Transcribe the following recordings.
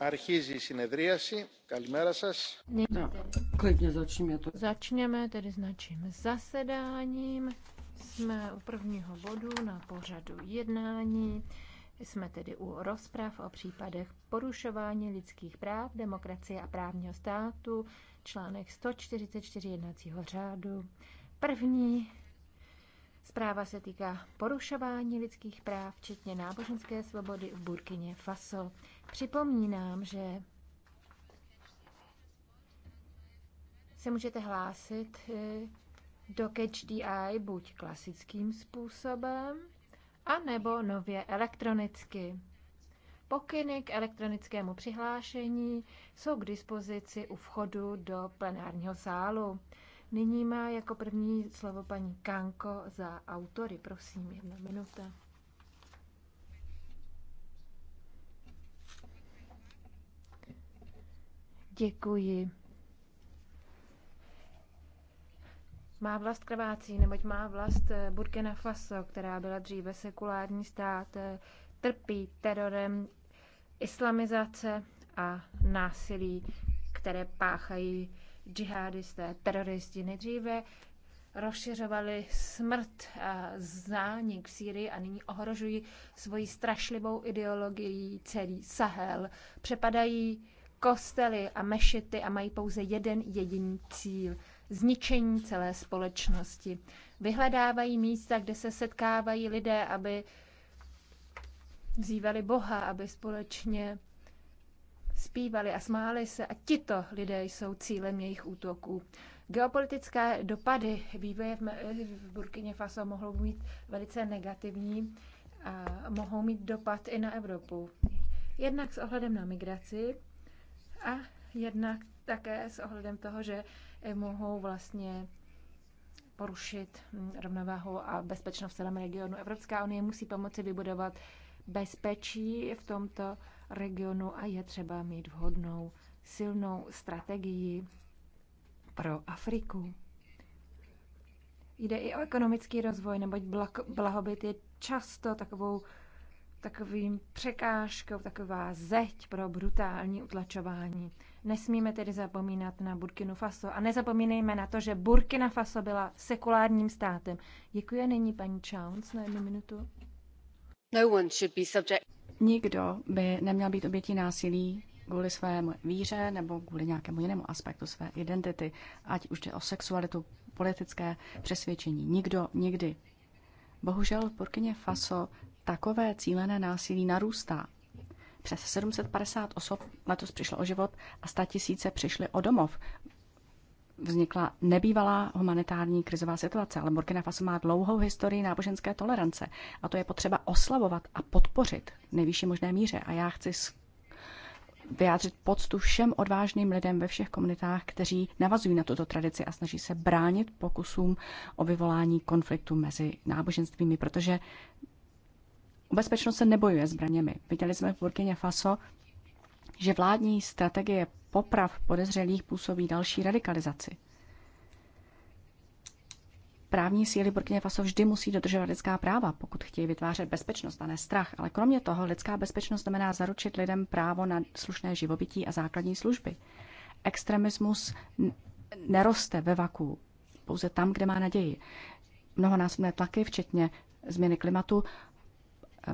Αρχίζει synedriasi. συνεδρίαση. Καλημέρα no, Klidně začneme to. Začněme, tedy značím zasedáním. Jsme u prvního bodu na pořadu jednání. Jsme tedy u rozprav o případech porušování lidských práv, demokracie a právního státu, článek 144 jednacího řádu. První Zpráva se týká porušování lidských práv, včetně náboženské svobody v Burkině Faso. Připomínám, že se můžete hlásit eh, do Catch buď klasickým způsobem, anebo nově elektronicky. Pokyny k elektronickému přihlášení jsou k dispozici u vchodu do plenárního sálu. Nyní má jako první slovo paní Kanko za autory. Prosím, jedna minuta. Děkuji. Má vlast krvácí, neboť má vlast eh, Burkina Faso, která byla dříve sekulární stát, eh, trpí terorem islamizace a násilí, které páchají džihadisté, teroristi nejdříve rozšiřovali smrt a zánik v Sýrii a nyní ohrožují svoji strašlivou ideologií celý Sahel. Přepadají kostely a mešity a mají pouze jeden jediný cíl zničení celé společnosti. Vyhledávají místa, kde se setkávají lidé, aby vzývali Boha, aby společně zpívali a smáli se a tito lidé jsou cílem jejich útoků. Geopolitické dopady vývoje v Burkině Faso mohou mít velice negativní a mohou mít dopad i na Evropu. Jednak s ohledem na migraci a jednak také s ohledem toho, že mohou vlastně porušit rovnováhu a bezpečnost v celém regionu. Evropská unie musí pomoci vybudovat bezpečí v tomto regionu a je třeba mít vhodnou silnou strategii pro Afriku. Jde i o ekonomický rozvoj, neboť blahobyt je často takovou takovým překážkou, taková zeď pro brutální utlačování. Nesmíme tedy zapomínat na Burkina Faso a nezapomínejme na to, že Burkina Faso byla sekulárním státem. Děkuji, není paní Chance na jednu minutu. No one should be subject. Nikdo by neměl být obětí násilí kvůli svému víře nebo kvůli nějakému jinému aspektu své identity, ať už jde o sexualitu, politické přesvědčení. Nikdo, nikdy. Bohužel v Burkině Faso takové cílené násilí narůstá. Přes 750 osob letos přišlo o život a 100 tisíce přišly o domov vznikla nebývalá humanitární krizová situace, ale Burkina Faso má dlouhou historii náboženské tolerance a to je potřeba oslavovat a podpořit v nejvyšší možné míře. A já chci vyjádřit poctu všem odvážným lidem ve všech komunitách, kteří navazují na tuto tradici a snaží se bránit pokusům o vyvolání konfliktu mezi náboženstvími, protože o bezpečnost se nebojuje zbraněmi. Viděli jsme v Burkina Faso, že vládní strategie poprav podezřelých působí další radikalizaci. Právní síly Burkina Faso vždy musí dodržovat lidská práva, pokud chtějí vytvářet bezpečnost a ne strach. Ale kromě toho, lidská bezpečnost znamená zaručit lidem právo na slušné živobytí a základní služby. Extremismus neroste ve vaku, pouze tam, kde má naději. Mnoho nás tlaky, včetně změny klimatu,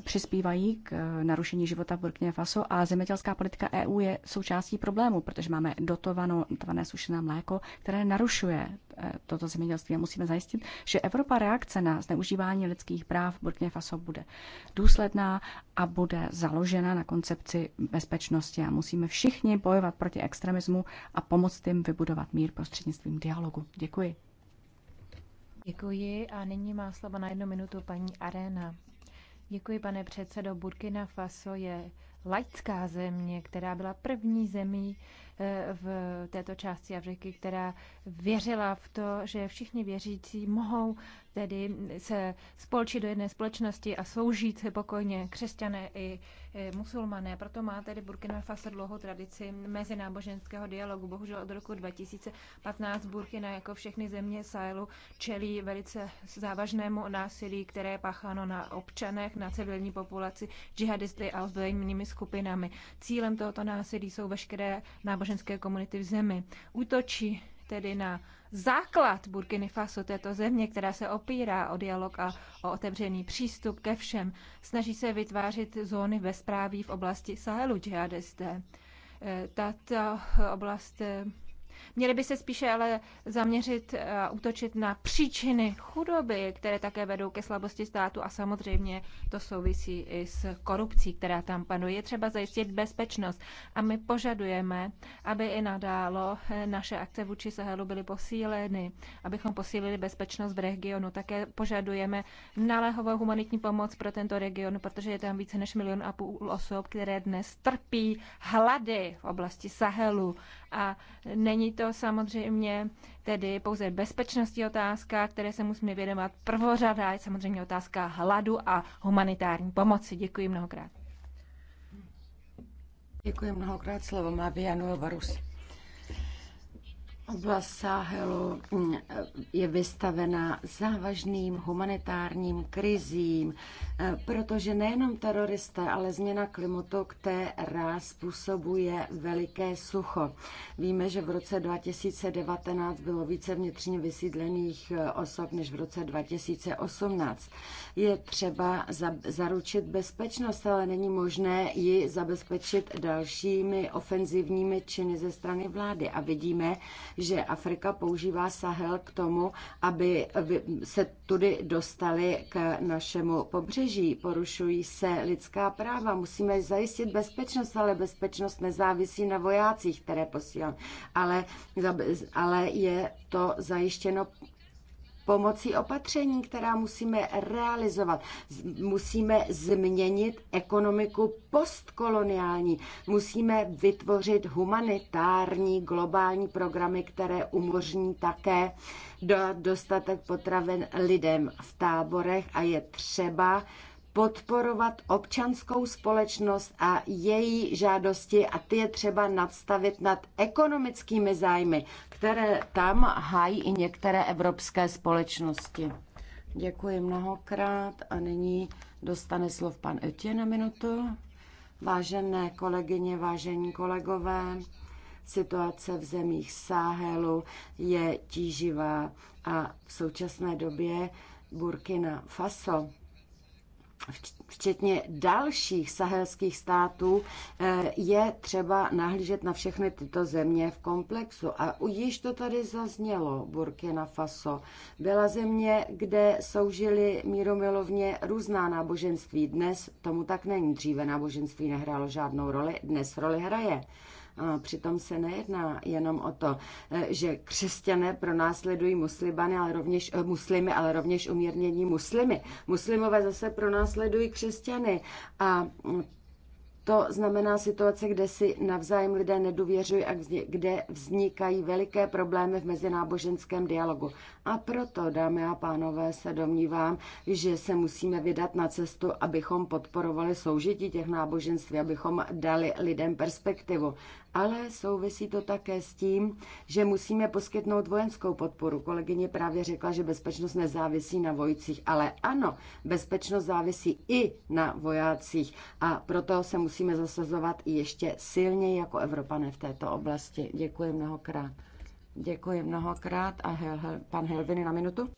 přispívají k eh, narušení života v Burkina Faso a zemědělská politika EU je součástí problému, protože máme dotované dotované sušené mléko, které narušuje eh, toto zemědělství a musíme zajistit, že Evropa reakce na zneužívání lidských práv v Burkina Faso bude důsledná a bude založena na koncepci bezpečnosti a musíme všichni bojovat proti extremismu a pomoct jim vybudovat mír prostřednictvím dialogu. Děkuji. Děkuji a nyní má slovo na jednu minutu paní Arena. Děkuji, pane předsedo. Burkina Faso je laická země, která byla první zemí, Eh, v této části Afriky, která věřila v to, že všichni věřící mohou tedy se spolčit do jedné společnosti a soužít pokojně křesťané i musulmané. Proto má tedy Burkina Faso dlouhou tradici mezináboženského dialogu. Bohužel od roku 2015 Burkina jako všechny země Sahelu čelí velice závažnému násilí, které je pácháno na občanech, na civilní populaci, džihadisty a ozbrojenými skupinami. Cílem tohoto násilí jsou veškeré náboženské náboženské komunity v zemi. Útočí tedy na základ Burkiny Faso, této země, která se opírá o dialog a o otevřený přístup ke všem. Snaží se vytvářet zóny bezpráví v oblasti Sahelu džihadisté. Eh, tato oblast eh, Měli by se spíše ale zaměřit eh, a útočit na příčiny chudoby, které také vedou ke slabosti státu a samozřejmě to souvisí i s korupcí, která tam panuje. Je třeba zajistit bezpečnost a my požadujeme, aby i nadálo eh, naše akce vůči Sahelu byly posíleny, abychom posílili bezpečnost v regionu. Také požadujeme naléhovou humanitní pomoc pro tento region, protože je tam více než milion a půl osob, které dnes trpí hlady v oblasti Sahelu a není to samozřejmě tedy pouze bezpečnostní otázka, které se musíme věnovat prvořada, je samozřejmě otázka hladu a humanitární pomoci. Děkuji mnohokrát. Děkuji mnohokrát. Slovo má Vianu Varus. Oblast mm, je vystavena závažným humanitárním krizím, e, protože nejenom teroristé, ale změna klimatu, která způsobuje veliké sucho. Víme, že v roce 2019 bylo více vnitřně vysídlených e, osob než v roce 2018. Je třeba zaručit bezpečnost, ale není možné ji zabezpečit dalšími ofenzivními činy ze strany vlády. A vidíme, že Afrika používá Sahel k tomu, aby se tudy dostali k našemu pobřeží. Porušují se lidská práva. Musíme zajistit bezpečnost, ale bezpečnost nezávisí na vojácích, které posílám. Ale, ale je to zajištěno pomocí opatření, která musíme realizovat. Musíme změnit ekonomiku postkoloniální. Musíme vytvořit humanitární globální programy, které umožní také dostatek potraven lidem v táborech a je třeba podporovat občanskou společnost a její žádosti a ty je třeba nadstavit nad ekonomickými zájmy, které tam hájí i některé evropské společnosti. Děkuji mnohokrát a nyní dostane slov pan Etě na minutu. Vážené kolegyně, vážení kolegové, situace v zemích Sáhelu je tíživá a v současné době Burkina Faso včetně dalších sahelských států, eh, je třeba nahlížet na všechny tyto země v komplexu. A již to tady zaznělo, Burkina Faso. Byla země, kde soužili míromilovně různá náboženství. Dnes tomu tak není. Dříve náboženství nehrálo žádnou roli, dnes roli hraje. Přitom se nejedná jenom o to, e, že křesťané pronásledují muslimy, ale rovněž, e, muslimy, ale rovněž umírnění muslimy. Muslimové zase pronásledují křesťany a to znamená situace, kde si navzájem lidé neduvěřují a kde vznikají veliké problémy v mezináboženském dialogu. A proto, dámy a pánové, se domnívám, že se musíme vydat na cestu, abychom podporovali soužití těch náboženství, abychom dali lidem perspektivu ale souvisí to také s tím, že musíme poskytnout vojenskou podporu. Kolegyně právě řekla, že bezpečnost nezávisí na vojcích, ale ano, bezpečnost závisí i na vojácích a proto se musíme zasazovat i ještě silněji jako Evropané v této oblasti. Děkuji mnohokrát. Děkuji mnohokrát a hel, hel, pan Helviny na minutu.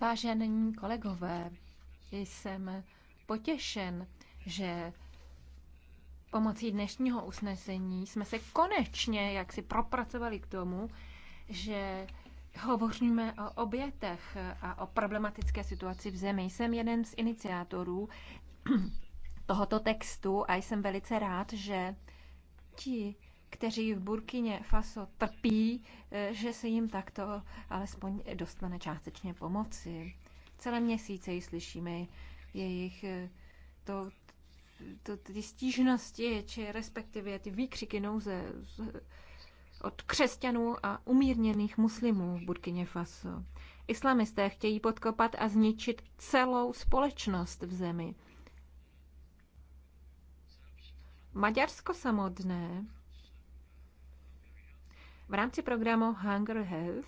Vážení kolegové, jsem potěšen, že Pomocí dnešního usnesení jsme se konečně jaksi propracovali k tomu, že Hovoříme o obětech a o problematické situaci v zemi. Jsem jeden z iniciátorů tohoto textu a jsem velice rád, že ti, kteří v Burkině Faso trpí, eh, že se jim takto alespoň dostane částečně pomoci. Celé měsíce ji slyšíme jejich eh, to to, ty stížnosti, či respektive ty výkřiky nouze od křesťanů a umírněných muslimů v Burkině Faso. Islamisté chtějí podkopat a zničit celou společnost v zemi. Maďarsko samotné v rámci programu Hunger Health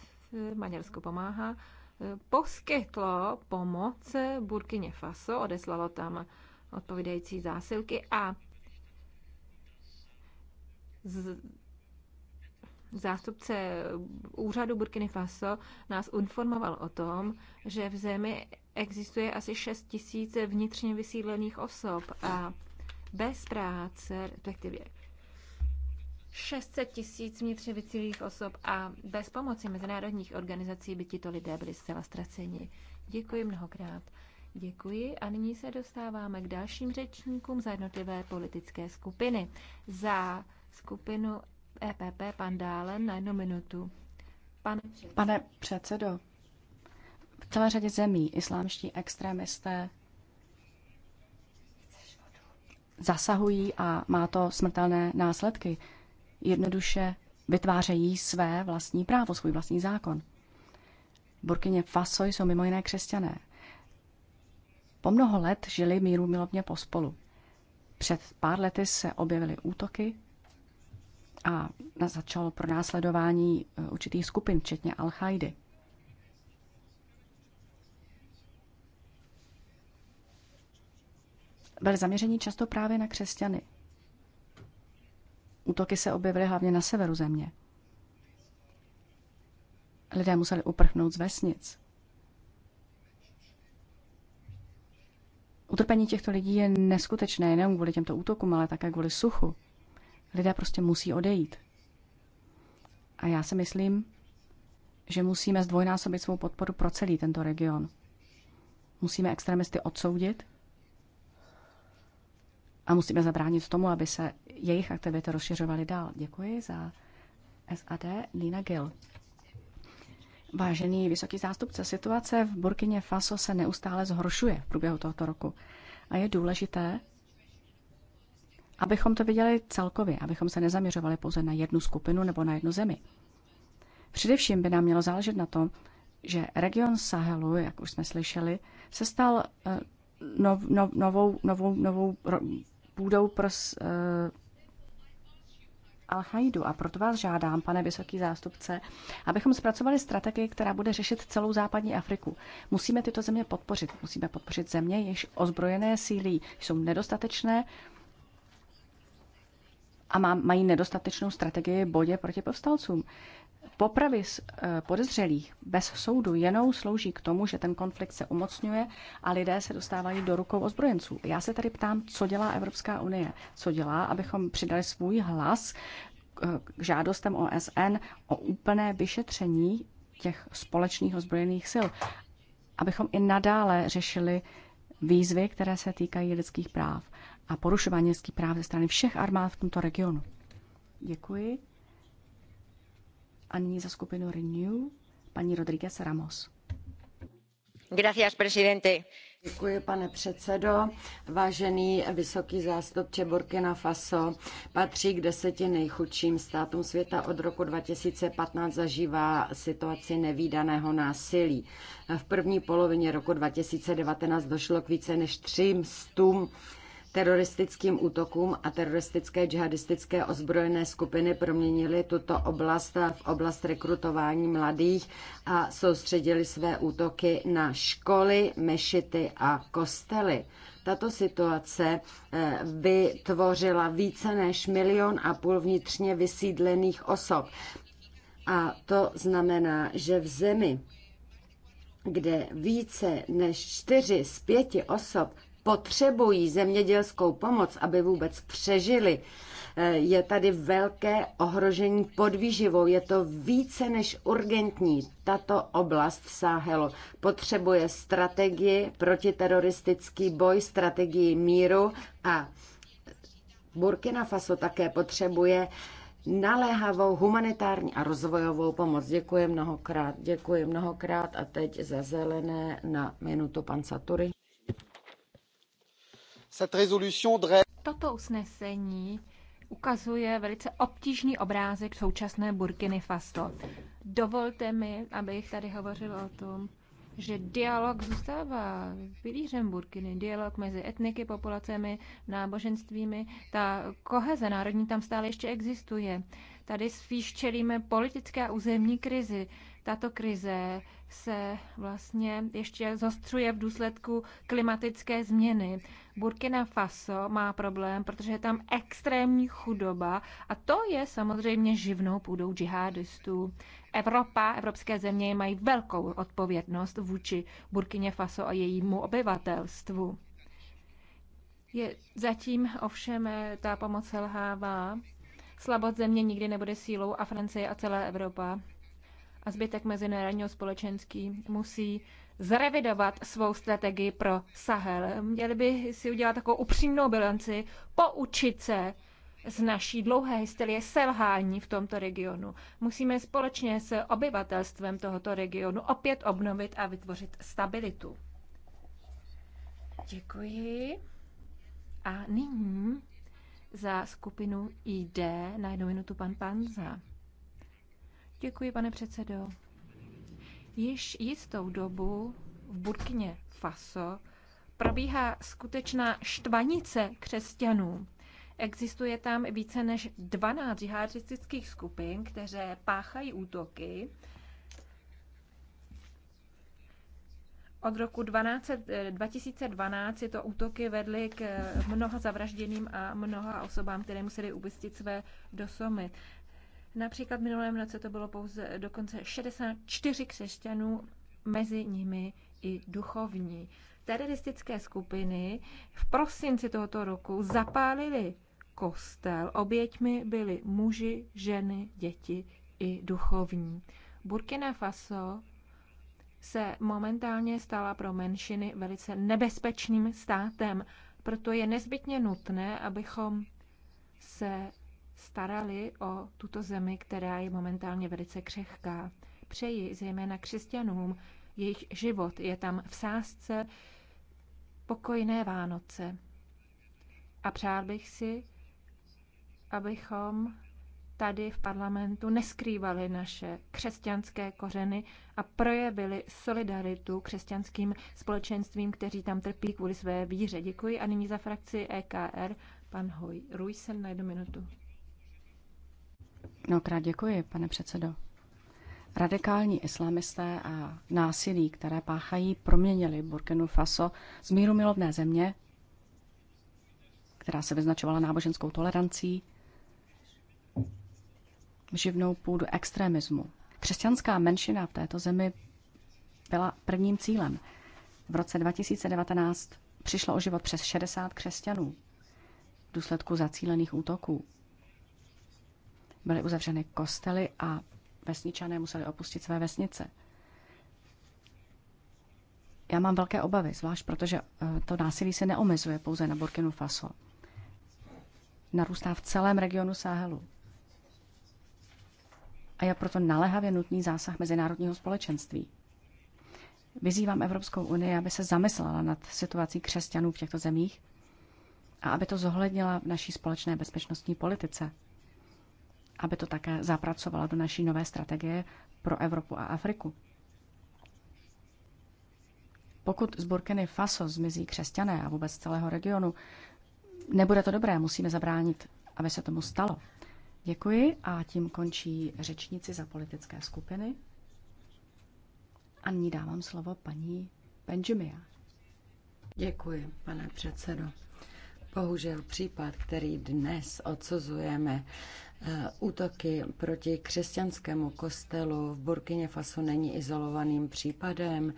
eh, Maďarsko pomáhá, eh, poskytlo pomoc Burkině Faso, odeslalo tam odpovídající zásilky a z, zástupce úřadu Burkina Faso nás informoval o tom, že v zemi existuje asi 6 tisíc vnitřně vysídlených osob a bez práce, respektive 600 tisíc vnitřně vysídlených osob a bez pomoci mezinárodních organizací by tito lidé byli zcela ztraceni. Děkuji mnohokrát. Děkuji a nyní se dostáváme k dalším řečníkům za jednotlivé politické skupiny. Za skupinu EPP pan Dálen na jednu minutu. Pane předsedo. Pane předsedo, v celé řadě zemí islámští extremisté zasahují a má to smrtelné následky. Jednoduše vytvářejí své vlastní právo, svůj vlastní zákon. Burkyně Faso jsou mimo jiné křesťané. Po mnoho let žili míru milovně pospolu. Před pár lety se objevily útoky a začalo pronásledování eh, určitých skupin, včetně al -Khaidy. Byly zaměření často právě na křesťany. Útoky se objevily hlavně na severu země. Lidé museli uprchnout z vesnic. Utrpení těchto lidí je neskutečné nejen kvůli těmto útokům, ale také kvůli suchu. Lidé prostě musí odejít. A já si myslím, že musíme zdvojnásobit svou podporu pro celý tento region. Musíme extremisty odsoudit a musíme zabránit tomu, aby se jejich aktivity rozšiřovaly dál. Děkuji za SAD Nina Gill. Vážený vysoký zástupce, situace v Burkině Faso se neustále zhoršuje v průběhu tohoto roku. A je důležité, abychom to viděli celkově, abychom se nezaměřovali pouze na jednu skupinu nebo na jednu zemi. Především by nám mělo záležet na tom, že region Sahelu, jak už jsme slyšeli, se stal eh, nov, nov, novou, novou, novou půdou pro eh, Al-Haidu. A proto vás žádám, pane vysoký zástupce, abychom zpracovali strategii, která bude řešit celou západní Afriku. Musíme tyto země podpořit. Musíme podpořit země, jejichž ozbrojené síly jsou nedostatečné a má, mají nedostatečnou strategii boje proti povstalcům. Popravy eh, podezřelých bez soudu jenom slouží k tomu, že ten konflikt se umocňuje a lidé se dostávají do rukou ozbrojenců. Já se tady ptám, co dělá Evropská unie, co dělá, abychom přidali svůj hlas k eh, žádostem OSN o úplné vyšetření těch společných ozbrojených sil, abychom i nadále řešili výzvy, které se týkají lidských práv a porušování lidských práv ze strany všech armád v tomto regionu. Děkuji. A nyní za skupinu Renew paní Rodríguez Ramos. Gracias, presidente. Děkuji, pane předsedo. Vážený vysoký zástupce Burkina Faso patří k deseti nejchudším státům světa. Od roku 2015 zažívá situaci nevýdaného násilí. V první polovině roku 2019 došlo k více než 300 teroristickým útokům a teroristické džihadistické ozbrojené skupiny proměnily tuto oblast v oblast rekrutování mladých a soustředili své útoky na školy, mešity a kostely. Tato situace eh, vytvořila více než milion a půl vnitřně vysídlených osob. A to znamená, že v zemi, kde více než čtyři z pěti osob potřebují zemědělskou pomoc, aby vůbec přežili, eh, je tady velké ohrožení podvýživou. Je to více než urgentní. Tato oblast v Sáhelu potřebuje strategii, protiteroristický boj, strategii míru a Burkina Faso také potřebuje naléhavou humanitární a rozvojovou pomoc. Děkuji mnohokrát. Děkuji mnohokrát a teď za zelené na minutu pan Satury. Toto usnesení ukazuje velice obtížný obrázek současné Burkiny Faso. Dovolte mi, abych tady hovořil o tom, že dialog zůstává pilířem Burkiny. Dialog mezi etniky, populacemi, náboženstvími. Ta koheze národní tam stále ještě existuje. Tady spíš čelíme politické a územní krizi. Tato krize se vlastně ještě zostřuje v důsledku klimatické změny. Burkina Faso má problém, protože je tam extrémní chudoba a to je samozřejmě živnou půdou džihadistů. Evropa, evropské země mají velkou odpovědnost vůči Burkině Faso a jejímu obyvatelstvu. Je, zatím ovšem eh, ta pomoc lhává. Slabost země nikdy nebude sílou a Francie a celá Evropa a zbytek mezinárodního společenský musí zrevidovat svou strategii pro Sahel. Měli by si udělat takovou upřímnou bilanci, poučit se z naší dlouhé historie selhání v tomto regionu. Musíme společně s obyvatelstvem tohoto regionu opět obnovit a vytvořit stabilitu. Děkuji. A nyní za skupinu ID na jednu minutu pan Panza. Děkuji, pane předsedo. Již jistou dobu v Burkině Faso probíhá skutečná štvanice křesťanů. Existuje tam více než 12 džihadistických skupin, které páchají útoky. Od roku 12, 2012 eh, tyto útoky vedly k eh, mnoha zavražděným a mnoha osobám, které museli upustit své dosomy. Například v minulém roce to bylo pouze dokonce 64 křesťanů, mezi nimi i duchovní. Teroristické skupiny v prosinci tohoto roku zapálili kostel. Oběťmi byli muži, ženy, děti i duchovní. Burkina Faso se momentálně stala pro menšiny velice nebezpečným státem, proto je nezbytně nutné, abychom se starali o tuto zemi, která je momentálně velice křehká. Přeji zejména křesťanům, jejich život je tam v sásce, pokojné Vánoce. A přál bych si, abychom tady v parlamentu neskrývali naše křesťanské kořeny a projevili solidaritu křesťanským společenstvím, kteří tam trpí kvůli své víře. Děkuji a nyní za frakci EKR pan Hoj Ruisen na jednu minutu. Mnohokrát děkuji, pane předsedo. Radikální islamisté a násilí, které páchají, proměnili Burkinu Faso z míru milovné země, která se vyznačovala náboženskou tolerancí, v živnou půdu extremismu. Křesťanská menšina v této zemi byla prvním cílem. V roce 2019 přišlo o život přes 60 křesťanů v důsledku zacílených útoků byly uzavřeny kostely a vesničané museli opustit své vesnice. Já mám velké obavy, zvlášť protože eh, to násilí se neomezuje pouze na Burkinu Faso. Narůstá v celém regionu Sáhelu. A je proto naléhavě nutný zásah mezinárodního společenství. Vyzývám Evropskou unii, aby se zamyslela nad situací křesťanů v těchto zemích a aby to zohlednila v naší společné bezpečnostní politice aby to také zapracovala do naší nové strategie pro Evropu a Afriku. Pokud z Burkiny Faso zmizí křesťané a vůbec celého regionu, nebude to dobré, musíme zabránit, aby se tomu stalo. Děkuji a tím končí řečníci za politické skupiny. A nyní dávám slovo paní Benjamia. Děkuji, pane předsedo. Bohužel případ, který dnes odsuzujeme, Eh, útoky proti křesťanskému kostelu v Burkině Faso není izolovaným případem.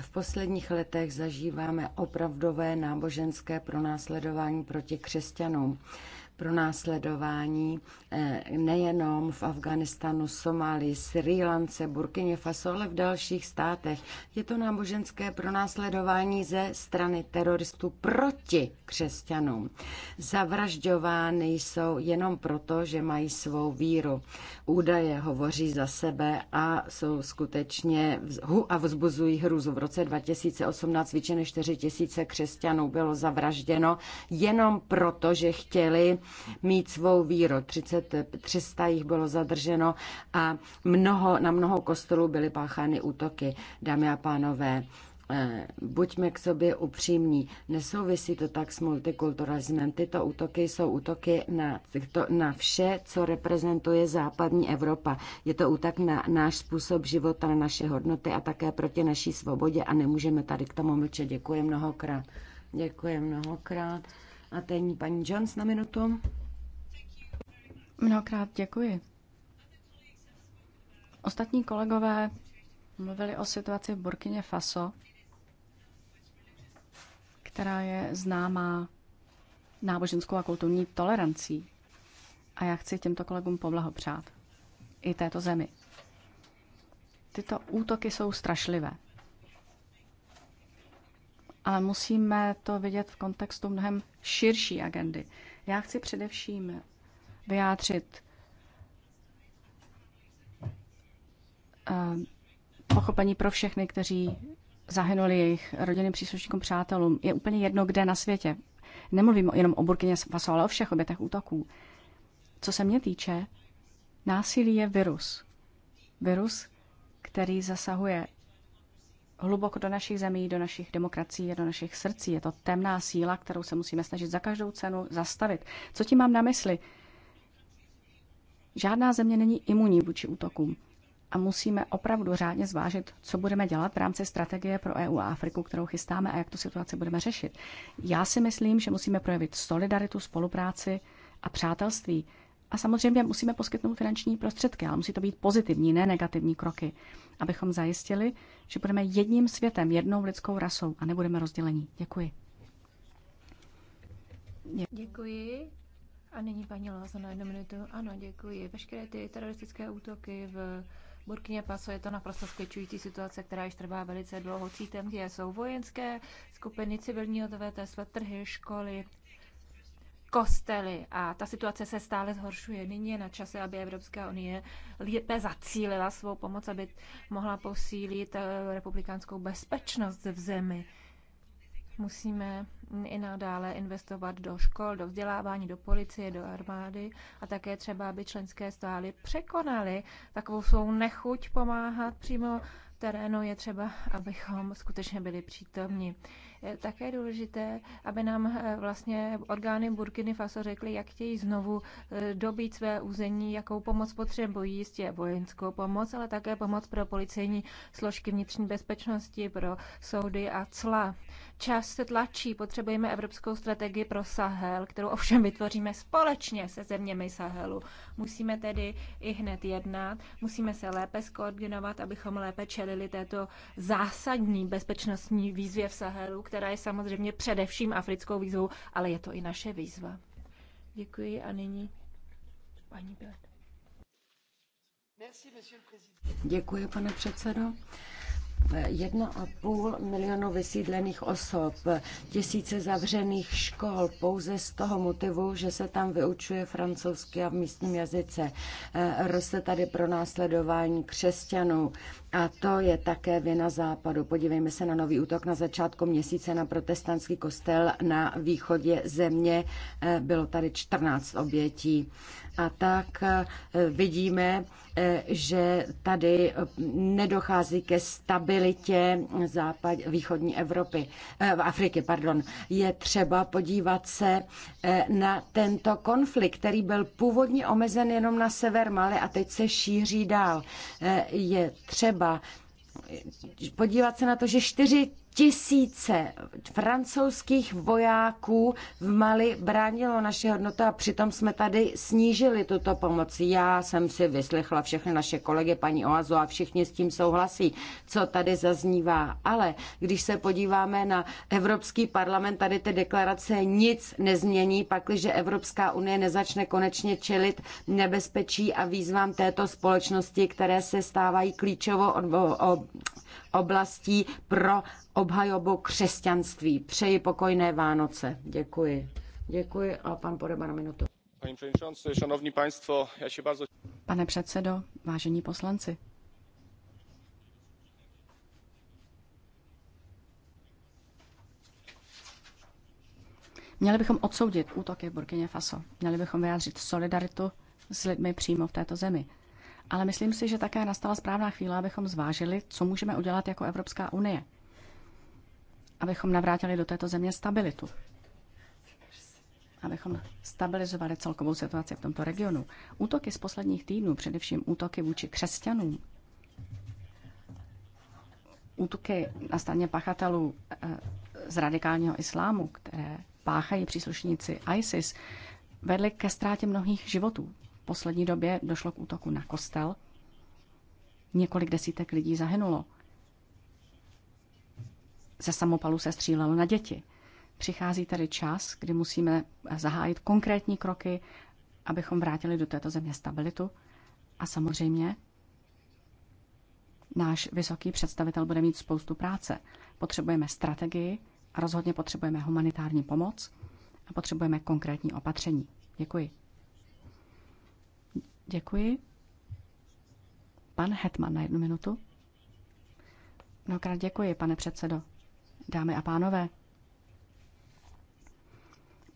V posledních letech zažíváme opravdové náboženské pronásledování proti křesťanům pro následování eh, nejenom v Afganistanu, Somálii, Sri Lance, Burkině Faso, ale v dalších státech. Je to náboženské pronásledování ze strany teroristů proti křesťanům. Zavražďovány jsou jenom proto, že mají svou víru. Údaje hovoří za sebe a jsou skutečně a vzbuzují hrůzu. V roce 2018 více než 4 tisíce křesťanů bylo zavražděno jenom proto, že chtěli mít svou víru. 30, 300 jich bylo zadrženo a mnoho, na mnoho kostelů byly páchány útoky. Dámy a pánové, eh, buďme k sobě upřímní. Nesouvisí to tak s multikulturalismem. Tyto útoky jsou útoky na, to, na vše, co reprezentuje západní Evropa. Je to útok na náš způsob života, na naše hodnoty a také proti naší svobodě a nemůžeme tady k tomu mlčet. Děkuji mnohokrát. Děkuji mnohokrát. A teď paní Jans na minutu. Mnohokrát děkuji. Ostatní kolegové mluvili o situaci v Burkině Faso, která je známá náboženskou a kulturní tolerancí. A já chci těmto kolegům poblahopřát. I této zemi. Tyto útoky jsou strašlivé ale musíme to vidět v kontextu mnohem širší agendy. Já chci především vyjádřit eh, pochopení pro všechny, kteří zahynuli jejich rodinným příslušníkům, přátelům. Je úplně jedno, kde na světě. Nemluvím jenom o Burkině Faso, ale o všech obětech útoků. Co se mě týče, násilí je virus. Virus, který zasahuje hluboko do našich zemí, do našich demokracií a do našich srdcí. Je to temná síla, kterou se musíme snažit za každou cenu zastavit. Co tím mám na mysli? Žádná země není imunní vůči útokům a musíme opravdu řádně zvážit, co budeme dělat v rámci strategie pro EU a Afriku, kterou chystáme a jak tu situaci budeme řešit. Já si myslím, že musíme projevit solidaritu, spolupráci a přátelství a samozřejmě musíme poskytnout finanční prostředky, ale musí to být pozitivní, ne negativní kroky, abychom zajistili, že budeme jedním světem, jednou lidskou rasou a nebudeme rozdělení. Děkuji. Děkuji. A nyní paní Láza na jednu minutu. Ano, děkuji. Veškeré ty teroristické útoky v Burkině Faso je to naprosto skvěčující situace, která již trvá velice dlouho. Cítem, kde jsou vojenské skupiny civilní odové, to trhy, školy, kostely a ta situace se stále zhoršuje. Nyní je na čase, aby Evropská unie lépe zacílila svou pomoc, aby mohla posílit eh, republikánskou bezpečnost v zemi. Musíme i nadále investovat do škol, do vzdělávání, do policie, do armády a také třeba, aby členské stály překonaly takovou svou nechuť pomáhat přímo terénu. Je třeba, abychom skutečně byli přítomni také důležité, aby nám eh, vlastně orgány Burkiny Faso řekly, jak chtějí znovu eh, dobít své území, jakou pomoc potřebují, jistě vojenskou pomoc, ale také pomoc pro policejní složky vnitřní bezpečnosti, pro soudy a cla. Čas se tlačí, potřebujeme evropskou strategii pro Sahel, kterou ovšem vytvoříme společně se zeměmi Sahelu. Musíme tedy i hned jednat, musíme se lépe skoordinovat, abychom lépe čelili této zásadní bezpečnostní výzvě v Sahelu, která je samozřejmě především africkou výzvou, ale je to i naše výzva. Děkuji a nyní paní Děkuji, pane předsedo. 1,5 milionu vysídlených osob, tisíce zavřených škol, pouze z toho motivu, že se tam vyučuje francouzsky a v místním jazyce. Eh, roste tady pro následování křesťanů. A to je také vina západu. Podívejme se na nový útok na začátku měsíce na protestantský kostel na východě země. Eh, bylo tady 14 obětí. A tak eh, vidíme, eh, že tady eh, nedochází ke stabilitě západ, východní Evropy, v Afriky. Pardon. Je třeba podívat se na tento konflikt, který byl původně omezen jenom na sever Mali a teď se šíří dál. Je třeba podívat se na to, že čtyři tisíce francouzských vojáků v Mali bránilo naše hodnoty a přitom jsme tady snížili tuto pomoc. Já jsem si vyslechla všechny naše kolegy, paní Oazo a všichni s tím souhlasí, co tady zaznívá. Ale když se podíváme na Evropský parlament, tady ty deklarace nic nezmění, pakliže Evropská unie nezačne konečně čelit nebezpečí a výzvám této společnosti, které se stávají klíčovou oblastí pro obhajobu křesťanství. Přeji pokojné Vánoce. Děkuji. Děkuji a pan Poreba na minutu. Pane předsedo, vážení poslanci, Měli bychom odsoudit útoky v Burkině Faso. Měli bychom vyjádřit solidaritu s lidmi přímo v této zemi. Ale myslím si, že také nastala správná chvíle, abychom zvážili, co můžeme udělat jako Evropská unie. Abychom navrátili do této země stabilitu. Abychom stabilizovali celkovou situaci v tomto regionu. Útoky z posledních týdnů, především útoky vůči křesťanům, útoky na straně pachatelů eh, z radikálního islámu, které páchají příslušníci ISIS, vedly ke ztrátě mnohých životů. V poslední době došlo k útoku na kostel. Několik desítek lidí zahynulo. Ze samopalu se střílelo na děti. Přichází tedy čas, kdy musíme zahájit konkrétní kroky, abychom vrátili do této země stabilitu. A samozřejmě náš vysoký představitel bude mít spoustu práce. Potřebujeme strategii a rozhodně potřebujeme humanitární pomoc a potřebujeme konkrétní opatření. Děkuji. Děkuji. Pan Hetman na jednu minutu. Mnohokrát děkuji, pane předsedo. Dámy a pánové,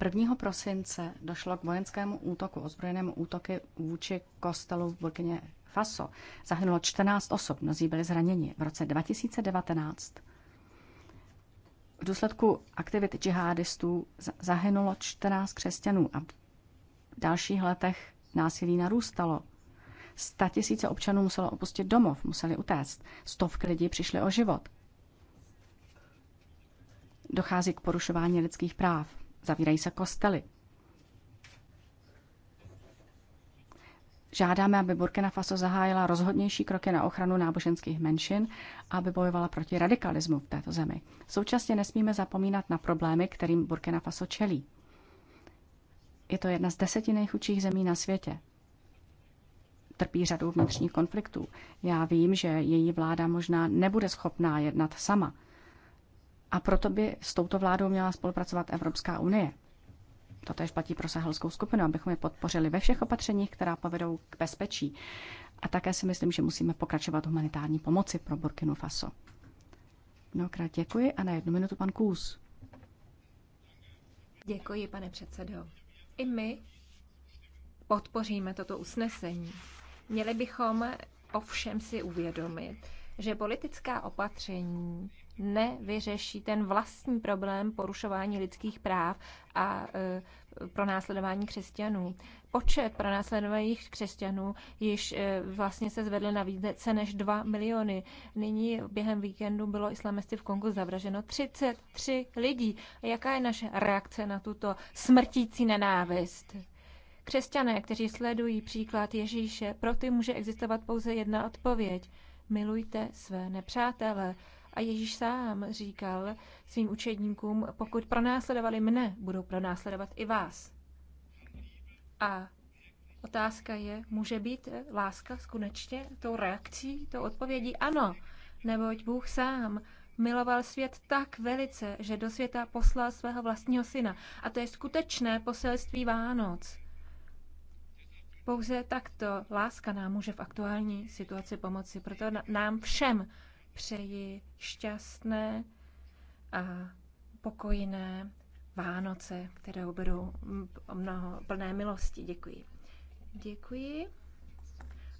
1. prosince došlo k vojenskému útoku, ozbrojenému útoku vůči kostelu v Burkině Faso. Zahynulo 14 osob, mnozí byli zraněni. V roce 2019 v důsledku aktivit džihadistů zahynulo 14 křesťanů a v dalších letech násilí narůstalo. Sta tisíce občanů muselo opustit domov, museli utéct. Stovky lidí přišly o život. Dochází k porušování lidských práv. Zavírají se kostely. Žádáme, aby Burkina Faso zahájila rozhodnější kroky na ochranu náboženských menšin a aby bojovala proti radikalismu v této zemi. Současně nesmíme zapomínat na problémy, kterým Burkina Faso čelí. Je to jedna z deseti nejchudších zemí na světě. Trpí řadou vnitřních konfliktů. Já vím, že její vláda možná nebude schopná jednat sama. A proto by s touto vládou měla spolupracovat Evropská unie. To tež platí pro sahelskou skupinu, abychom je podpořili ve všech opatřeních, která povedou k bezpečí. A také si myslím, že musíme pokračovat humanitární pomoci pro Burkina Faso. Mnohokrát děkuji a na jednu minutu pan Kůz. Děkuji, pane předsedo. I my podpoříme toto usnesení. Měli bychom ovšem si uvědomit, že politická opatření nevyřeší ten vlastní problém porušování lidských práv a e, pronásledování křesťanů. Počet pronásledovaných křesťanů již e, vlastně se zvedl na více než 2 miliony. Nyní během víkendu bylo islamisty v Kongu zavraženo 33 lidí. A jaká je naše reakce na tuto smrtící nenávist? Křesťané, kteří sledují příklad Ježíše, pro ty může existovat pouze jedna odpověď – milujte své nepřátele. A Ježíš sám říkal svým učedníkům, pokud pronásledovali mne, budou pronásledovat i vás. A otázka je, může být láska skutečně tou reakcí, tou odpovědí? Ano, neboť Bůh sám miloval svět tak velice, že do světa poslal svého vlastního syna. A to je skutečné poselství Vánoc. Pouze takto láska nám může v aktuální situaci pomoci. Proto nám všem přeji šťastné a pokojné Vánoce, které budou mnoho plné milosti. Děkuji. Děkuji.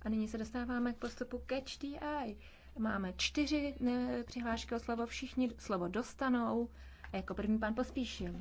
A nyní se dostáváme k postupu Catch the Eye. Máme čtyři přihlášky o slovo, všichni slovo dostanou. A jako první pan pospíšil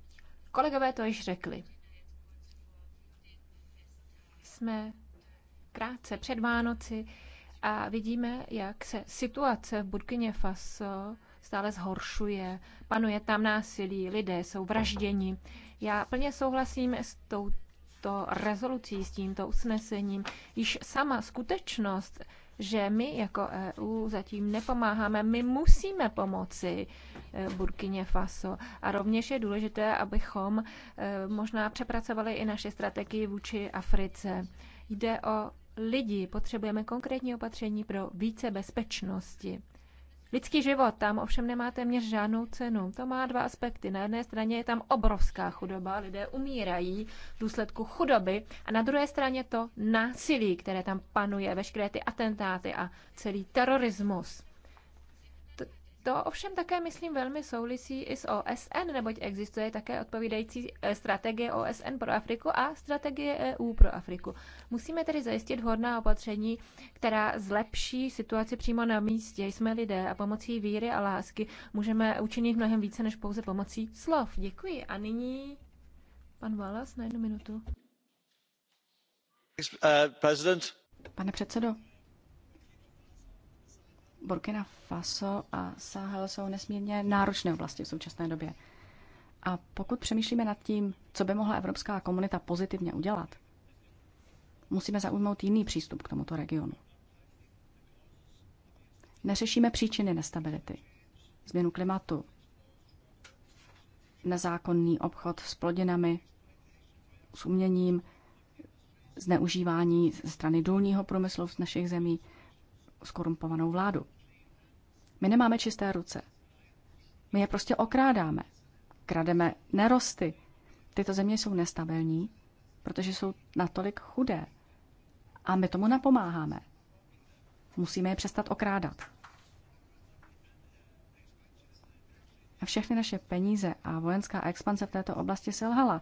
Kolegové to již řekli. Jsme krátce před Vánoci a vidíme, jak se situace v Burkině Faso stále zhoršuje. Panuje tam násilí, lidé jsou vražděni. Já plně souhlasím s touto rezolucí, s tímto usnesením. Již sama skutečnost, že my jako EU zatím nepomáháme. My musíme pomoci e, Burkině Faso. A rovněž je důležité, abychom e, možná přepracovali i naše strategii vůči Africe. Jde o lidi, potřebujeme konkrétní opatření pro více bezpečnosti. Lidský život tam ovšem nemá téměř žádnou cenu. To má dva aspekty. Na jedné straně je tam obrovská chudoba, lidé umírají v důsledku chudoby a na druhé straně to násilí, které tam panuje, veškeré ty atentáty a celý terorismus. To ovšem také, myslím, velmi souvisí i s OSN, neboť existuje také odpovídající eh, strategie OSN pro Afriku a strategie EU pro Afriku. Musíme tedy zajistit vhodná opatření, která zlepší situaci přímo na místě. Jsme lidé a pomocí víry a lásky můžeme učinit mnohem více než pouze pomocí slov. Děkuji. A nyní pan Valas na jednu minutu. Uh, Pane předsedo, Burkina Faso a Sahel jsou nesmírně náročné oblasti v současné době. A pokud přemýšlíme nad tím, co by mohla evropská komunita pozitivně udělat, musíme zaujmout jiný přístup k tomuto regionu. Neřešíme příčiny nestability, změnu klimatu, nezákonný obchod s plodinami, s uměním, zneužívání ze strany důlního průmyslu z našich zemí – skorumpovanou vládu. My nemáme čisté ruce. My je prostě okrádáme. Krademe nerosty. Tyto země jsou nestabilní, protože jsou natolik chudé. A my tomu napomáháme. Musíme je přestat okrádat. A všechny naše peníze a vojenská expanse v této oblasti selhala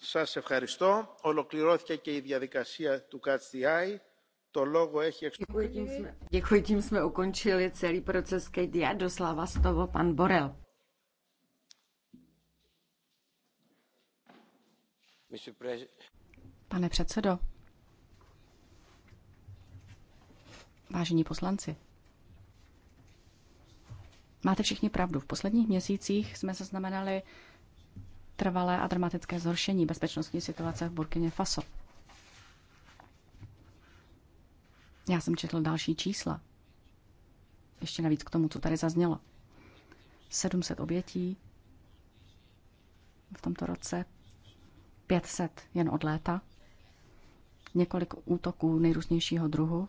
Σας tím jsme, ukončili celý proces KDI. Doslava slovo pan Borel. Pane předsedo, vážení poslanci, máte všichni pravdu. V posledních měsících jsme zaznamenali trvalé a dramatické zhoršení bezpečnostní situace v Burkině Faso. Já jsem četl další čísla. Ještě navíc k tomu, co tady zaznělo. 700 obětí v tomto roce, 500 jen od léta, několik útoků nejrůznějšího druhu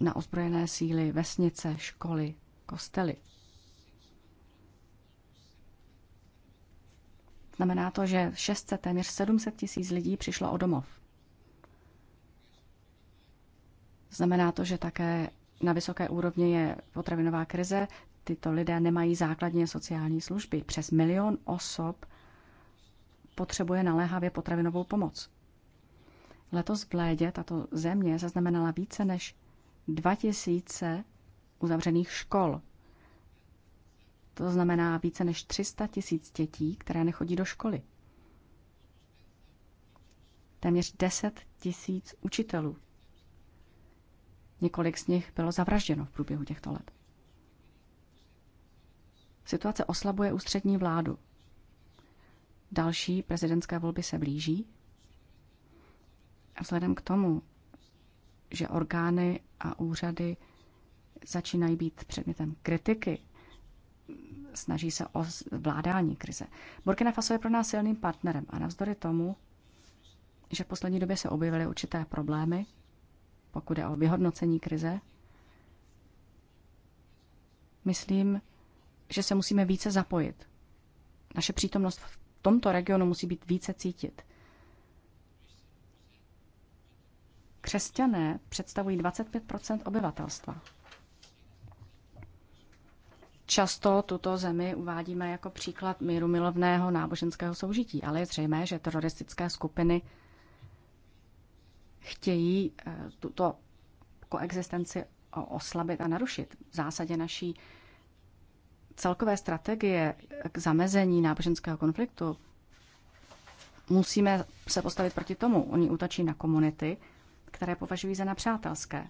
na ozbrojené síly, vesnice, školy, kostely. Znamená to, že 600, téměř 700 tisíc lidí přišlo o domov. Znamená to, že také na vysoké úrovni je potravinová krize. Tyto lidé nemají základně sociální služby. Přes milion osob potřebuje naléhavě potravinovou pomoc. Letos v lédě tato země zaznamenala více než 2000 uzavřených škol to znamená více než 300 tisíc dětí, které nechodí do školy. Téměř 10 tisíc učitelů. Několik z nich bylo zavražděno v průběhu těchto let. Situace oslabuje ústřední vládu. Další prezidentské volby se blíží. A vzhledem k tomu, že orgány a úřady začínají být předmětem kritiky snaží se o vládání krize. Burkina Faso je pro nás silným partnerem a navzdory tomu, že v poslední době se objevily určité problémy, pokud je o vyhodnocení krize, myslím, že se musíme více zapojit. Naše přítomnost v tomto regionu musí být více cítit. Křesťané představují 25 obyvatelstva. Často tuto zemi uvádíme jako příklad míru milovného náboženského soužití, ale je zřejmé, že teroristické skupiny chtějí eh, tuto koexistenci oslabit a narušit. V zásadě naší celkové strategie k zamezení náboženského konfliktu musíme se postavit proti tomu. Oni útočí na komunity, které považují za nepřátelské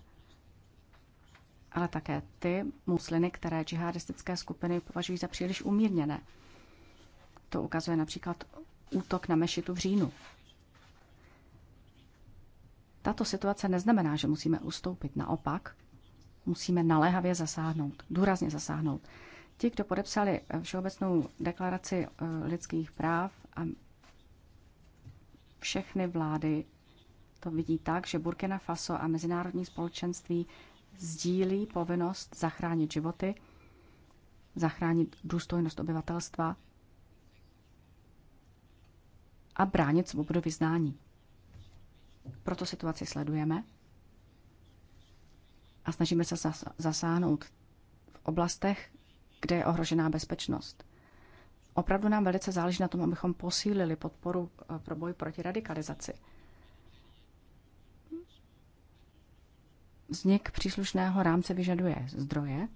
ale také ty musliny, které džihadistické skupiny považují za příliš umírněné. To ukazuje například útok na mešitu v říjnu. Tato situace neznamená, že musíme ustoupit. Naopak, musíme naléhavě zasáhnout, důrazně zasáhnout. Ti, kdo podepsali Všeobecnou deklaraci eh, lidských práv a všechny vlády to vidí tak, že Burkina Faso a mezinárodní společenství sdílí povinnost zachránit životy, zachránit důstojnost obyvatelstva a bránit svobodu vyznání. Proto situaci sledujeme a snažíme se zasáhnout v oblastech, kde je ohrožená bezpečnost. Opravdu nám velice záleží na tom, abychom posílili podporu eh, pro boj proti radikalizaci – Vznik příslušného rámce vyžaduje zdroje.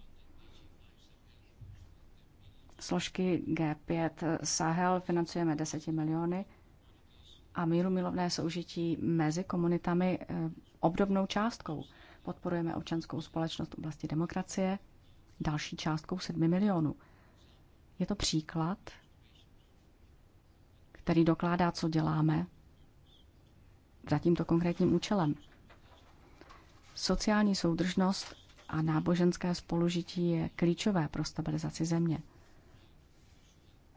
Složky G5 Sahel financujeme 10 miliony a míru milovné soužití mezi komunitami eh, obdobnou částkou. Podporujeme občanskou společnost v oblasti demokracie další částkou 7 milionů. Je to příklad, který dokládá, co děláme za tímto konkrétním účelem. Sociální soudržnost a náboženské spolužití je klíčové pro stabilizaci země.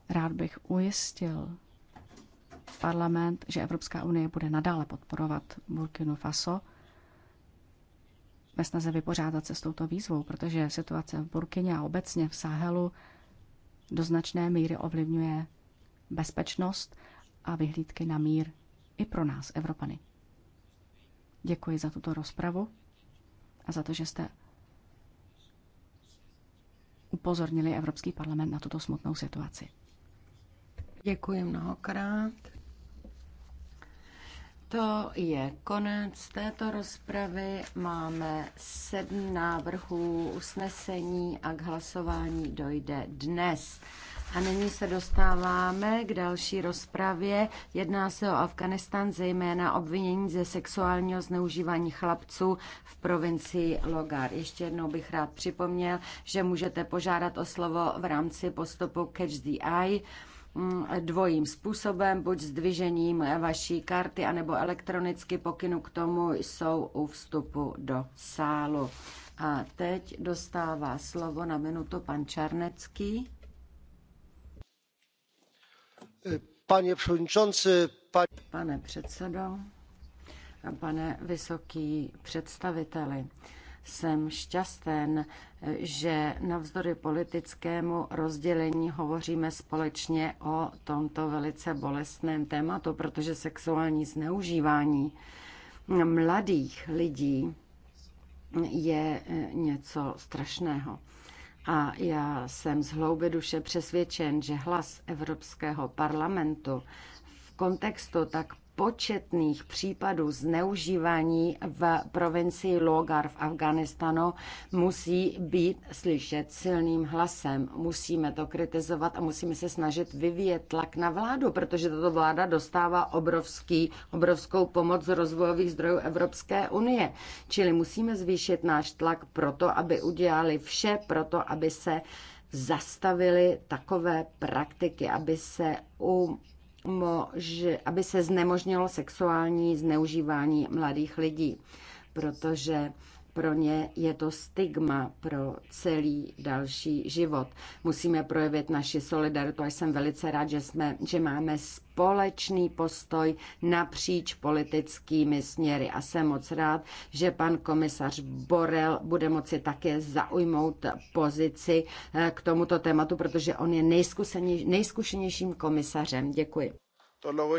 Rád bych ujistil parlament, že Evropská unie bude nadále podporovat Burkina Faso ve snaze vypořádat se s touto výzvou, protože situace v Burkině a obecně v Sahelu do značné míry ovlivňuje bezpečnost a vyhlídky na mír i pro nás, Evropany. Děkuji za tuto rozpravu a za to, že jste upozornili Evropský parlament na tuto smutnou situaci. Děkuji mnohokrát. To je konec této rozpravy. Máme sedm návrhů usnesení a k hlasování dojde dnes. A nyní se dostáváme k další rozpravě. Jedná se o Afganistan, zejména obvinění ze sexuálního zneužívání chlapců v provincii Logar. Ještě jednou bych rád připomněl, že můžete požádat o slovo v rámci postupu Catch the Eye mm, dvojím způsobem, buď dvižením vaší karty, anebo elektronicky pokynu k tomu jsou u vstupu do sálu. A teď dostává slovo na minutu pan Čarnecký. Pane předsedající, pane předsedo, pane vysoký představiteli, jsem šťasten, že navzdory politickému rozdělení hovoříme společně o tomto velice bolestném tématu, protože sexuální zneužívání mladých lidí je něco strašného. A já jsem z hloubi duše přesvědčen, že hlas Evropského parlamentu v kontextu tak početných případů zneužívání v provincii Logar v Afganistanu musí být slyšet silným hlasem. Musíme to kritizovat a musíme se snažit vyvíjet tlak na vládu, protože tato vláda dostává obrovský, obrovskou pomoc z rozvojových zdrojů Evropské unie. Čili musíme zvýšit náš tlak proto, aby udělali vše proto, aby se zastavili takové praktiky, aby se u mož, aby se znemožnilo sexuální zneužívání mladých lidí, protože pro ně je to stigma pro celý další život. Musíme projevit naši solidaritu a jsem velice rád, že, jsme, že máme společný postoj napříč politickými směry. A jsem moc rád, že pan komisař Borel bude moci také zaujmout pozici eh, k tomuto tématu, protože on je nejzkušenějším komisařem. Děkuji. To logo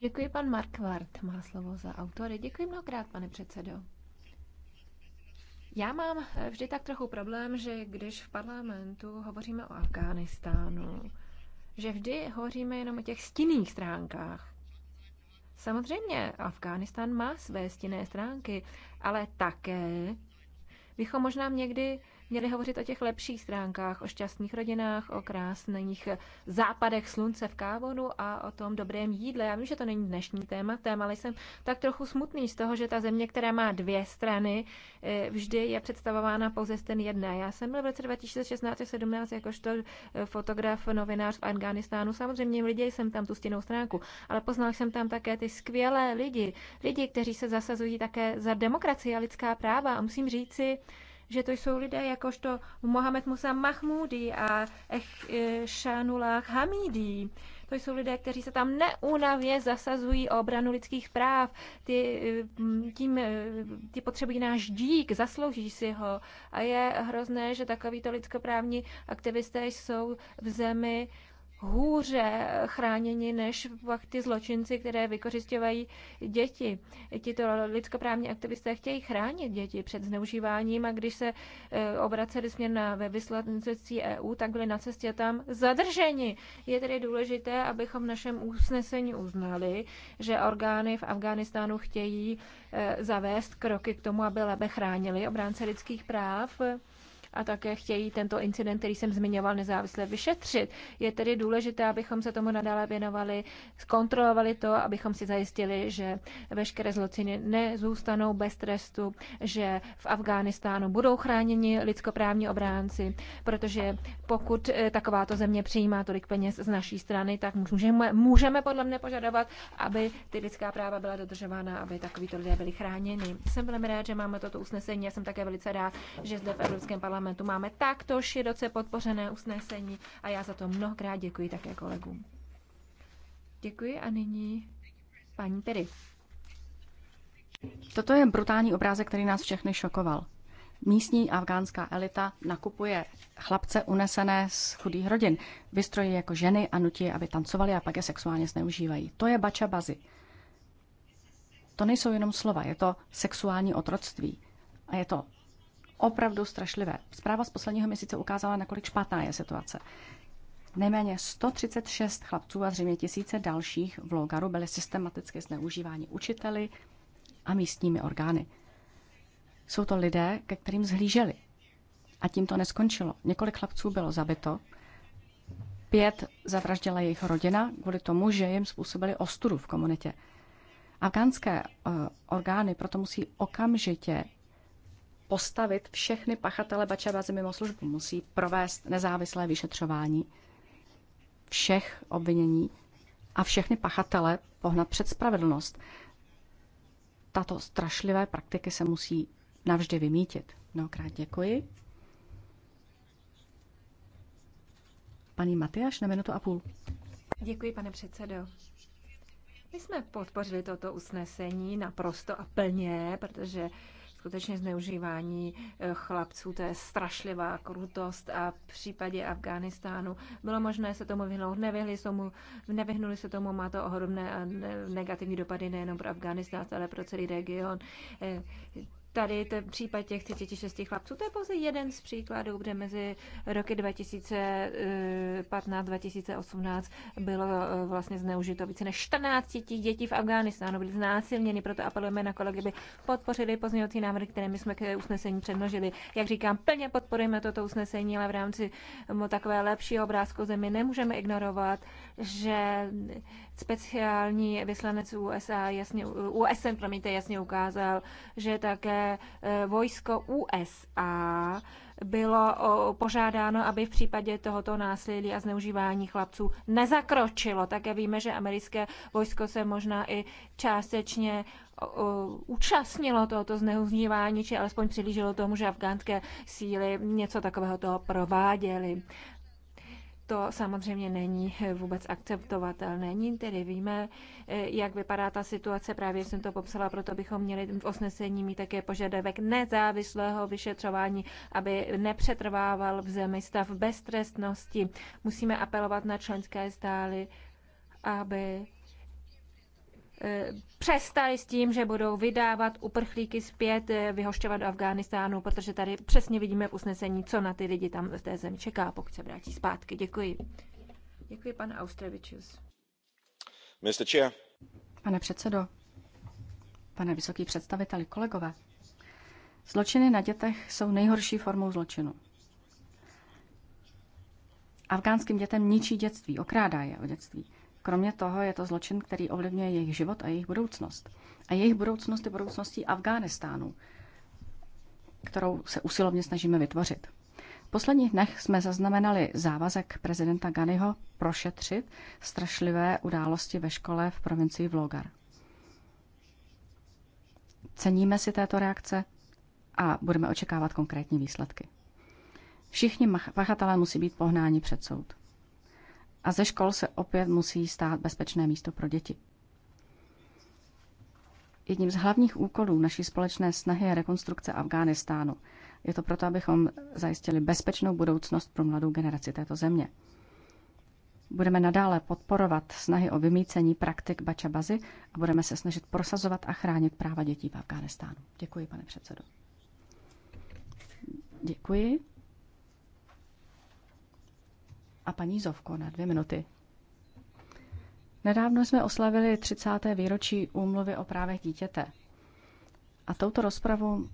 Děkuji, pan Markvart má slovo za autory. Děkuji mnohokrát, pane předsedo. Já mám eh, vždy tak trochu problém, že když v parlamentu hovoříme o Afghánistánu, že vždy hovoříme jenom o těch stinných stránkách. Samozřejmě, Afghánistán má své stinné stránky, ale také bychom možná někdy měli hovořit o těch lepších stránkách, o šťastných rodinách, o krásných západech slunce v Kávonu a o tom dobrém jídle. Já vím, že to není dnešní téma, ale jsem tak trochu smutný z toho, že ta země, která má dvě strany, eh, vždy je představována pouze z ten jedné. Já jsem byl v roce 2016 2017 jakožto eh, fotograf, novinář v Afganistánu. Samozřejmě lidi jsem tam tu stěnou stránku, ale poznal jsem tam také ty skvělé lidi, lidi, kteří se zasazují také za demokracii a lidská práva. A musím říci, že to jsou lidé jakožto Mohamed Musa Mahmudi a Ech eh, Šanullah Hamidi. To jsou lidé, kteří se tam neúnavně zasazují o obranu lidských práv. Ty, eh, tím, eh, ty potřebují náš dík, zaslouží si ho. A je hrozné, že takovýto lidskoprávní aktivisté jsou v zemi, hůře chráněni než pak ty zločinci, které vykořišťovají děti. Tito lidskoprávní aktivisté chtějí chránit děti před zneužíváním a když se e, obraceli směr na ve vyslanectví EU, tak byli na cestě tam zadrženi. Je tedy důležité, abychom v našem usnesení uznali, že orgány v Afghánistánu chtějí e, zavést kroky k tomu, aby lépe chránili obránce lidských práv a také chtějí tento incident, který jsem zmiňoval, nezávisle vyšetřit. Je tedy důležité, abychom se tomu nadále věnovali, zkontrolovali to, abychom si zajistili, že veškeré zlociny nezůstanou bez trestu, že v Afghánistánu budou chráněni lidskoprávní obránci, protože pokud eh, takováto země přijímá tolik peněz z naší strany, tak můžeme, můžeme podle mě požadovat, aby ty lidská práva byla dodržována, aby takovýto lidé byli chráněni. Jsem velmi rád, že máme toto usnesení. Já jsem také velice rád, že zde v Evropském parlamentu parlamentu máme takto široce podpořené usnesení a já za to mnohokrát děkuji také kolegům. Děkuji a nyní paní Terry. Toto je brutální obrázek, který nás všechny šokoval. Místní afgánská elita nakupuje chlapce unesené z chudých rodin, vystrojí jako ženy a nutí je, aby tancovali a pak je sexuálně zneužívají. To je bača bazy. To nejsou jenom slova, je to sexuální otroctví. A je to opravdu strašlivé. Zpráva z posledního měsíce ukázala, nakolik špatná je situace. Nejméně 136 chlapců a zřejmě tisíce dalších v Logaru byly systematicky zneužíváni učiteli a místními orgány. Jsou to lidé, ke kterým zhlíželi. A tím to neskončilo. Několik chlapců bylo zabito, pět zavraždila jejich rodina kvůli tomu, že jim způsobili ostudu v komunitě. Afgánské eh, orgány proto musí okamžitě postavit všechny pachatele Bačabázy mimo službu. Musí provést nezávislé vyšetřování všech obvinění a všechny pachatele pohnat před spravedlnost. Tato strašlivé praktiky se musí navždy vymítit. Mnohokrát děkuji. Paní Matyáš na minutu a půl. Děkuji, pane předsedo. My jsme podpořili toto usnesení naprosto a plně, protože skutečně zneužívání eh, chlapců, to je strašlivá krutost a v případě Afghánistánu bylo možné se tomu vyhnout, nevyhli se tomu, nevyhnuli se tomu, má to ohromné negativní dopady nejenom pro Afghánistán, ale pro celý region. Eh, tady ten případ těch 36 chlapců, to je pouze jeden z příkladů, kde mezi roky 2015-2018 eh, bylo eh, vlastně zneužito více než 14 dětí v Afghánistánu, byly znásilněny, proto apelujeme na kolegy, by podpořili pozměňovací návrhy, které my jsme k usnesení přednožili. Jak říkám, plně podporujeme toto usnesení, ale v rámci takové lepšího obrázku zemi nemůžeme ignorovat že speciální vyslanec USA jasně, USN, promiňte, jasně ukázal, že také eh, vojsko USA bylo požádáno, aby v případě tohoto násilí a zneužívání chlapců nezakročilo. Také víme, že americké vojsko se možná i částečně účastnilo tohoto zneužívání, či alespoň přilížilo tomu, že afgánské síly něco takového toho prováděly. To samozřejmě není eh, vůbec akceptovatelné. Není tedy víme, eh, jak vypadá ta situace, právě jsem to popsala, proto bychom měli v osnesení mít také požadavek nezávislého vyšetřování, aby nepřetrvával v zemi stav beztrestnosti. Musíme apelovat na členské stály, aby Eh, přestali s tím, že budou vydávat uprchlíky zpět, eh, vyhošťovat do Afghánistánu, protože tady přesně vidíme v usnesení, co na ty lidi tam v té zemi čeká, pokud se vrátí zpátky. Děkuji. Děkuji, pan Austrevičus. Mr. Chair. Pane předsedo, pane vysoký představiteli, kolegové, zločiny na dětech jsou nejhorší formou zločinu. Afgánským dětem ničí dětství, okrádá je o dětství. Kromě toho je to zločin, který ovlivňuje jejich život a jejich budoucnost. A jejich budoucnost je budoucností Afghánistánu, kterou se usilovně snažíme vytvořit. V posledních dnech jsme zaznamenali závazek prezidenta Ganiho prošetřit strašlivé události ve škole v provincii Vlogar. Ceníme si této reakce a budeme očekávat konkrétní výsledky. Všichni pachatelé musí být pohnáni před soud a ze škol se opět musí stát bezpečné místo pro děti. Jedním z hlavních úkolů naší společné snahy je rekonstrukce Afghánistánu. Je to proto, abychom zajistili bezpečnou budoucnost pro mladou generaci této země. Budeme nadále podporovat snahy o vymícení praktik bačabazy a budeme se snažit prosazovat a chránit práva dětí v Afghánistánu. Děkuji, pane předsedo. Děkuji a paní Zovko na dvě minuty. Nedávno jsme oslavili 30. výročí úmluvy o právech dítěte. A touto rozpravou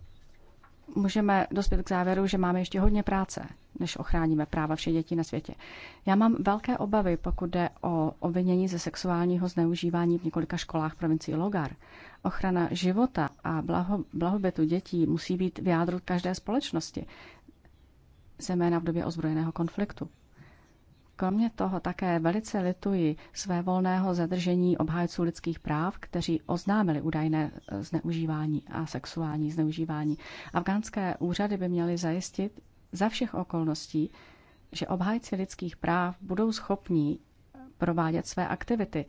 můžeme dospět k závěru, že máme ještě hodně práce, než ochráníme práva všech dětí na světě. Já mám velké obavy, pokud jde o obvinění ze sexuálního zneužívání v několika školách v provincii Logar. Ochrana života a blaho, blahobytu dětí musí být v jádru každé společnosti, zejména v době ozbrojeného konfliktu. Kromě toho také velice lituji své volného zadržení obhájců lidských práv, kteří oznámili údajné eh, zneužívání a sexuální zneužívání. Afgánské úřady by měly zajistit za všech okolností, že obhájci lidských práv budou schopní provádět své aktivity.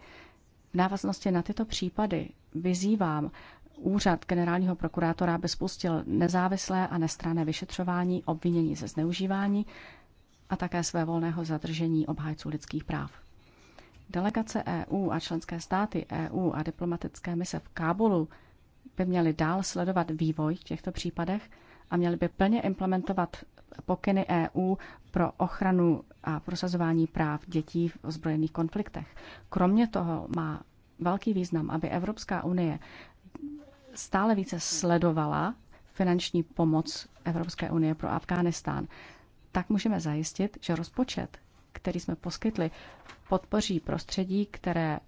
V návaznosti na tyto případy vyzývám úřad generálního prokurátora, aby spustil nezávislé a nestrané vyšetřování obvinění ze zneužívání a také své volného zadržení obhájců lidských práv. Delegace EU a členské státy EU a diplomatické mise v Kábulu by měly dál sledovat vývoj v těchto případech a měly by plně implementovat pokyny EU pro ochranu a prosazování práv dětí v ozbrojených konfliktech. Kromě toho má velký význam, aby Evropská unie stále více sledovala finanční pomoc Evropské unie pro Afghánistán, tak můžeme zajistit, že rozpočet, který jsme poskytli, podpoří prostředí, které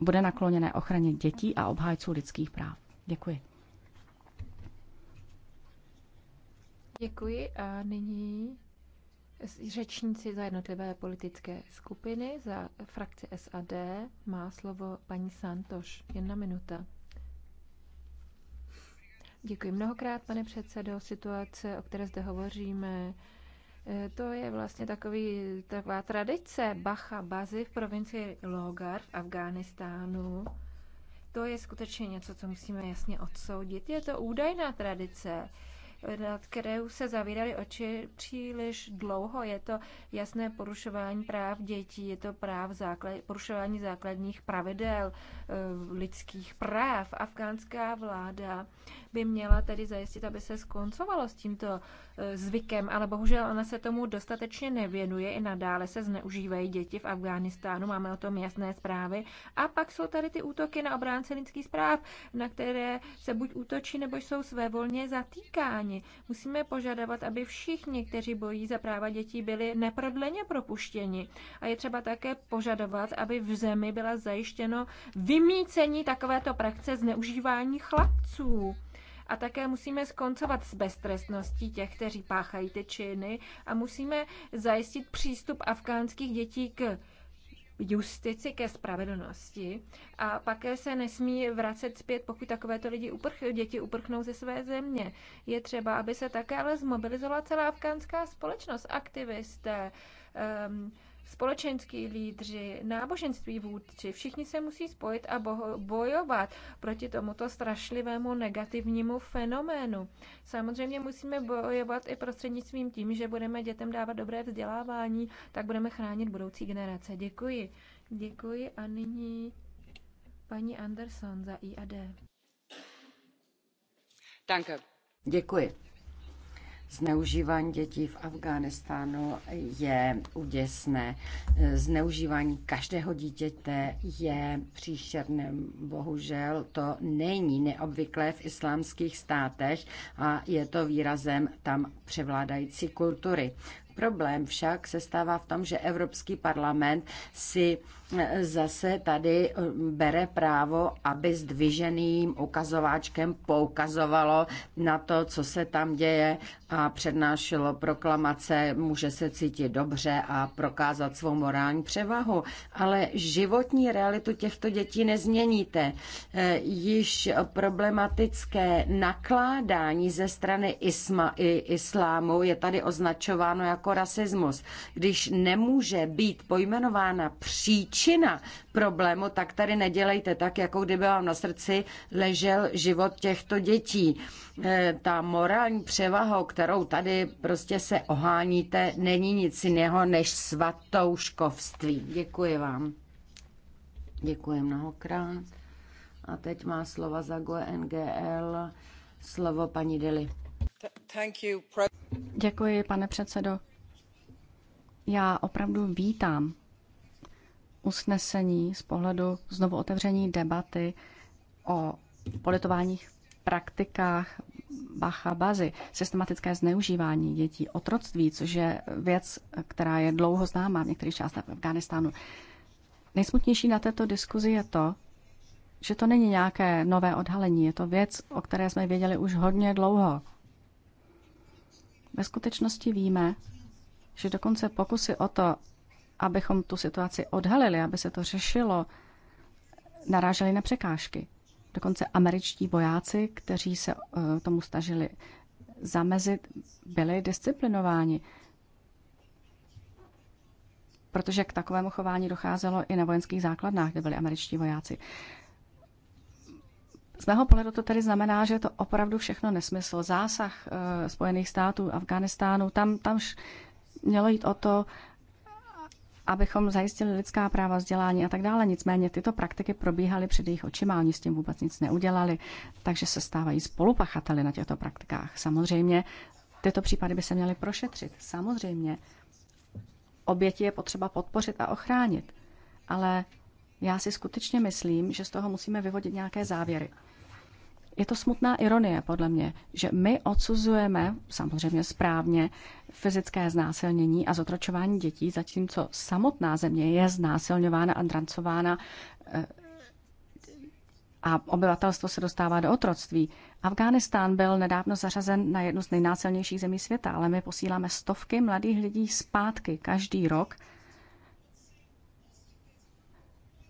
bude nakloněné ochraně dětí a obhájců lidských práv. Děkuji. Děkuji a nyní řečníci za jednotlivé politické skupiny, za frakci SAD má slovo paní Santoš. Jedna minuta. Děkuji mnohokrát, pane předsedo. Situace, o které zde hovoříme, Eh, to je vlastně takový, taková tradice Bacha Bazy v provincii Logar v Afghánistánu. To je skutečně něco, co musíme jasně odsoudit. Je to údajná tradice, nad kterou se zavíraly oči příliš dlouho. Je to jasné porušování práv dětí, je to práv základ, porušování základních pravidel eh, lidských práv. Afgánská vláda by měla tedy zajistit, aby se skoncovalo s tímto zvykem, ale bohužel ona se tomu dostatečně nevěnuje. I nadále se zneužívají děti v Afghánistánu, máme o tom jasné zprávy. A pak jsou tady ty útoky na obránce lidských zpráv, na které se buď útočí, nebo jsou svévolně zatýkáni. Musíme požadovat, aby všichni, kteří bojí za práva dětí, byli neprodleně propuštěni. A je třeba také požadovat, aby v zemi byla zajištěno vymícení takovéto praxe zneužívání chlapců. A také musíme skoncovat s beztrestností těch, kteří páchají ty činy a musíme zajistit přístup afgánských dětí k justici, ke spravedlnosti a pak se nesmí vracet zpět, pokud takovéto lidi uprch, děti uprchnou ze své země. Je třeba, aby se také ale zmobilizovala celá afgánská společnost, aktivisté, um, společenský lídři, náboženství vůdci, všichni se musí spojit a bojovat proti tomuto strašlivému negativnímu fenoménu. Samozřejmě musíme bojovat i prostřednictvím tím, že budeme dětem dávat dobré vzdělávání, tak budeme chránit budoucí generace. Děkuji. Děkuji a nyní paní Anderson za IAD. Danke. Děkuji. Zneužívání dětí v Afghánistánu je uděsné. Zneužívání každého dítěte je příšerné. Bohužel to není neobvyklé v islámských státech a je to výrazem tam převládající kultury. Problém však se stává v tom, že Evropský parlament si zase tady eh, bere právo, aby s dviženým ukazováčkem poukazovalo na to, co se tam děje a přednášelo proklamace, může se cítit dobře a prokázat svou morální převahu. Ale životní realitu těchto dětí nezměníte. Eh, již problematické nakládání ze strany isma, i islámu je tady označováno jako rasismus. Když nemůže být pojmenována příčina, příčina problému, tak tady nedělejte tak, jako kdyby vám na srdci ležel život těchto dětí. Eh, ta morální převaha, kterou tady prostě se oháníte, není nic jiného než svatou škovství. Děkuji vám. Děkuji mnohokrát. A teď má slova za e NGL slovo paní Deli. Děkuji, pane předsedo. Já opravdu vítám usnesení z pohledu znovu otevření debaty o politováních praktikách Bacha Bazy, systematické zneužívání dětí, otroctví, což je věc, která je dlouho známá v některých částech Afganistánu. Nejsmutnější na této diskuzi je to, že to není nějaké nové odhalení, je to věc, o které jsme věděli už hodně dlouho. Ve skutečnosti víme, že dokonce pokusy o to, abychom tu situaci odhalili, aby se to řešilo, naráželi na překážky. Dokonce američtí vojáci, kteří se eh, tomu snažili zamezit, byli disciplinováni. Protože k takovému chování docházelo i na vojenských základnách, kde byli američtí vojáci. Z mého pohledu to tedy znamená, že je to opravdu všechno nesmysl. Zásah eh, Spojených států, Afganistánu, tam, tam mělo jít o to, abychom zajistili lidská práva, vzdělání a tak dále. Nicméně tyto praktiky probíhaly před jejich očima, oni s tím vůbec nic neudělali, takže se stávají spolupachateli na těchto praktikách. Samozřejmě tyto případy by se měly prošetřit. Samozřejmě oběti je potřeba podpořit a ochránit, ale já si skutečně myslím, že z toho musíme vyvodit nějaké závěry. Je to smutná ironie, podle mě, že my odsuzujeme, samozřejmě správně, fyzické znásilnění a zotročování dětí, zatímco samotná země je znásilňována a drancována eh, a obyvatelstvo se dostává do otroctví. Afghánistán byl nedávno zařazen na jednu z nejnásilnějších zemí světa, ale my posíláme stovky mladých lidí zpátky každý rok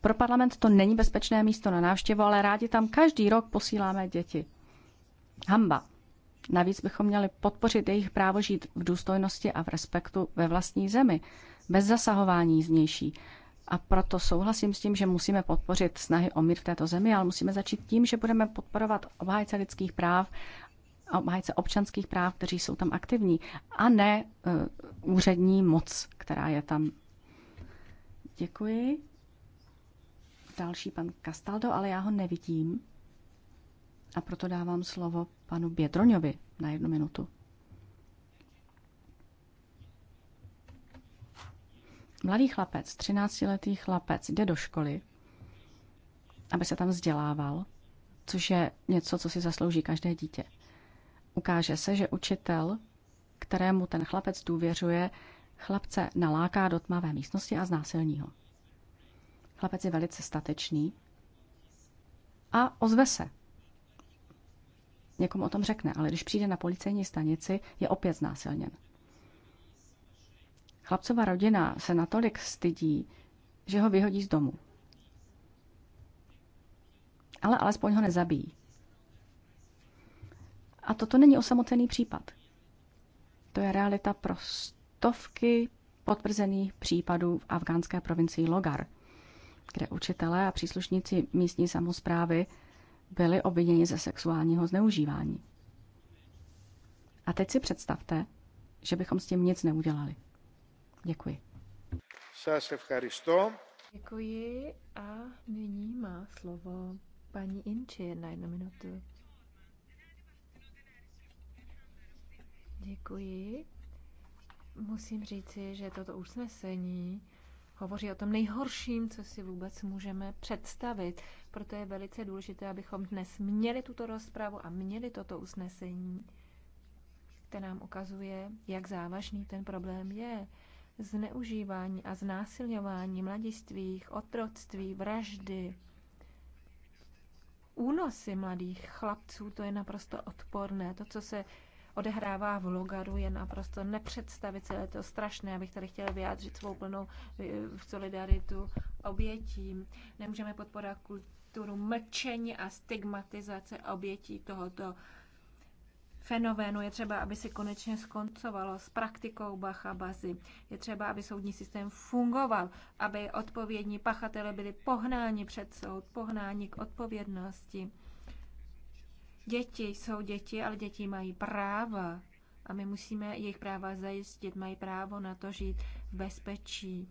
pro parlament to není bezpečné místo na návštěvu, ale rádi tam každý rok posíláme děti. Hamba. Navíc bychom měli podpořit jejich právo žít v důstojnosti a v respektu ve vlastní zemi, bez zasahování znější. A proto souhlasím s tím, že musíme podpořit snahy o mír v této zemi, ale musíme začít tím, že budeme podporovat obhájce lidských práv a obhájce občanských práv, kteří jsou tam aktivní, a ne uh, úřední moc, která je tam. Děkuji další pan Castaldo, ale já ho nevidím. A proto dávám slovo panu Bětroňovi na jednu minutu. Mladý chlapec, 13-letý chlapec, jde do školy, aby se tam vzdělával, což je něco, co si zaslouží každé dítě. Ukáže se, že učitel, kterému ten chlapec důvěřuje, chlapce naláká do tmavé místnosti a znásilní ho. Chlapec je velice statečný a ozve se. Někomu o tom řekne, ale když přijde na policejní stanici, je opět znásilněn. Chlapcova rodina se natolik stydí, že ho vyhodí z domu. Ale alespoň ho nezabijí. A toto není osamocený případ. To je realita pro stovky potvrzených případů v afgánské provincii Logar – kde učitelé a příslušníci místní samozprávy byli obviněni ze sexuálního zneužívání. A teď si představte, že bychom s tím nic neudělali. Děkuji. Děkuji a nyní má slovo paní Inči na jednu minutu. Děkuji. Musím říci, že toto usnesení hovoří o tom nejhorším, co si vůbec můžeme představit. Proto je velice důležité, abychom dnes měli tuto rozpravu a měli toto usnesení, které nám ukazuje, jak závažný ten problém je. Zneužívání a znásilňování mladistvých, otroctví, vraždy, únosy mladých chlapců, to je naprosto odporné. To, co se odehrává v Logaru, je naprosto nepředstavitelné. To strašné, abych tady chtěla vyjádřit svou plnou eh, solidaritu obětím. Nemůžeme podporovat kulturu mlčení a stigmatizace obětí tohoto fenoménu je třeba, aby se konečně skoncovalo s praktikou Bacha Bazy. Je třeba, aby soudní systém fungoval, aby odpovědní pachatele byli pohnáni před soud, pohnáni k odpovědnosti. Děti jsou děti, ale děti mají práva. A my musíme jejich práva zajistit. Mají právo na to žít v bezpečí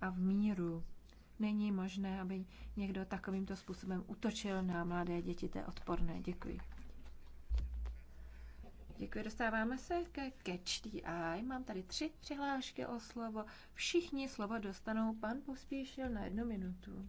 a v míru. Není možné, aby někdo takovýmto způsobem utočil na mladé děti. To je odporné. Děkuji. Děkuji, dostáváme se ke Catch the Eye. Mám tady tři přihlášky o slovo. Všichni slovo dostanou. Pan Pospíšil na jednu minutu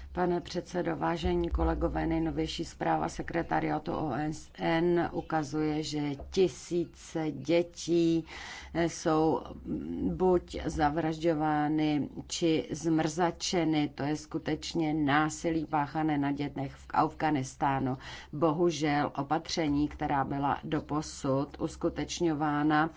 Pane předsedo, vážení kolegové, nejnovější zpráva sekretariátu OSN ukazuje, že tisíce dětí jsou buď zavražďovány či zmrzačeny. To je skutečně násilí páchané na dětech v Afganistánu. Bohužel opatření, která byla doposud uskutečňována,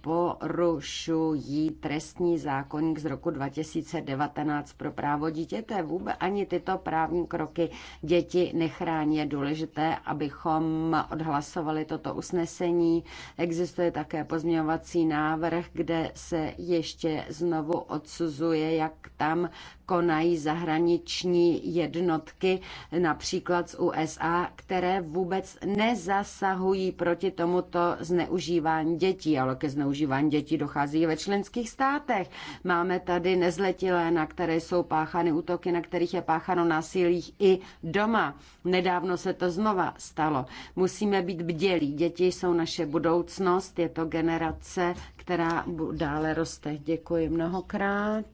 porušují trestní zákonník z roku 2019 pro právo dítěte. Vůbec ani tyto právní kroky děti nechrání. Je důležité, abychom odhlasovali toto usnesení. Existuje také pozměňovací návrh, kde se ještě znovu odsuzuje, jak tam konají zahraniční jednotky, například z USA, které vůbec nezasahují proti tomuto zneužívání dětí, ale ke zneužívání dětí dochází ve členských státech. Máme tady nezletilé, na které jsou páchány útoky, na kterých je pácháno násilí i doma. Nedávno se to znova stalo. Musíme být bdělí. Děti jsou naše budoucnost, je to generace, která dále roste. Děkuji mnohokrát.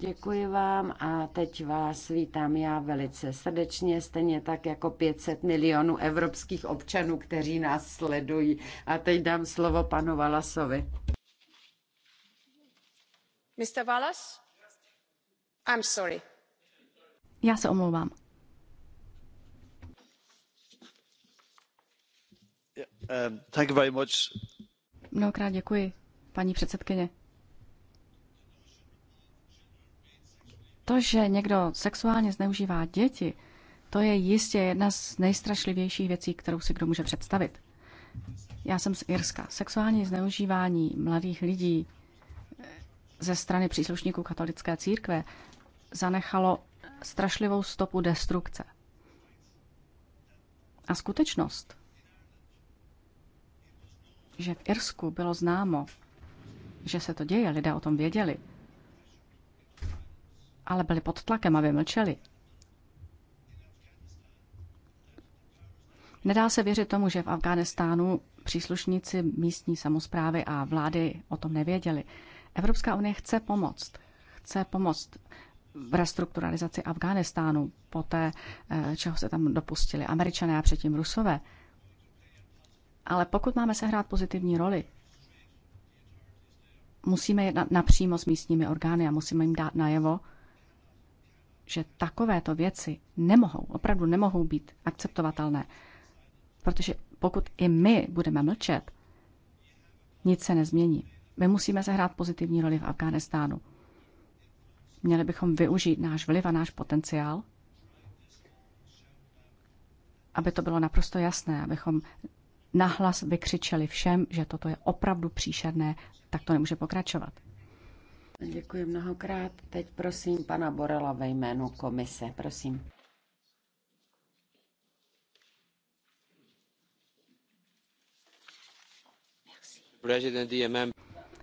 Děkuji vám a teď vás vítám já velice srdečně, stejně tak jako 500 milionů evropských občanů, kteří nás sledují. A teď dám slovo panu Valasovi. Mr. Valas, I'm sorry. Já se omlouvám. Yeah, um, thank you very much. Mnohokrát děkuji, paní předsedkyně. To, že někdo sexuálně zneužívá děti, to je jistě jedna z nejstrašlivějších věcí, kterou si kdo může představit. Já jsem z Irska. Sexuální zneužívání mladých lidí eh, ze strany příslušníků katolické církve zanechalo strašlivou stopu destrukce. A skutečnost, že v Irsku bylo známo, že se to děje, lidé o tom věděli, ale byli pod tlakem, aby mlčeli. Nedá se věřit tomu, že v Afghánistánu příslušníci místní samozprávy a vlády o tom nevěděli. Evropská unie chce pomoct. Chce pomoct v restrukturalizaci Afghánistánu po té, eh, čeho se tam dopustili američané a předtím rusové. Ale pokud máme sehrát pozitivní roli, musíme jednat napřímo s místními orgány a musíme jim dát najevo, že takovéto věci nemohou, opravdu nemohou být akceptovatelné. Protože pokud i my budeme mlčet, nic se nezmění. My musíme sehrát pozitivní roli v Afghánistánu. Měli bychom využít náš vliv a náš potenciál, aby to bylo naprosto jasné, abychom nahlas vykřičeli všem, že toto je opravdu příšerné, tak to nemůže pokračovat. Děkuji mnohokrát. Teď prosím pana Borela ve jménu komise. Prosím.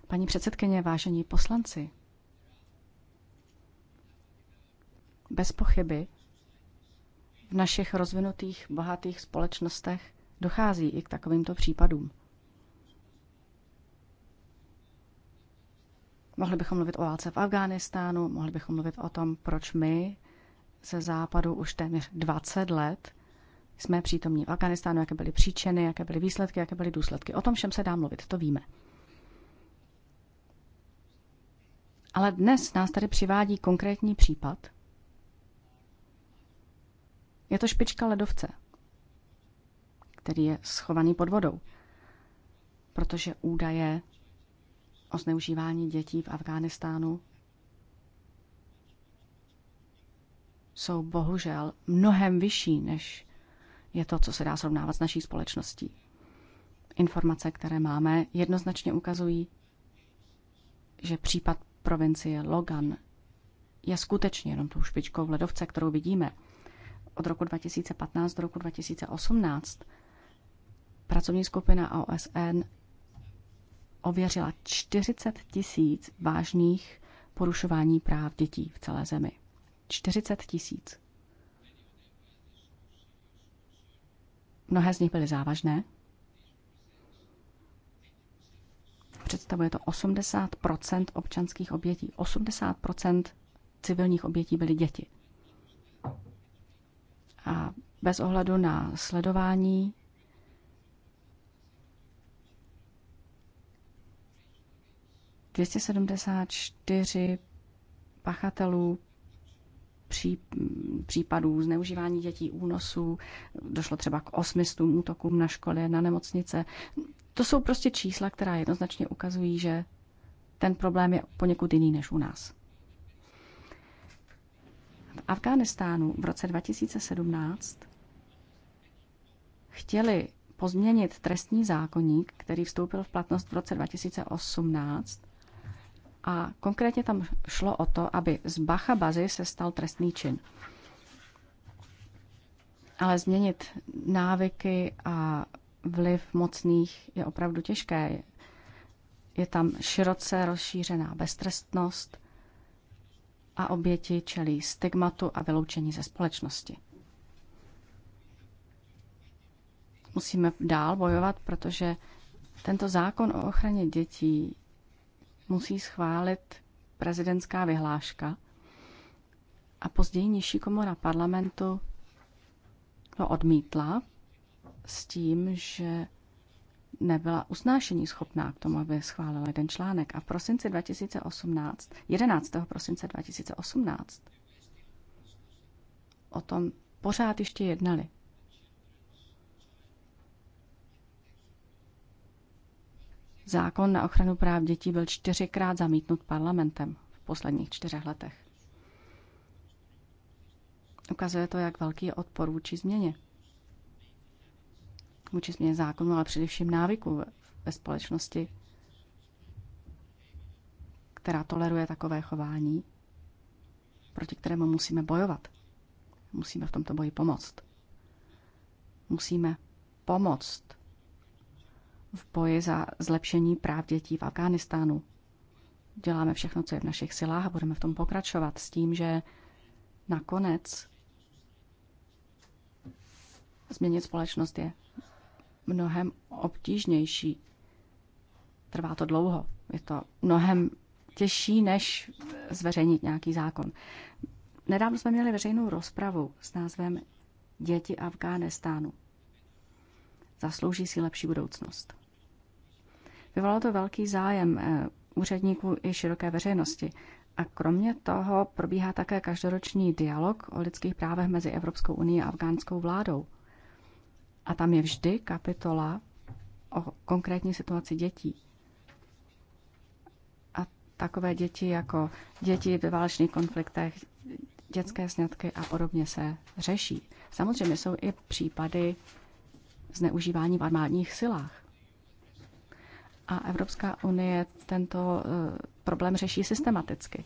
Paní předsedkyně, vážení poslanci, bez pochyby v našich rozvinutých, bohatých společnostech dochází i k takovýmto případům. Mohli bychom mluvit o válce v Afghánistánu, mohli bychom mluvit o tom, proč my ze západu už téměř 20 let jsme přítomní v Afganistánu, jaké byly příčiny, jaké byly výsledky, jaké byly důsledky. O tom všem se dá mluvit, to víme. Ale dnes nás tady přivádí konkrétní případ. Je to špička ledovce, který je schovaný pod vodou, protože údaje o zneužívání dětí v Afghánistánu jsou bohužel mnohem vyšší, než je to, co se dá srovnávat s naší společností. Informace, které máme, jednoznačně ukazují, že případ provincie Logan je skutečně jenom tou špičkou v ledovce, kterou vidíme. Od roku 2015 do roku 2018 pracovní skupina OSN ověřila 40 tisíc vážných porušování práv dětí v celé zemi. 40 tisíc. Mnohé z nich byly závažné. Představuje to 80 občanských obětí. 80 civilních obětí byly děti. A bez ohledu na sledování 274 pachatelů pří, případů zneužívání dětí, únosů, došlo třeba k osmistům útokům na školy, na nemocnice. To jsou prostě čísla, která jednoznačně ukazují, že ten problém je poněkud jiný než u nás. V Afghánistánu v roce 2017 chtěli pozměnit trestní zákonník, který vstoupil v platnost v roce 2018, a konkrétně tam šlo o to, aby z Bacha bazy se stal trestný čin. Ale změnit návyky a vliv mocných je opravdu těžké. Je tam široce rozšířená beztrestnost a oběti čelí stigmatu a vyloučení ze společnosti. Musíme dál bojovat, protože tento zákon o ochraně dětí musí schválit prezidentská vyhláška a později nižší komora parlamentu to odmítla s tím, že nebyla usnášení schopná k tomu, aby schválila jeden článek. A v prosinci 2018, 11. prosince 2018, o tom pořád ještě jednali. Zákon na ochranu práv dětí byl čtyřikrát zamítnut parlamentem v posledních čtyřech letech. Ukazuje to, jak velký je odpor vůči změně. Vůči změně zákonu, ale především návyku ve společnosti, která toleruje takové chování, proti kterému musíme bojovat. Musíme v tomto boji pomoct. Musíme pomoct v boji za zlepšení práv dětí v Afghánistánu. Děláme všechno, co je v našich silách a budeme v tom pokračovat s tím, že nakonec změnit společnost je mnohem obtížnější. Trvá to dlouho. Je to mnohem těžší, než zveřejnit nějaký zákon. Nedávno jsme měli veřejnou rozpravu s názvem Děti Afghánistánu. Zaslouží si lepší budoucnost. Vyvolalo to velký zájem eh, úředníků i široké veřejnosti. A kromě toho probíhá také každoroční dialog o lidských právech mezi Evropskou unii a afgánskou vládou. A tam je vždy kapitola o konkrétní situaci dětí. A takové děti jako děti ve válečných konfliktech, dětské sňatky a podobně se řeší. Samozřejmě jsou i případy zneužívání v armádních silách. A Evropská unie tento eh, problém řeší systematicky.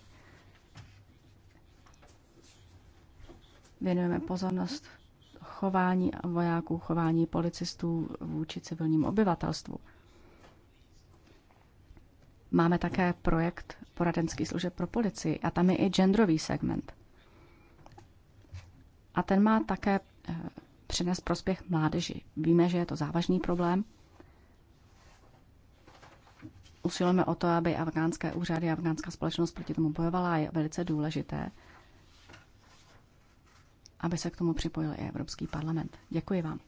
Věnujeme pozornost chování vojáků, chování policistů vůči civilnímu obyvatelstvu. Máme také projekt poradenský služeb pro policii a tam je i genderový segment. A ten má také eh, přines prospěch mládeži. Víme, že je to závažný problém, usilujeme o to, aby afgánské úřady a afgánská společnost proti tomu bojovala a je velice důležité, aby se k tomu připojil i Evropský parlament. Děkuji vám.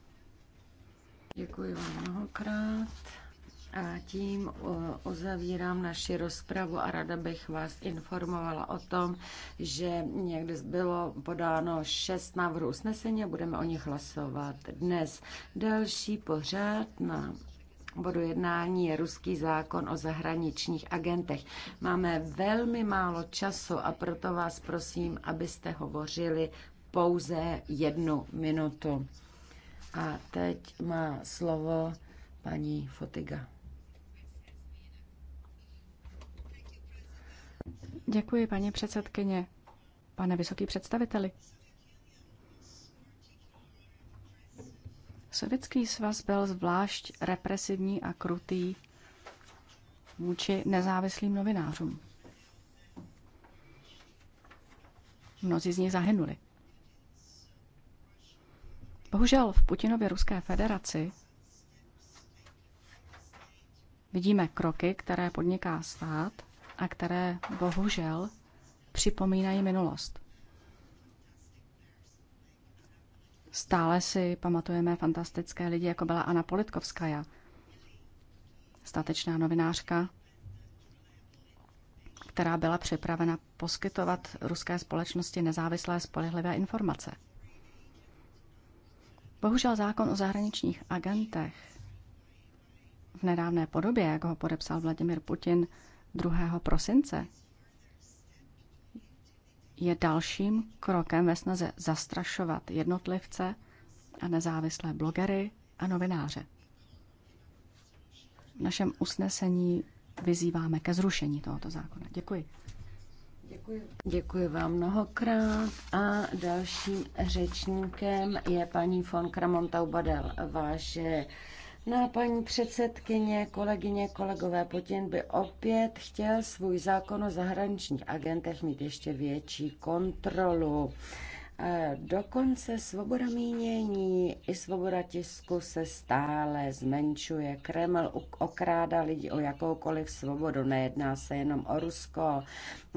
Děkuji vám mnohokrát. A tím uzavírám naši rozpravu a rada bych vás informovala o tom, že někde bylo podáno šest návrhů usnesení a budeme o nich hlasovat dnes. Další pořád na bodu jednání je ruský zákon o zahraničních agentech. Máme velmi málo času a proto vás prosím, abyste hovořili pouze jednu minutu. A teď má slovo paní Fotiga. Děkuji, paní předsedkyně. Pane vysoký představiteli, Sovětský svaz byl zvlášť represivní a krutý vůči nezávislým novinářům. Mnozí z nich zahynuli. Bohužel v Putinově Ruské federaci vidíme kroky, které podniká stát a které bohužel připomínají minulost. Stále si pamatujeme fantastické lidi, jako byla Anna Politkovskaja, statečná novinářka, která byla připravena poskytovat ruské společnosti nezávislé spolehlivé informace. Bohužel zákon o zahraničních agentech v nedávné podobě, jak ho podepsal Vladimir Putin 2. prosince, je dalším krokem ve snaze zastrašovat jednotlivce a nezávislé blogery a novináře. V našem usnesení vyzýváme ke zrušení tohoto zákona. Děkuji. Děkuji. Děkuji vám mnohokrát a dalším řečníkem je paní von Kramontau Badel. Váže No a paní předsedkyně, kolegyně, kolegové, Putin by opět chtěl svůj zákon o zahraničních agentech mít ještě větší kontrolu. Dokonce svoboda mínění i svoboda tisku se stále zmenšuje. Kreml okrádá lidi o jakoukoliv svobodu. Nejedná se jenom o Rusko.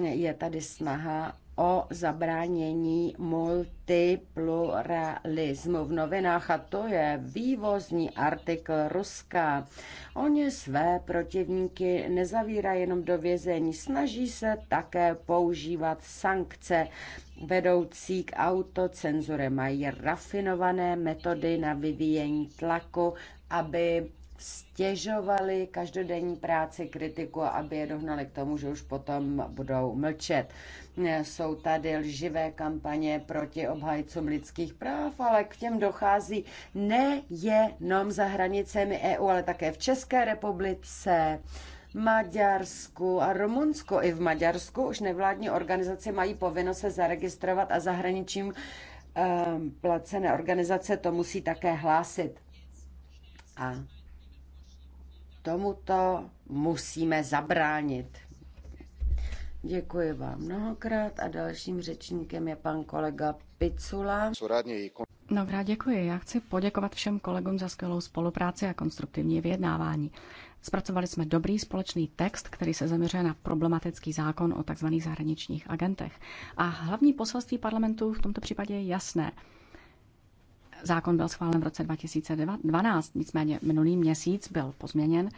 Je tady snaha o zabránění multipluralismu v novinách a to je vývozní artikl Ruska. Oni své protivníky nezavírají jenom do vězení, snaží se také používat sankce vedoucí k autocenzure. Mají rafinované metody na vyvíjení tlaku, aby stěžovali každodenní práci kritiku, aby je dohnali k tomu, že už potom budou mlčet. Jsou tady lživé kampaně proti obhajcům lidských práv, ale k těm dochází nejenom za hranicemi EU, ale také v České republice. Maďarsku a Rumunsku. I v Maďarsku už nevládní organizace mají povinnost se zaregistrovat a zahraničím um, eh, placené organizace to musí také hlásit. A tomuto musíme zabránit. Děkuji vám mnohokrát a dalším řečníkem je pan kolega Picula. Mnohokrát děkuji. Já chci poděkovat všem kolegům za skvělou spolupráci a konstruktivní vyjednávání. Zpracovali jsme dobrý společný text, který se zaměřuje na problematický zákon o tzv. zahraničních agentech. A hlavní poselství parlamentu v tomto případě je jasné. Zákon byl schválen v roce 2012, nicméně minulý měsíc byl pozměněn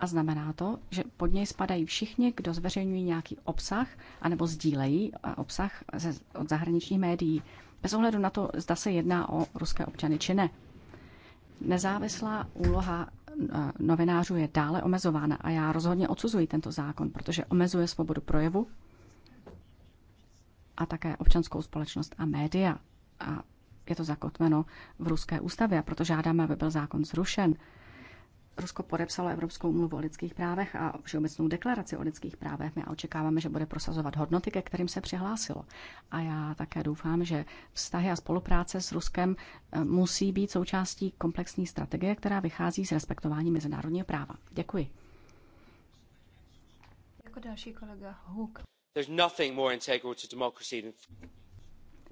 a znamená to, že pod něj spadají všichni, kdo zveřejňují nějaký obsah anebo sdílejí eh, obsah ze, od zahraničních médií, bez ohledu na to, zda se jedná o ruské občany či ne. Nezávislá úloha eh, novinářů je dále omezována a já rozhodně odsuzuji tento zákon, protože omezuje svobodu projevu a také občanskou společnost a média. A je to zakotveno v ruské ústavě a proto žádáme, aby byl zákon zrušen. Rusko podepsalo Evropskou umluvu o lidských právech a Všeobecnou deklaraci o lidských právech. My očekáváme, že bude prosazovat hodnoty, ke kterým se přihlásilo. A já také doufám, že vztahy a spolupráce s Ruskem eh, musí být součástí komplexní strategie, která vychází z respektování mezinárodního práva. Děkuji. Jako další kolega Huk.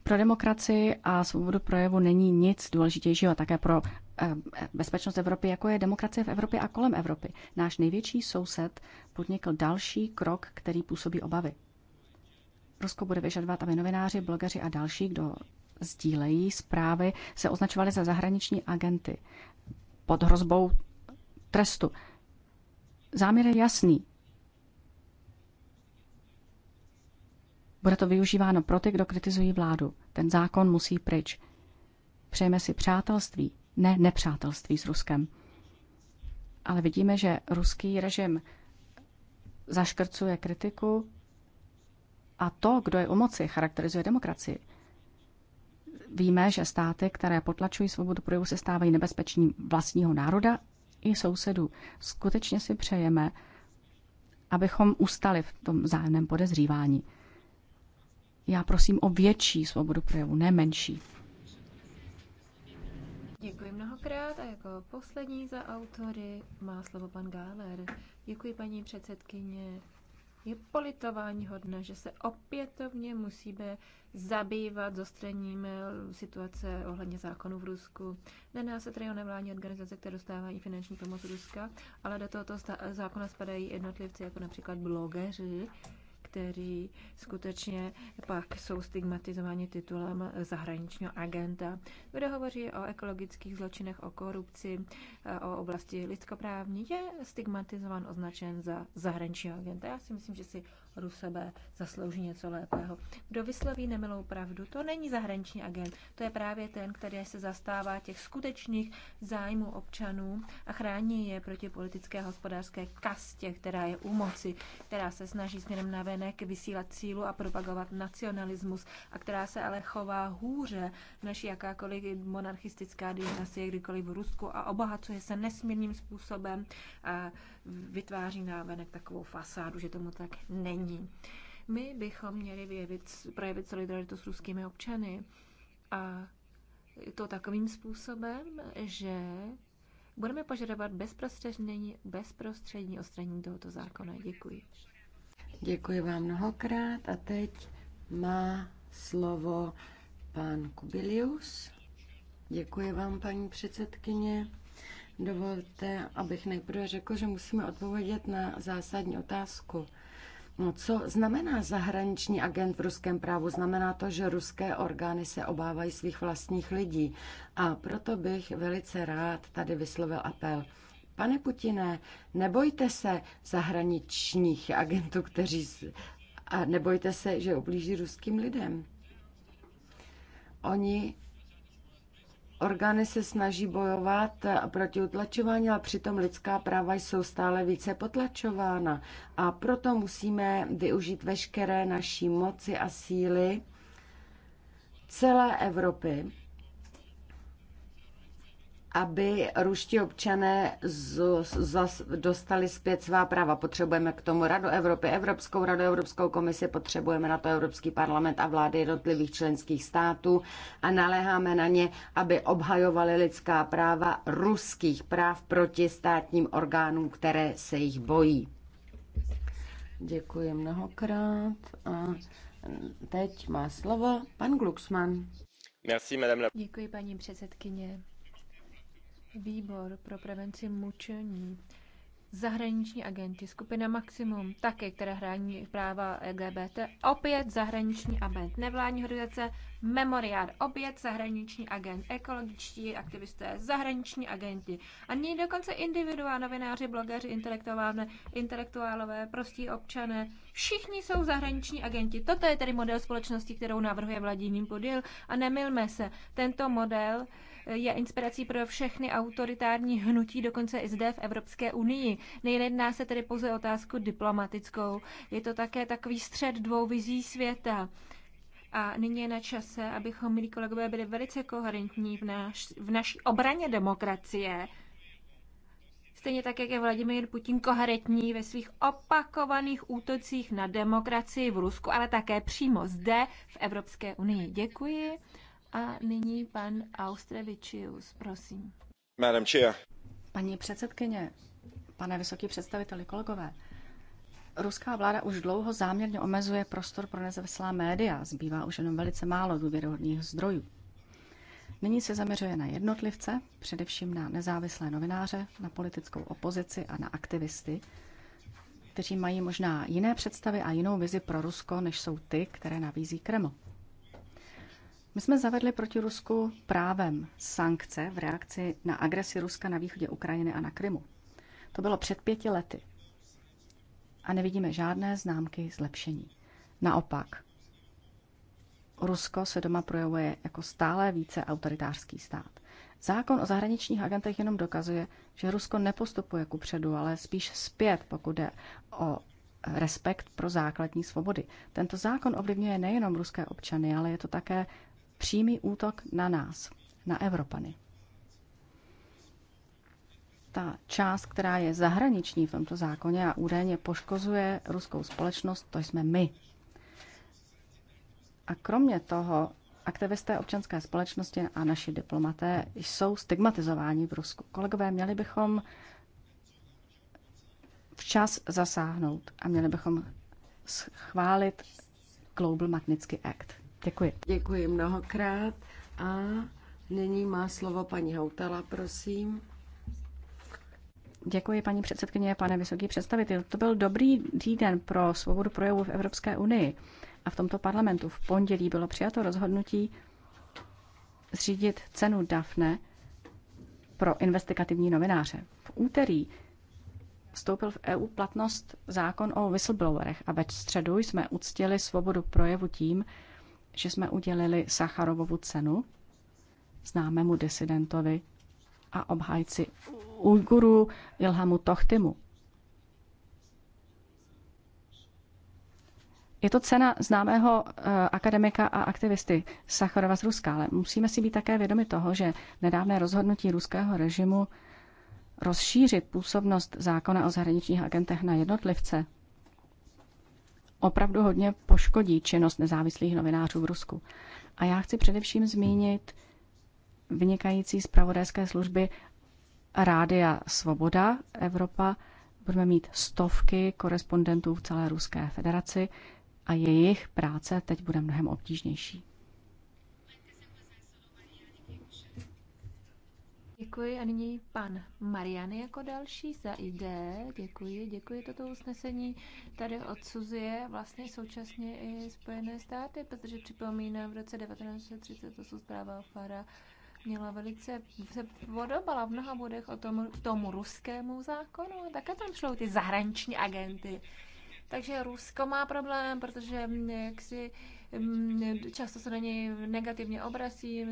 Pro demokracii a svobodu projevu není nic důležitějšího také pro eh, bezpečnost Evropy, jako je demokracie v Evropě a kolem Evropy. Náš největší soused podnikl další krok, který působí obavy. Rusko bude vyžadovat, aby novináři, blogeři a další, kdo sdílejí zprávy, se označovali za zahraniční agenty pod hrozbou trestu. Záměr je jasný. Bude to využíváno pro ty, kdo kritizují vládu. Ten zákon musí pryč. Přejeme si přátelství, ne nepřátelství s Ruskem. Ale vidíme, že ruský režim zaškrcuje kritiku a to, kdo je u moci, charakterizuje demokracii. Víme, že státy, které potlačují svobodu projevu, se stávají nebezpečím vlastního národa i sousedů. Skutečně si přejeme, abychom ustali v tom zájemném podezřívání. Já prosím o větší svobodu projevu, ne menší. Děkuji mnohokrát a jako poslední za autory má slovo pan Gáler. Děkuji paní předsedkyně. Je politování hodné, že se opětovně musíme zabývat zostřením situace ohledně zákonů v Rusku. Nená se tedy o nevládní organizace, které dostávají finanční pomoc Ruska, ale do tohoto zákona spadají jednotlivci, jako například blogeři, kteří skutečně pak jsou stigmatizováni titulem zahraničního agenta, kde hovoří o ekologických zločinech, o korupci, o oblasti lidskoprávní, je stigmatizován, označen za zahraničního agenta. Já si myslím, že si sebe zaslouží něco lépeho. Kdo vysloví nemilou pravdu, to není zahraniční agent, to je právě ten, který se zastává těch skutečných zájmů občanů a chrání je proti politické a hospodářské kastě, která je u moci, která se snaží směrem na venek vysílat sílu a propagovat nacionalismus a která se ale chová hůře než jakákoliv monarchistická dynastie kdykoliv v Rusku a obohacuje se nesmírným způsobem a vytváří návenek takovou fasádu, že tomu tak není. My bychom měli vyjevit, projevit solidaritu s ruskými občany a to takovým způsobem, že budeme požadovat bezprostřední, bezprostřední ostraní tohoto zákona. Děkuji. Děkuji vám mnohokrát a teď má slovo pan Kubilius. Děkuji vám, paní předsedkyně. Dovolte, abych nejprve řekl, že musíme odpovědět na zásadní otázku. No, co znamená zahraniční agent v ruském právu? Znamená to, že ruské orgány se obávají svých vlastních lidí. A proto bych velice rád tady vyslovil apel. Pane Putine, nebojte se zahraničních agentů, kteří. A nebojte se, že oblíží ruským lidem. Oni Orgány se snaží bojovat proti utlačování, ale přitom lidská práva jsou stále více potlačována. A proto musíme využít veškeré naší moci a síly celé Evropy, aby ruští občané z, z, dostali zpět svá práva. Potřebujeme k tomu Radu Evropy, Evropskou radu, Evropskou komisi, potřebujeme na to Evropský parlament a vlády jednotlivých členských států a naléháme na ně, aby obhajovali lidská práva ruských práv proti státním orgánům, které se jich bojí. Děkuji mnohokrát. A teď má slovo pan Glucksmann. Merci, madame la... Děkuji, paní předsedkyně. Výbor pro prevenci mučení, zahraniční agenti, skupina Maximum, také, které hrání práva LGBT, opět zahraniční agent, nevládní organizace, Memoriál, opět zahraniční agent, ekologičtí aktivisté, zahraniční agenti. A nyní dokonce individuální novináři, blogeři, intelektuálové, intelektuálové, prostí občané, všichni jsou zahraniční agenti. Toto je tedy model společnosti, kterou navrhuje Vladimír Podil a nemilme se, tento model je inspirací pro všechny autoritární hnutí, dokonce i zde v Evropské unii. Nejedná se tedy pouze otázku diplomatickou, je to také takový střed dvou vizí světa. A nyní je na čase, abychom, milí kolegové, byli velice koherentní v, naš, v naší obraně demokracie. Stejně tak, jak je Vladimír Putin koherentní ve svých opakovaných útocích na demokracii v Rusku, ale také přímo zde v Evropské unii. Děkuji. A nyní pan Austrevičius, prosím. Madam Chair. Paní předsedkyně, pane vysoký představiteli, kolegové, ruská vláda už dlouho záměrně omezuje prostor pro nezávislá média, zbývá už jenom velice málo důvěryhodných zdrojů. Nyní se zaměřuje na jednotlivce, především na nezávislé novináře, na politickou opozici a na aktivisty, kteří mají možná jiné představy a jinou vizi pro Rusko, než jsou ty, které nabízí Kreml. My jsme zavedli proti Rusku právem sankce v reakci na agresi Ruska na východě Ukrajiny a na Krymu. To bylo před pěti lety. A nevidíme žádné známky zlepšení. Naopak, Rusko se doma projevuje jako stále více autoritářský stát. Zákon o zahraničních agentech jenom dokazuje, že Rusko nepostupuje ku předu, ale spíš zpět, pokud jde o respekt pro základní svobody. Tento zákon ovlivňuje nejenom ruské občany, ale je to také přímý útok na nás, na Evropany. Ta část, která je zahraniční v tomto zákoně a údajně poškozuje ruskou společnost, to jsme my. A kromě toho, aktivisté občanské společnosti a naši diplomaté jsou stigmatizováni v Rusku. Kolegové, měli bychom včas zasáhnout a měli bychom schválit Global Magnitsky Act. Děkuji. Děkuji mnohokrát a nyní má slovo paní Hautala, prosím. Děkuji, paní předsedkyně, pane vysoký představitel. To byl dobrý týden pro svobodu projevu v Evropské unii. A v tomto parlamentu v pondělí bylo přijato rozhodnutí zřídit cenu DAFNE pro investigativní novináře. V úterý vstoupil v EU platnost zákon o whistleblowerech a ve středu jsme uctili svobodu projevu tím, že jsme udělili Sacharovovu cenu známému disidentovi a obhájci Ujguru Ilhamu Tohtimu. Je to cena známého eh, akademika a aktivisty Sacharova z Ruska, ale musíme si být také vědomi toho, že nedávné rozhodnutí ruského režimu rozšířit působnost zákona o zahraničních agentech na jednotlivce opravdu hodně poškodí činnost nezávislých novinářů v Rusku. A já chci především zmínit vynikající zpravodajské služby Rádia Svoboda Evropa. Budeme mít stovky korespondentů v celé Ruské federaci a jejich práce teď bude mnohem obtížnější. Děkuji a nyní pan Marian jako další za ID. Děkuji, děkuji. Toto usnesení tady odsuzuje vlastně současně i Spojené státy, protože připomínám, v roce 1938 zpráva Fara měla velice, se podobala v mnoha bodech o tom, tomu ruskému zákonu. Také tam šlo ty zahraniční agenty. Takže Rusko má problém, protože jak si často se na něj negativně obrací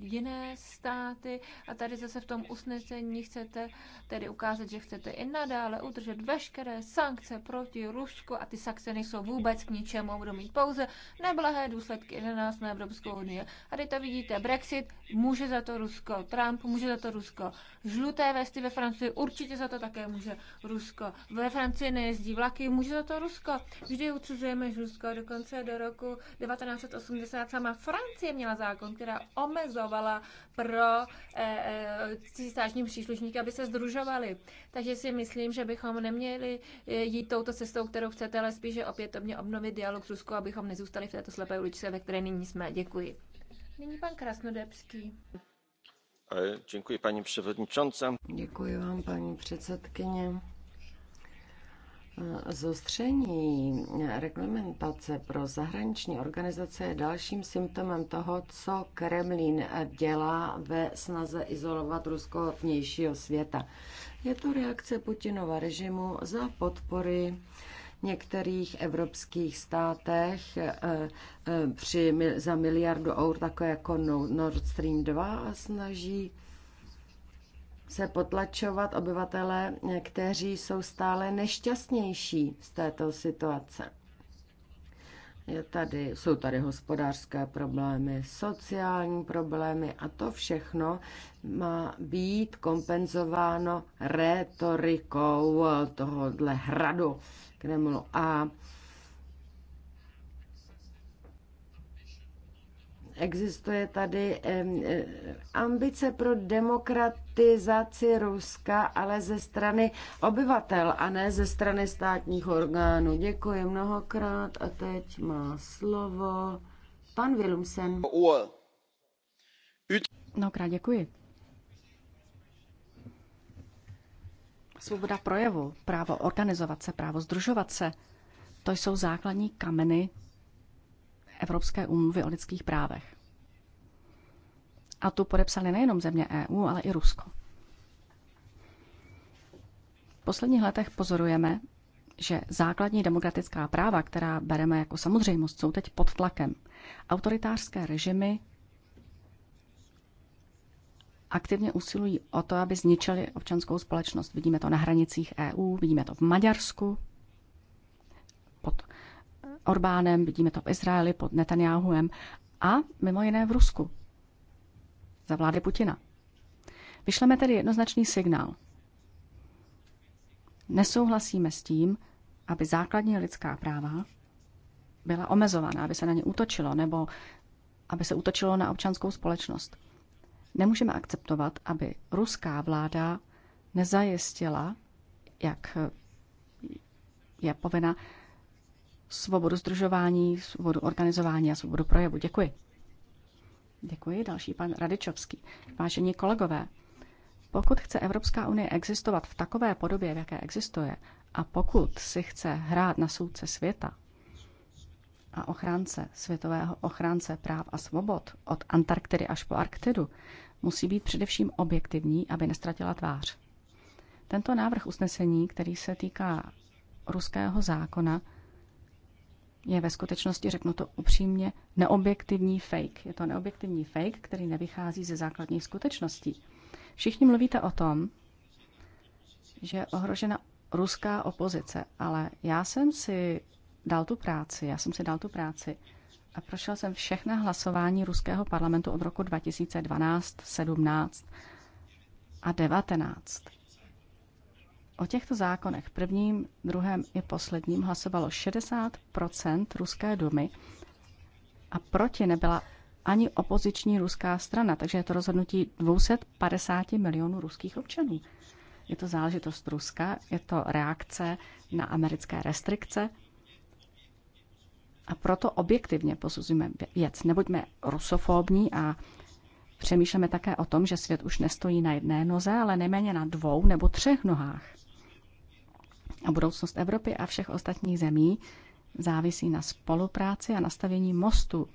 jiné státy a tady zase v tom usnesení chcete tedy ukázat, že chcete i nadále udržet veškeré sankce proti Rusku a ty sankce nejsou vůbec k ničemu, budou mít pouze neblahé důsledky na nás, na Evropskou unii. A tady to vidíte, Brexit, může za to Rusko, Trump může za to Rusko, žluté vesty ve Francii určitě za to také může Rusko, ve Francii nejezdí vlaky, může za to Rusko. Vždy ucuzujeme Rusko, dokonce do roku 1980 sama Francie měla zákon, která omezovala pro eh, císařní eh, příslušníky, aby se združovali. Takže si myslím, že bychom neměli eh, jít touto cestou, kterou chcete, ale spíše opětovně obnovit dialog s Ruskou, abychom nezůstali v této slepé uličce, ve které nyní jsme. Děkuji. Nyní pan Krasnodebský. Eh, děkuji, paní předsedkyně. Děkuji vám, paní předsedkyně. Zostření reglementace pro zahraniční organizace je dalším symptomem toho, co Kremlin dělá ve snaze izolovat Rusko od vnějšího světa. Je to reakce Putinova režimu za podpory některých evropských státech eh, eh, při, za miliardu eur, takové jako Nord Stream 2 a snaží se potlačovat obyvatele, kteří jsou stále nešťastnější z této situace. Je tady, jsou tady hospodářské problémy, sociální problémy a to všechno má být kompenzováno rétorikou tohohle hradu Kremlu. A Existuje tady e, ambice pro demokratizaci Ruska, ale ze strany obyvatel a ne ze strany státních orgánů. Děkuji mnohokrát a teď má slovo pan Wilumsen. Mnohokrát děkuji. Svoboda projevu, právo organizovat se, právo združovat se, to jsou základní kameny Evropské úmluvy o lidských právech. A tu podepsali nejenom země EU, ale i Rusko. V posledních letech pozorujeme, že základní demokratická práva, která bereme jako samozřejmost, jsou teď pod tlakem. Autoritářské režimy aktivně usilují o to, aby zničili občanskou společnost. Vidíme to na hranicích EU, vidíme to v Maďarsku, Orbánem, vidíme to v Izraeli pod Netanyahuem a mimo jiné v Rusku za vlády Putina. Vyšleme tedy jednoznačný signál. Nesouhlasíme s tím, aby základní lidská práva byla omezována, aby se na ně útočilo, nebo aby se útočilo na občanskou společnost. Nemůžeme akceptovat, aby ruská vláda nezajistila, jak je povinna, svobodu združování, svobodu organizování a svobodu projevu. Děkuji. Děkuji. Další pan Radičovský. Vážení kolegové, pokud chce Evropská unie existovat v takové podobě, v jaké existuje, a pokud si chce hrát na soudce světa a ochránce, světového ochránce práv a svobod od Antarktidy až po Arktidu, musí být především objektivní, aby nestratila tvář. Tento návrh usnesení, který se týká ruského zákona, je ve skutečnosti, řeknu to upřímně, neobjektivní fake. Je to neobjektivní fake, který nevychází ze základních skutečností. Všichni mluvíte o tom, že je ohrožena ruská opozice, ale já jsem si dal tu práci, já jsem si dal tu práci a prošel jsem všechna hlasování ruského parlamentu od roku 2012, 17 a 19. O těchto zákonech, prvním, druhém i posledním, hlasovalo 60 ruské domy a proti nebyla ani opoziční ruská strana, takže je to rozhodnutí 250 milionů ruských občanů. Je to záležitost Ruska, je to reakce na americké restrikce a proto objektivně posuzujeme věc. Nebuďme rusofobní a přemýšlíme také o tom, že svět už nestojí na jedné noze, ale nejméně na dvou nebo třech nohách a budoucnost Evropy a všech ostatních zemí závisí na spolupráci a nastavení mostu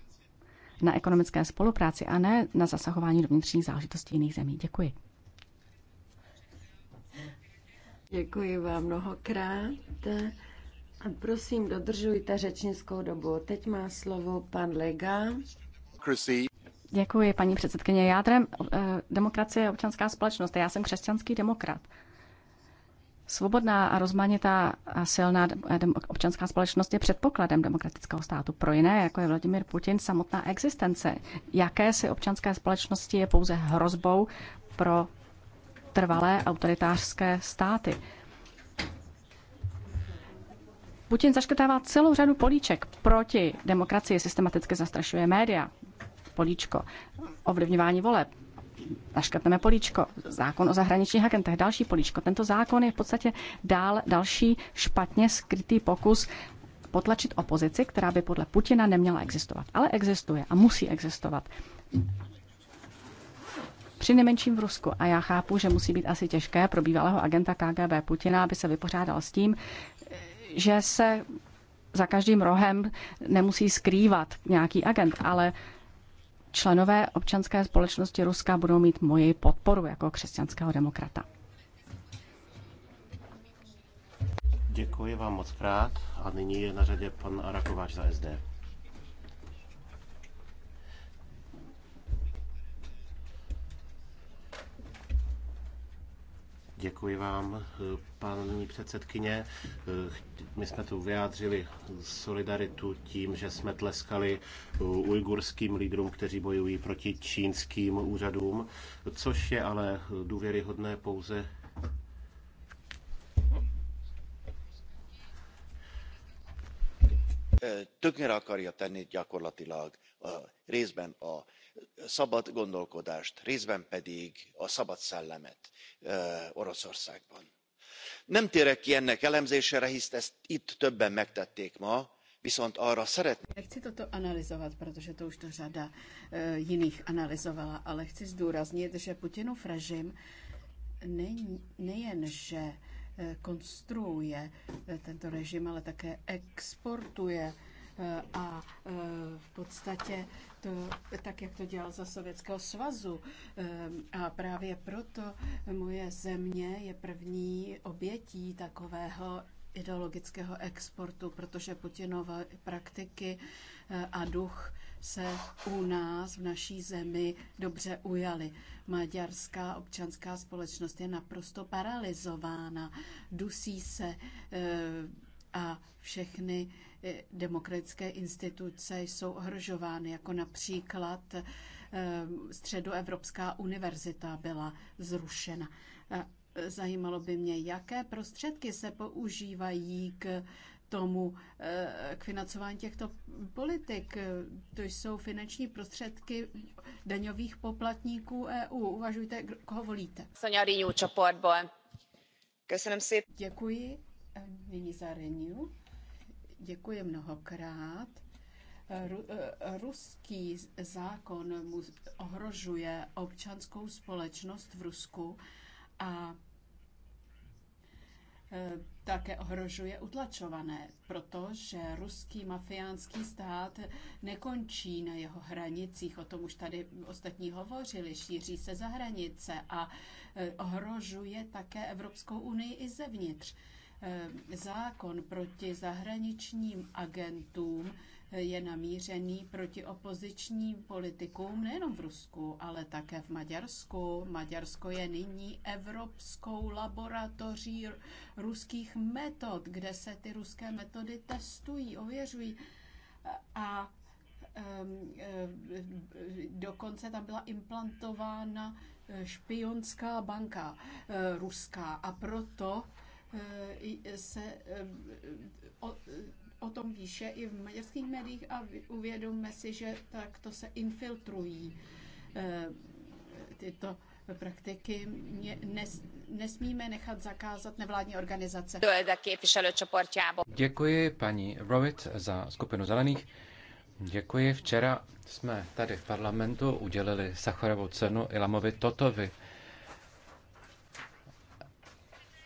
na ekonomické spolupráci a ne na zasahování do vnitřních záležitostí jiných zemí. Děkuji. Děkuji vám mnohokrát. A prosím, dodržujte řečnickou dobu. Teď má slovo pan Lega. Děkuji, paní předsedkyně. Jádrem eh, demokracie je občanská společnost. Já jsem křesťanský demokrat. Svobodná a rozmanitá a silná občanská společnost je předpokladem demokratického státu. Pro jiné, jako je Vladimir Putin, samotná existence jakési občanské společnosti je pouze hrozbou pro trvalé autoritářské státy. Putin zaškrtává celou řadu políček proti demokracii, systematicky zastrašuje média, políčko, ovlivňování voleb, naškrtneme políčko. Zákon o zahraničních agentech, další políčko. Tento zákon je v podstatě dál další špatně skrytý pokus potlačit opozici, která by podle Putina neměla existovat. Ale existuje a musí existovat. Při nejmenším v Rusku. A já chápu, že musí být asi těžké pro bývalého agenta KGB Putina, aby se vypořádal s tím, že se za každým rohem nemusí skrývat nějaký agent, ale členové občanské společnosti Ruska budou mít moji podporu jako křesťanského demokrata. Děkuji vám moc krát a nyní je na řadě pan Arakováč za SD. Děkuji vám, paní předsedkyně. My jsme tu vyjádřili solidaritu tím, že jsme tleskali ujgurským lídrům, kteří bojují proti čínským úřadům, což je ale důvěryhodné pouze tönkre akarja tenni gyakorlatilag részben a szabad gondolkodást részben pedig a szabad szellemet oroszországban. nem térek ki ennek elemzésére hisz ezt itt többen megtették ma viszont arra szeretném. Nechci toto analyzovat, protože to už to řada e, jiných analyzovala, ale chci zdůraznit, že Putinův režim nejen, že e, konstruuje e, tento režim, ale také exportuje Eh, a eh, v podstatě to, tak, jak to dělal za Sovětského svazu. Eh, a právě proto moje země je první obětí takového ideologického exportu, protože Putinové praktiky a duch se u nás, v naší zemi, dobře ujaly. Maďarská občanská společnost je naprosto paralizována, dusí se a všechny E, demokratické instituce jsou ohrožovány, jako například e, Středoevropská univerzita byla zrušena. E, zajímalo by mě, jaké prostředky se používají k tomu, k financování těchto politik. To jsou finanční prostředky daňových poplatníků EU. Uvažujte, koho volíte. Děkuji. Nyní za Renew. Děkuji mnohokrát. Eh, ruský zákon mu ohrožuje občanskou společnost v Rusku a eh, také ohrožuje utlačované, protože ruský mafiánský stát nekončí na jeho hranicích, o tom už tady ostatní hovořili, šíří se za hranice a eh, ohrožuje také Evropskou unii i zevnitř. Eh, zákon proti zahraničním agentům eh, je namířený proti opozičním politikům nejenom v Rusku, ale také v Maďarsku. Maďarsko je nyní evropskou laboratoří ruských metod, kde se ty ruské metody testují, ověřují. A eh, dokonce tam byla implantována špionská banka ruská a proto Eh, se eh, o, o tom píše i v maďarských médiích a uvědomme si, že takto se infiltrují eh, tyto praktiky. Nesmíme nechat zakázat nevládní organizace. Děkuji paní Rovit za skupinu zelených. Děkuji. Včera jsme tady v parlamentu udělili Sacharovou cenu Ilamovi Totovi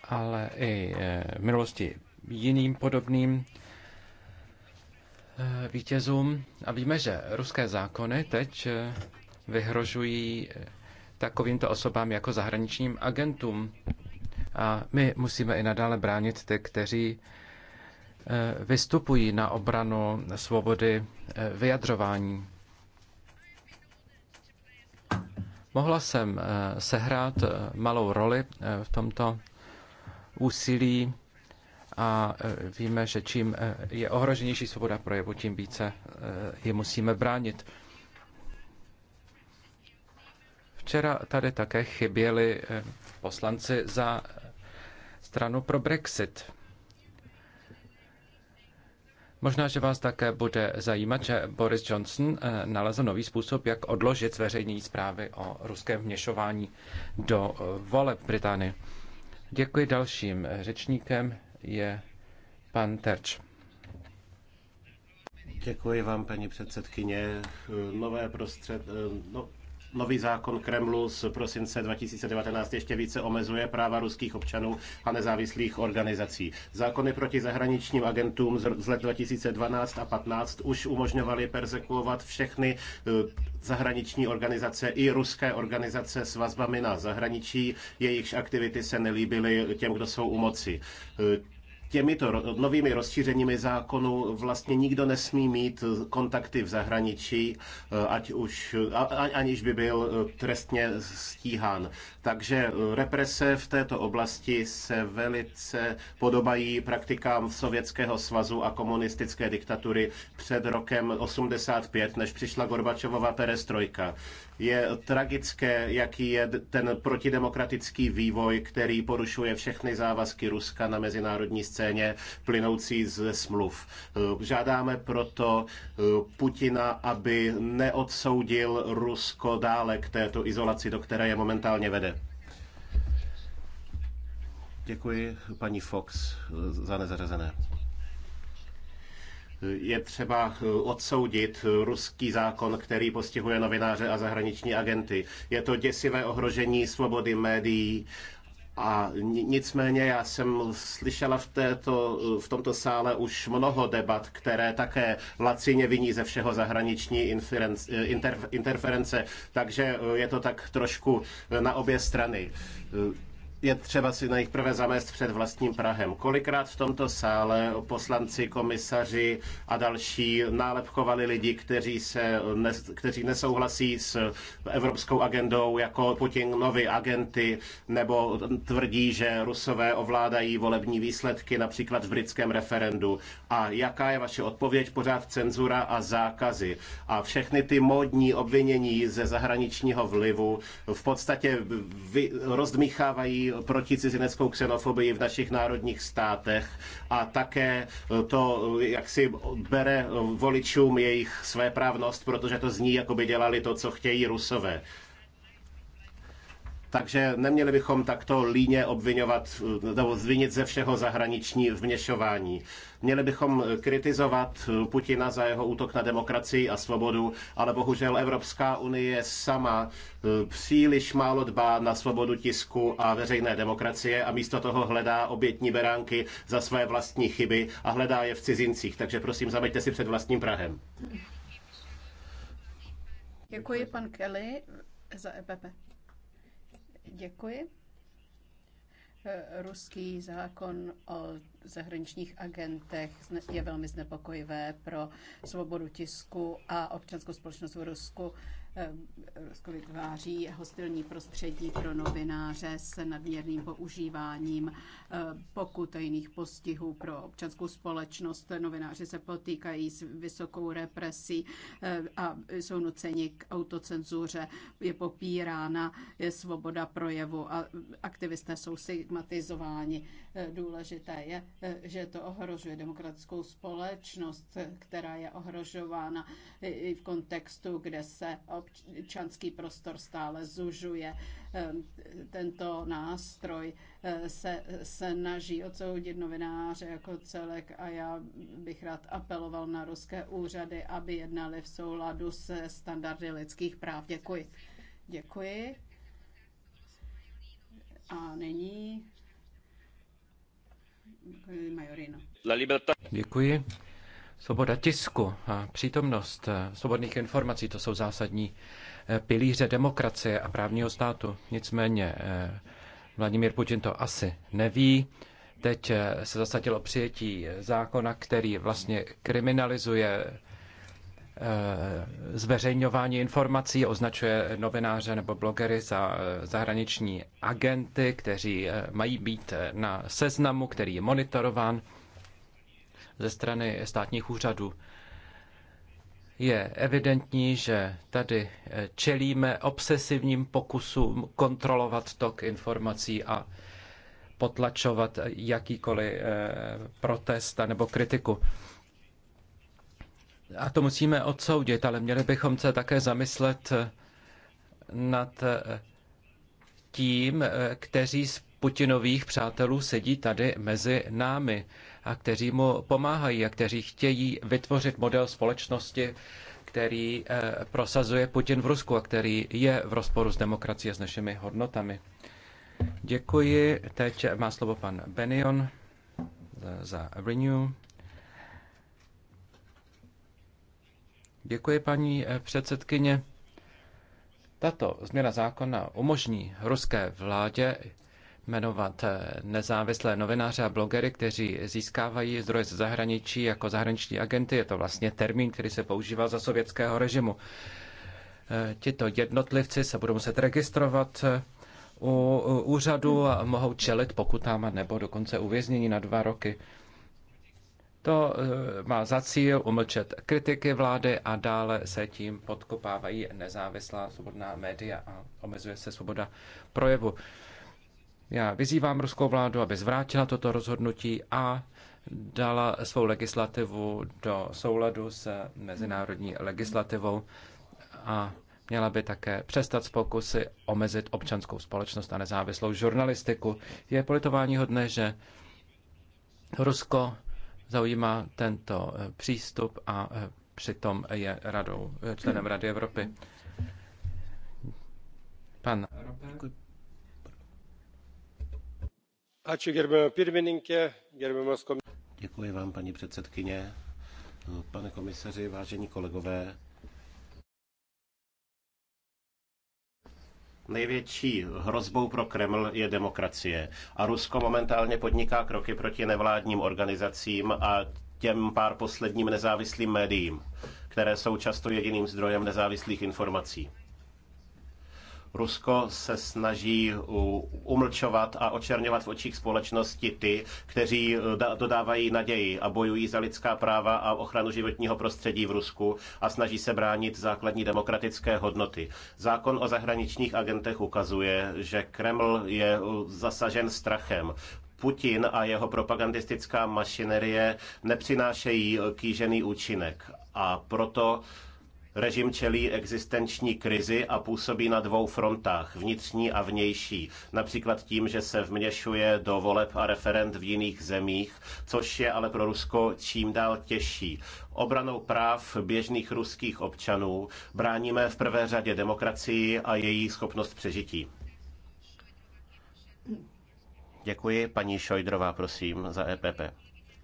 ale i eh, v minulosti jiným podobným eh, vítězům. A víme, že ruské zákony teď eh, vyhrožují takovýmto osobám jako zahraničním agentům. A my musíme i nadále bránit ty, kteří vystupují na obranu svobody vyjadřování. Mohla jsem sehrát malou roli v tomto úsilí a e, víme, že čím e, je ohroženější svoboda projevu, tím více e, je musíme bránit. Včera tady také chyběli poslanci za stranu pro Brexit. Možná, že vás také bude zajímat, že Boris Johnson nalezl nový způsob, jak odložit zveřejnění zprávy o ruském vněšování do voleb Británie. Děkuji dalším řečníkem je pan Terč. Děkuji vám, paní předsedkyně. Nové prostřed, no, Nový zákon Kremlu z prosince 2019 ještě více omezuje práva ruských občanů a nezávislých organizací. Zákony proti zahraničním agentům z let 2012 a 15 už umožňovaly persekuovat všechny eh, zahraniční organizace i ruské organizace s vazbami na zahraničí, jejichž aktivity se nelíbily těm, kdo jsou u moci. Eh, těmito novými rozšířeními zákonu vlastně nikdo nesmí mít kontakty v zahraničí, eh, ať už, aniž by byl eh, trestně stíhán. Takže eh, represe v této oblasti se velice podobají praktikám Sovětského svazu a komunistické diktatury před rokem 85, než přišla Gorbačovova perestrojka. Je tragické, jaký je ten protidemokratický vývoj, který porušuje všechny závazky Ruska na mezinárodní scéně plynoucí ze smluv. Žádáme proto eh, Putina, aby neodsoudil Rusko dále k této izolaci, do které je momentálně vede. Děkuji paní Fox za nezařazené je třeba eh, odsoudit ruský zákon, který postihuje novináře a zahraniční agenty. Je to děsivé ohrožení svobody médií a nicméně já jsem slyšela v, této, eh, v tomto sále už mnoho debat, které také lacině viní ze všeho zahraniční eh, interference, takže je to tak trošku na obě strany je třeba si na prvé zamést před vlastním Prahem. Kolikrát v tomto sále poslanci, komisaři a další nálepkovali lidi, kteří, se, ne, kteří nesouhlasí s evropskou agendou jako nový agenty nebo tvrdí, že rusové ovládají volební výsledky například v britském referendu. A jaká je vaše odpověď? Pořád cenzura a zákazy. A všechny ty módní obvinění ze zahraničního vlivu v podstatě vy, rozdmíchávají proti cizineckou xenofobii v našich národních státech a také to, jak si bere voličům jejich svéprávnost, protože to zní, jako by dělali to, co chtějí rusové. Takže neměli bychom takto líně obvinovat nebo zvinit ze všeho zahraniční vměšování. Měli bychom kritizovat Putina za jeho útok na demokracii a svobodu, ale bohužel Evropská unie sama eh, příliš málo dbá na svobodu tisku a veřejné demokracie a místo toho hledá obětní beránky za své vlastní chyby a hledá je v cizincích. Takže prosím, zameďte si před vlastním Prahem. Děkuji, pan Kelly, za EPP. Děkuji. Eh, ruský zákon o zahraničních agentech je velmi znepokojivé pro svobodu tisku a občanskou společnost v Rusku. Eh, Rusko vytváří hostilní prostředí pro novináře s nadměrným používáním eh, pokud a jiných postihů pro občanskou společnost. Novináři se potýkají s vysokou represí eh, a jsou nuceni k autocenzuře. Je popírána je svoboda projevu a aktivisté jsou stigmatizováni. Důležité je, že to ohrožuje demokratickou společnost, která je ohrožována i v kontextu, kde se občanská občanský prostor stále zužuje. Ehm, tento nástroj eh, se snaží odsoudit novináře jako celek a já bych rád apeloval na ruské úřady, aby jednali v souladu se standardy lidských práv. Děkuji. Děkuji. A nyní Majorino. Děkuji. Svoboda tisku a přítomnost e, svobodných informací, to jsou zásadní e, pilíře demokracie a právního státu. Nicméně e, Vladimír Putin to asi neví. Teď se zasadilo přijetí zákona, který vlastně kriminalizuje zveřejňování informací, označuje novináře nebo blogery za zahraniční agenty, kteří mají být na seznamu, který je monitorován ze strany státních úřadů. Je evidentní, že tady eh, čelíme obsesivním pokusům kontrolovat tok informací a potlačovat jakýkoliv eh, protest nebo kritiku. A to musíme odsoudit, ale měli bychom se také zamyslet eh, nad tím, kteří z Putinových přátelů sedí tady mezi námi a kteří mu pomáhají a kteří chtějí vytvořit model společnosti, který eh, prosazuje Putin v Rusku a který je v rozporu s demokracií a s našimi hodnotami. Děkuji. Teď má slovo pan Benion za Renew. Děkuji, paní eh, předsedkyně. Tato změna zákona umožní ruské vládě jmenovat eh, nezávislé novináře a blogery, kteří získávají zdroje z zahraničí jako zahraniční agenty. Je to vlastně termín, který se používá za sovětského režimu. Eh, tito jednotlivci se budou muset registrovat eh, u úřadu a mohou čelit pokutám nebo dokonce uvěznění na dva roky. To má za cíl umlčet kritiky vlády a dále se tím podkopávají nezávislá svobodná média a omezuje se svoboda projevu. Já vyzývám ruskou vládu, aby zvrátila toto rozhodnutí a dala svou legislativu do souladu s mezinárodní legislativou a měla by také přestat s pokusy omezit občanskou společnost a nezávislou žurnalistiku. Je politování hodné, že Rusko zaujímá tento eh, přístup a eh, přitom je radou, eh, členem Rady Evropy. Pan Děkuji vám, paní předsedkyně. Pane komisaři, vážení kolegové, Největší hrozbou pro Kreml je demokracie a Rusko momentálně podniká kroky proti nevládním organizacím a těm pár posledním nezávislým médiím, které jsou často jediným zdrojem nezávislých informací. Rusko se snaží umlčovat a očerňovat v očích společnosti ty, kteří eh, dodávají naději a bojují za lidská práva a ochranu životního prostředí v Rusku a snaží se bránit základní demokratické hodnoty. Zákon o zahraničních agentech ukazuje, že Kreml je eh, zasažen strachem. Putin a jeho propagandistická mašinerie nepřinášejí kýžený účinek a proto Režim čelí existenční krizi a působí na dvou frontách, vnitřní a vnější, například tím, že se vměšuje do voleb a referend v jiných zemích, což je ale pro Rusko čím dál těžší obranou práv běžných ruských občanů bráníme v prvé řadě demokracii a její schopnost přežití. Děkuji, paní Šojdrová, prosím, za EPP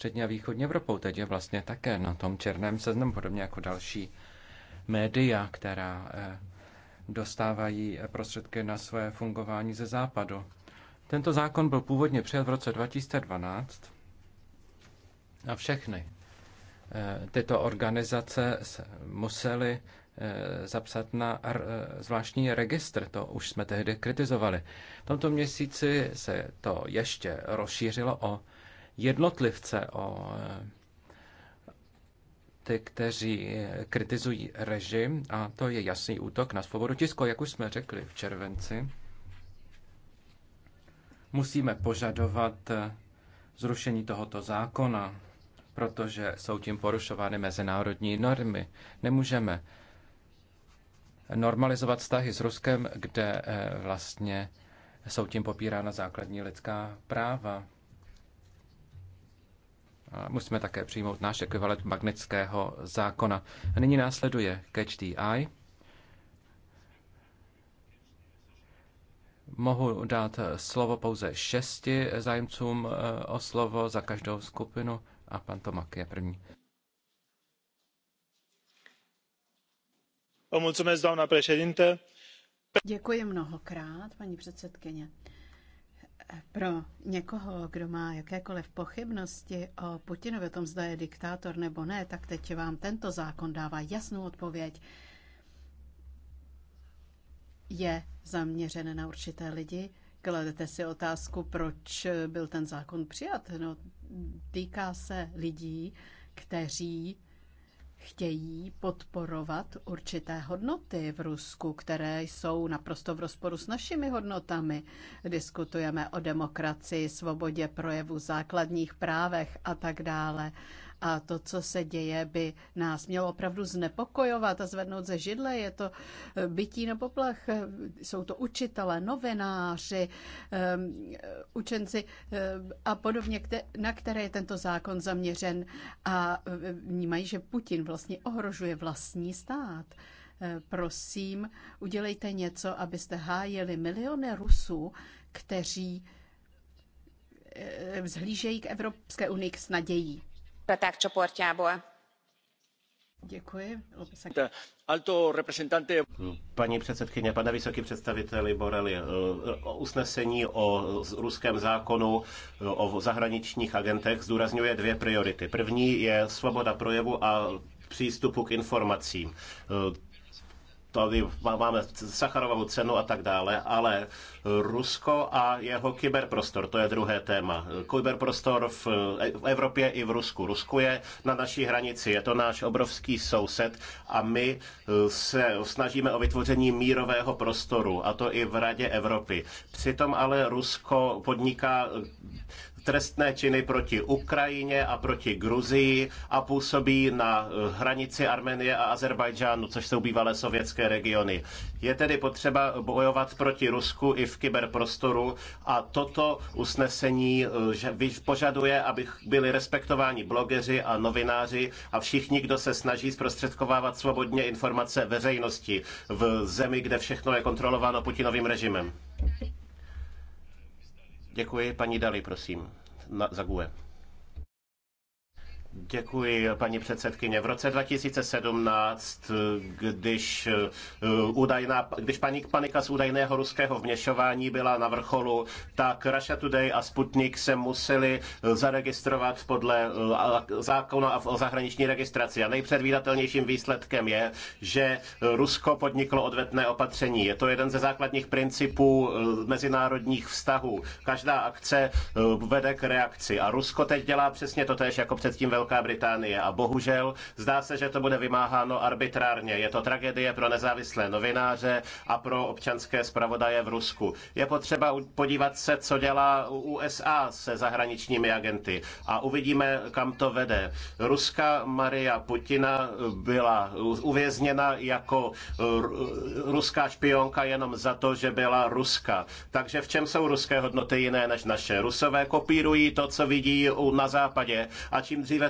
střední a východní Evropou. Teď je vlastně také na tom černém seznamu, podobně jako další média, která eh, dostávají eh, prostředky na své fungování ze západu. Tento zákon byl původně přijat v roce 2012 a všechny eh, tyto organizace musely zapsat na zvláštní registr. To už jsme tehdy kritizovali. V tomto měsíci se to ještě rozšířilo o jednotlivce, o eh, ty, kteří eh, kritizují režim a to je jasný útok na svobodu tisku, jak už jsme řekli v červenci. Musíme požadovat eh, zrušení tohoto zákona, protože jsou tím porušovány mezinárodní normy. Nemůžeme normalizovat vztahy s Ruskem, kde vlastně jsou tím popírána základní lidská práva. Musíme také přijmout náš ekvivalent magnetického zákona. A nyní následuje Catch the Eye. Mohu dát slovo pouze šesti zájemcům eh, o slovo za každou skupinu a pan Tomak je první. Děkuji mnohokrát, paní předsedkyně. Pro někoho, kdo má jakékoliv pochybnosti o Putinovi, o tom, zda je diktátor nebo ne, tak teď vám tento zákon dává jasnou odpověď. Je zaměřen na určité lidi. Kladete si otázku, proč byl ten zákon přijat. No, týká se lidí, kteří chtějí podporovat určité hodnoty v Rusku, které jsou naprosto v rozporu s našimi hodnotami. Diskutujeme o demokracii, svobodě projevu, základních právech a tak dále. A to, co se děje, by nás mělo opravdu znepokojovat a zvednout ze židle. Je to eh, bytí na poplach. Eh, jsou to učitele, novináři, ehm, učenci eh, a podobně, na které je tento zákon zaměřen. A vnímají, že Putin vlastně ohrožuje vlastní stát prosím, udělejte něco, abyste hájili miliony Rusů, kteří vzhlížejí k Evropské unii s nadějí. Děkuji. Paní předsedkyně, pane vysoký představiteli Borrelli, eh, eh, usnesení o ruském zákonu eh, o zahraničních agentech zdůrazňuje dvě priority. První je svoboda projevu a přístupu k informacím tady máme sacharovou cenu a tak dále, ale Rusko a jeho kyberprostor, to je druhé téma. Kyberprostor v Evropě i v Rusku. Rusko je na naší hranici, je to náš obrovský soused a my eh, se snažíme o vytvoření mírového prostoru, a to i v Radě Evropy. Přitom ale Rusko podniká eh, trestné činy proti Ukrajině a proti Gruzii a působí na eh, hranici Armenie a Azerbajdžánu, což jsou bývalé sovětské regiony. Je tedy potřeba bojovat proti Rusku i v kyberprostoru a toto usnesení eh, požaduje, aby byli respektováni blogeři a novináři a všichni, kdo se snaží zprostředkovávat svobodně informace veřejnosti v zemi, kde všechno je kontrolováno Putinovým režimem. Děkuji, paní Dali, prosím, na, za GUE. Děkuji, paní předsedkyně. V roce 2017, když, eh, údajná, když paní panika z údajného ruského vměšování byla na vrcholu, tak Russia Today a Sputnik se museli eh, zaregistrovat podle eh, zákona o zahraniční registraci. A nejpředvídatelnějším výsledkem je, že Rusko podniklo odvetné opatření. Je to jeden ze základních principů mezinárodních vztahů. Každá akce vede k reakci. A Rusko teď dělá přesně to tež jako předtím ve Velká Británie. A bohužel zdá se, že to bude vymáháno arbitrárně. Je to tragédie pro nezávislé novináře a pro občanské zpravodaje v Rusku. Je potřeba podívat se, co dělá USA se zahraničními agenty a uvidíme, kam to vede. Ruská Maria Putina eh, byla uvězněna jako eh, ruská špionka jenom za to, že byla ruska. Takže v čem jsou ruské hodnoty jiné než naše? Rusové kopírují to, co vidí na západě a čím dříve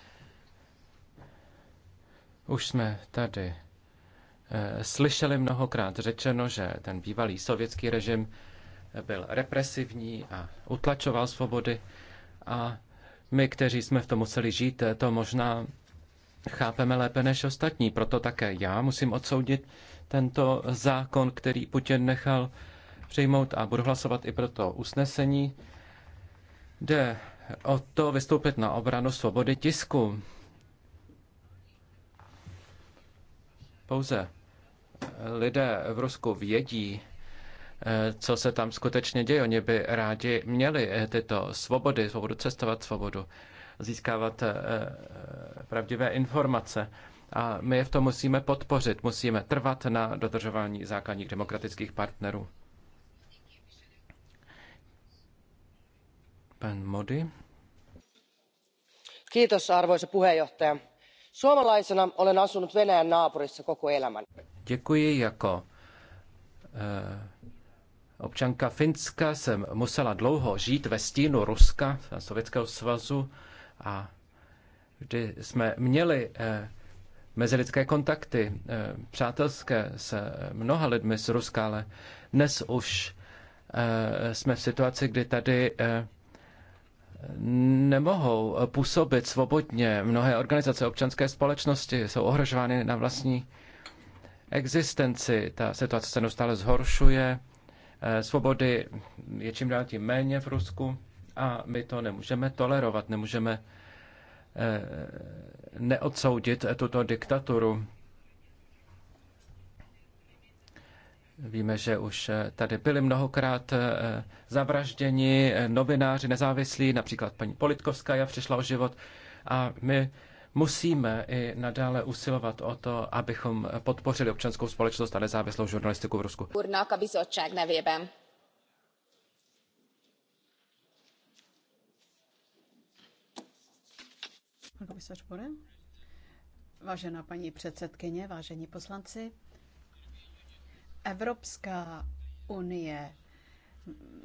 Už jsme tady eh, slyšeli mnohokrát řečeno, že ten bývalý sovětský režim eh, byl represivní a utlačoval svobody a my, kteří jsme v tom museli žít, eh, to možná chápeme lépe než ostatní. Proto také já musím odsoudit tento zákon, který Putin nechal přijmout a budu hlasovat i pro to usnesení. Jde o to vystoupit na obranu svobody tisku. Pouze eh, lidé v Rusku vědí, eh, co se tam skutečně děje. Oni by rádi měli eh, tyto svobody, svobodu cestovat, svobodu získávat pravdivé informace. A my je v tom musíme podpořit, musíme trvat na dodržování základních demokratických partnerů. Pan Modi. Kiitos, arvoisa puheenjohtaja Suomalaisena olen asunut Venäjän naapurissa koko elämän. Děkuji jako eh, občanka Finska jsem musela dlouho žít ve stínu Ruska, Sovětského svazu a vždy jsme měli eh, mezilidské kontakty, eh, přátelské s mnoha lidmi z Ruska, ale dnes už jsme v situaci, kdy tady nemohou působit svobodně. Mnohé organizace občanské společnosti jsou ohrožovány na vlastní existenci. Ta situace se neustále zhoršuje. Eh, svobody je čím dál tím méně v Rusku a my to nemůžeme tolerovat, nemůžeme eh, neodsoudit tuto diktaturu. Víme, že už eh, tady byli mnohokrát eh, zavražděni eh, novináři nezávislí, například paní Politkovská já přišla o život a my musíme i nadále usilovat o to, abychom podpořili občanskou společnost a nezávislou žurnalistiku v Rusku. Urnok, a bizottság nevében. Vážená paní předsedkyně, vážení poslanci, Evropská unie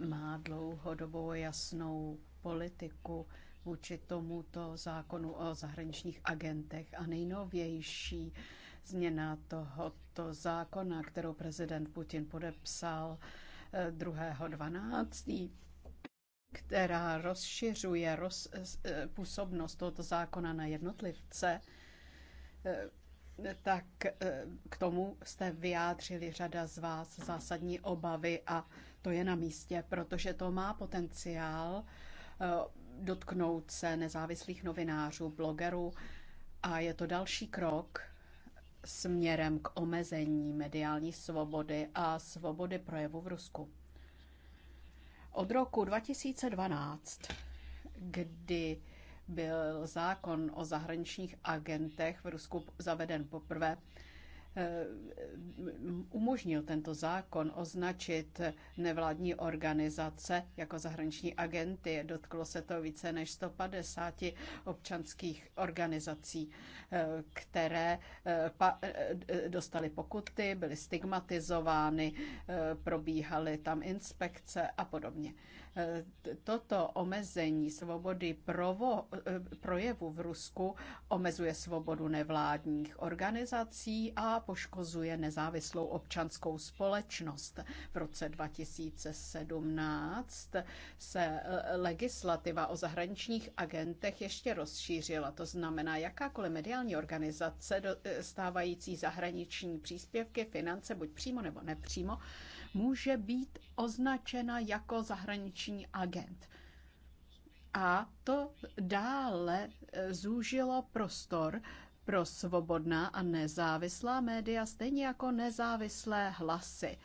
má dlouhodobou jasnou politiku vůči tomuto zákonu o zahraničních agentech a nejnovější změna tohoto zákona, kterou prezident Putin podepsal 2.12., eh, která rozšiřuje roz, eh, působnost tohoto zákona na jednotlivce, eh, tak eh, k tomu jste vyjádřili řada z vás zásadní obavy a to je na místě, protože to má potenciál eh, dotknout se nezávislých novinářů, blogerů a je to další krok směrem k omezení mediální svobody a svobody projevu v Rusku. Od roku 2012, kdy byl zákon o zahraničních agentech v Rusku zaveden poprvé, eh, umožnil tento zákon označit nevládní organizace jako zahraniční agenty. Dotklo se to více než 150 občanských organizací, eh, které eh, dostaly pokuty, byly stigmatizovány, probíhaly tam inspekce a podobně. Eh, toto omezení svobody provo, eh, projevu v Rusku omezuje svobodu nevládních organizací a poškozuje nezávislou občanskou společnost. V roce 2017 se eh, legislativa o zahraničních agentech ještě rozšířila. To znamená, jakákoliv mediální organizace dostávající zahraniční příspěvky, finance, buď přímo nebo nepřímo, může být označena jako zahraniční agent. A to dále eh, zúžilo prostor pro svobodná a nezávislá média, stejně jako nezávislé hlasy.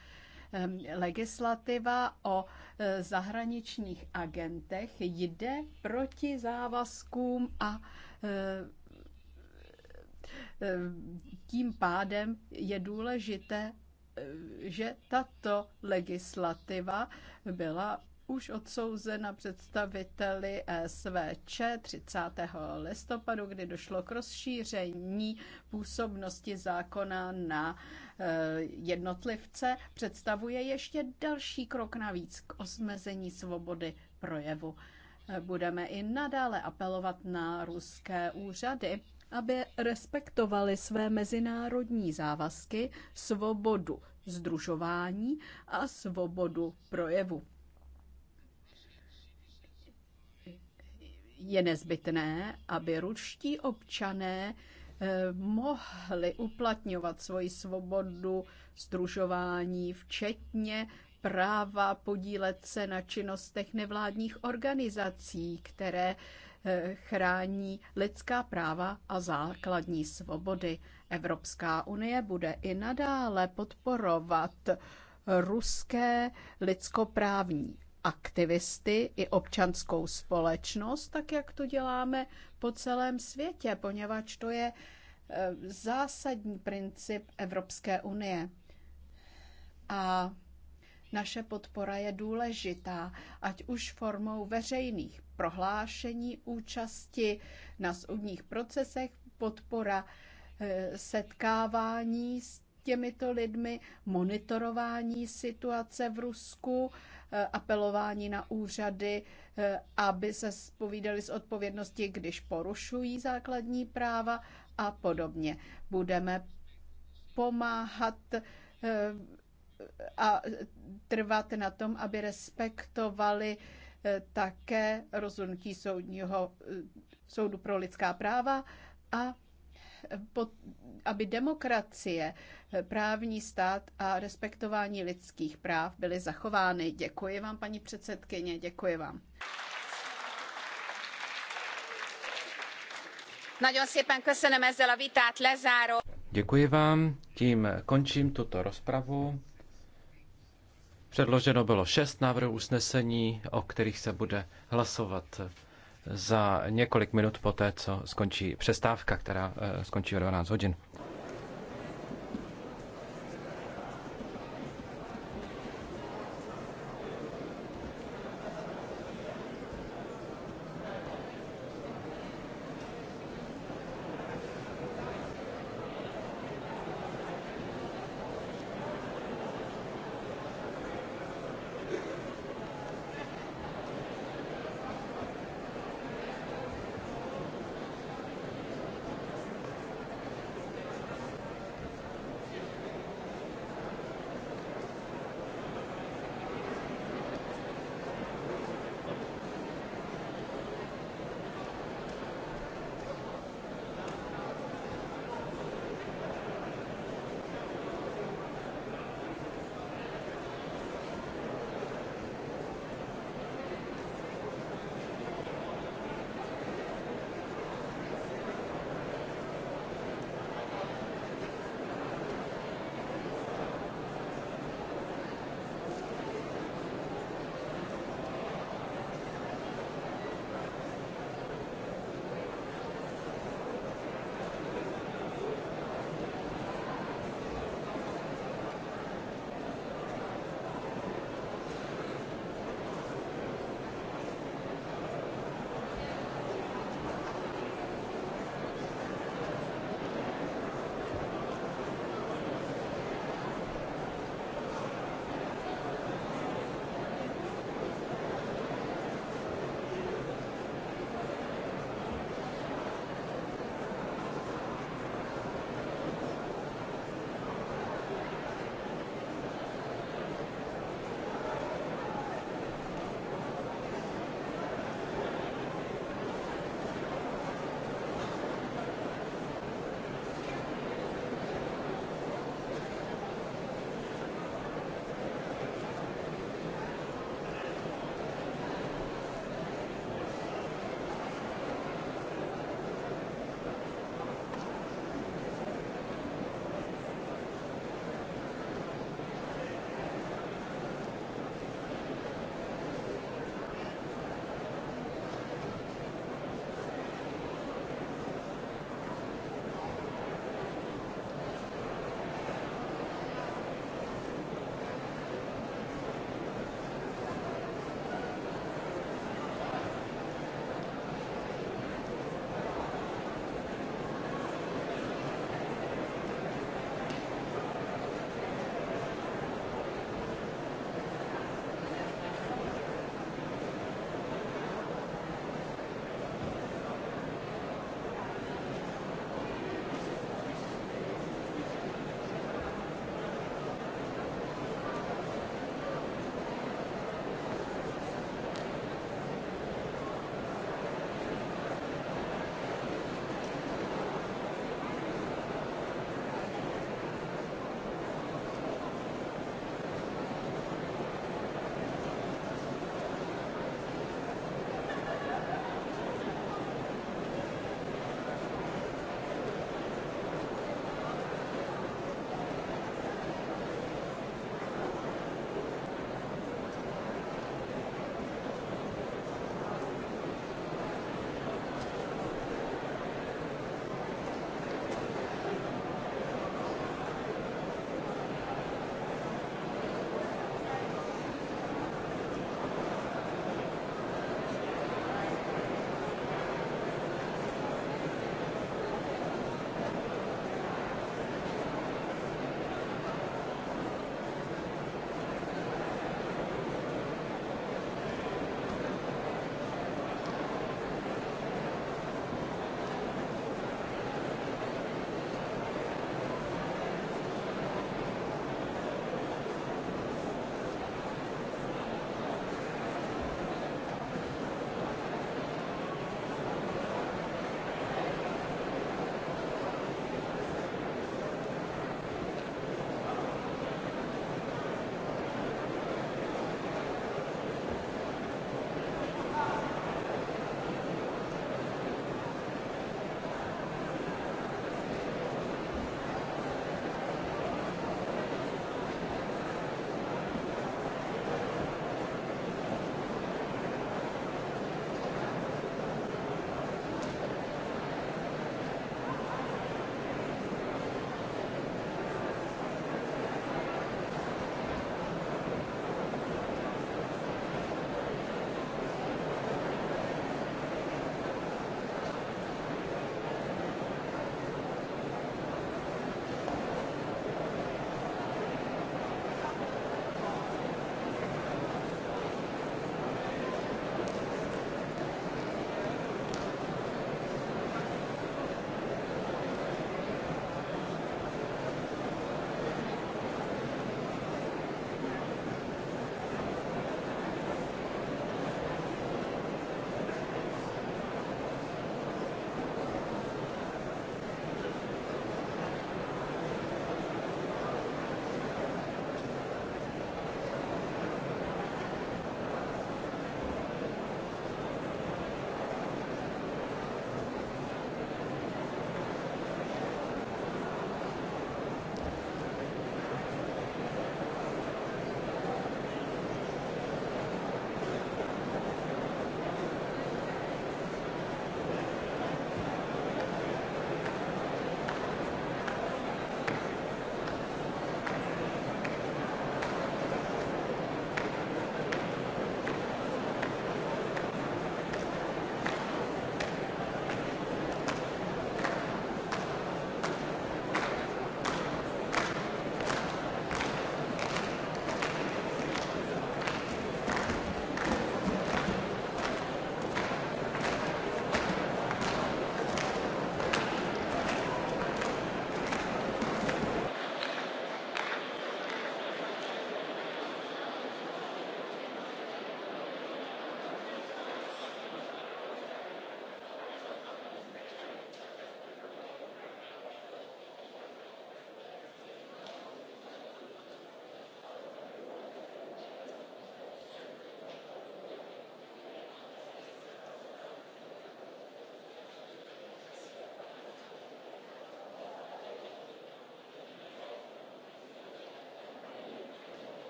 Ehm, legislativa o eh, zahraničních agentech jde proti závazkům a eh, tím pádem je důležité že tato legislativa byla už odsouzena představiteli SVČ 30. listopadu, kdy došlo k rozšíření působnosti zákona na eh, jednotlivce, představuje ještě další krok navíc k osmezení svobody projevu. Eh, budeme i nadále apelovat na ruské úřady, aby respektovali své mezinárodní závazky, svobodu združování a svobodu projevu. Je nezbytné, aby ruští občané eh, mohli uplatňovat svoji svobodu združování, včetně práva podílet se na činnostech nevládních organizací, které eh, chrání lidská práva a základní svobody. Evropská unie bude i nadále podporovat ruské lidskoprávní aktivisty i občanskou společnost, tak jak to děláme po celém světě, poněvadž to je eh, zásadní princip Evropské unie. A naše podpora je důležitá, ať už formou veřejných prohlášení účasti na soudních procesech, podpora Eh, setkávání s těmito lidmi, monitorování situace v Rusku, eh, apelování na úřady, eh, aby se spovídali z odpovědnosti, když porušují základní práva a podobně. Budeme pomáhat a trvat na tom, aby respektovali také rozhodnutí soudního soudu pro lidská práva a aby demokracie, právní stát a respektování lidských práv byly zachovány. Děkuji vám, paní předsedkyně, děkuji vám. Děkuji vám, tím končím tuto rozpravu. Předloženo bylo šest návrhů usnesení, o kterých se bude hlasovat za několik minut poté, co skončí přestávka, která eh, skončí ve 12 hodin.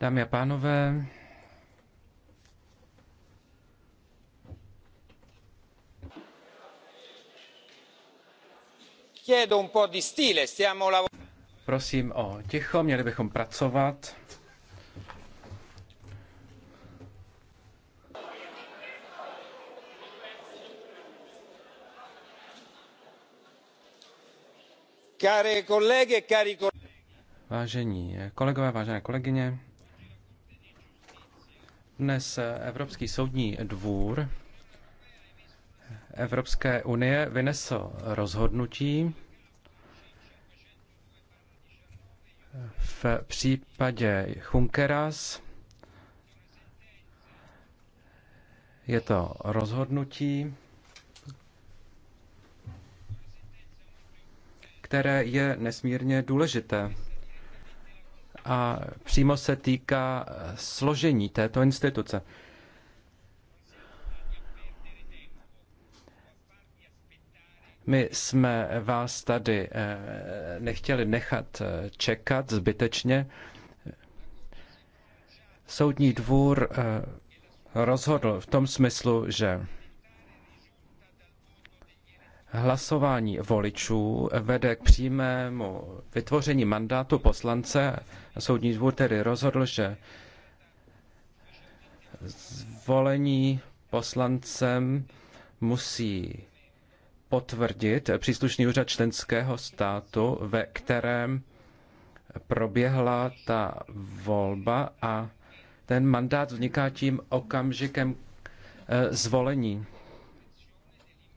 Dámy a pánové, Prosím o ticho, měli bychom pracovat. E Vážení kolegové, vážené kolegyně, dnes Evropský soudní dvůr Evropské unie vynesl rozhodnutí v případě Junkeras. Je to rozhodnutí, které je nesmírně důležité. A přímo se týká složení této instituce. My jsme vás tady eh, nechtěli nechat eh, čekat zbytečně. Soudní dvůr eh, rozhodl v tom smyslu, že hlasování voličů vede k přímému vytvoření mandátu poslance. Soudní dvůr tedy rozhodl, že zvolení poslancem musí potvrdit příslušný úřad členského státu, ve kterém proběhla ta volba a ten mandát vzniká tím okamžikem eh, zvolení.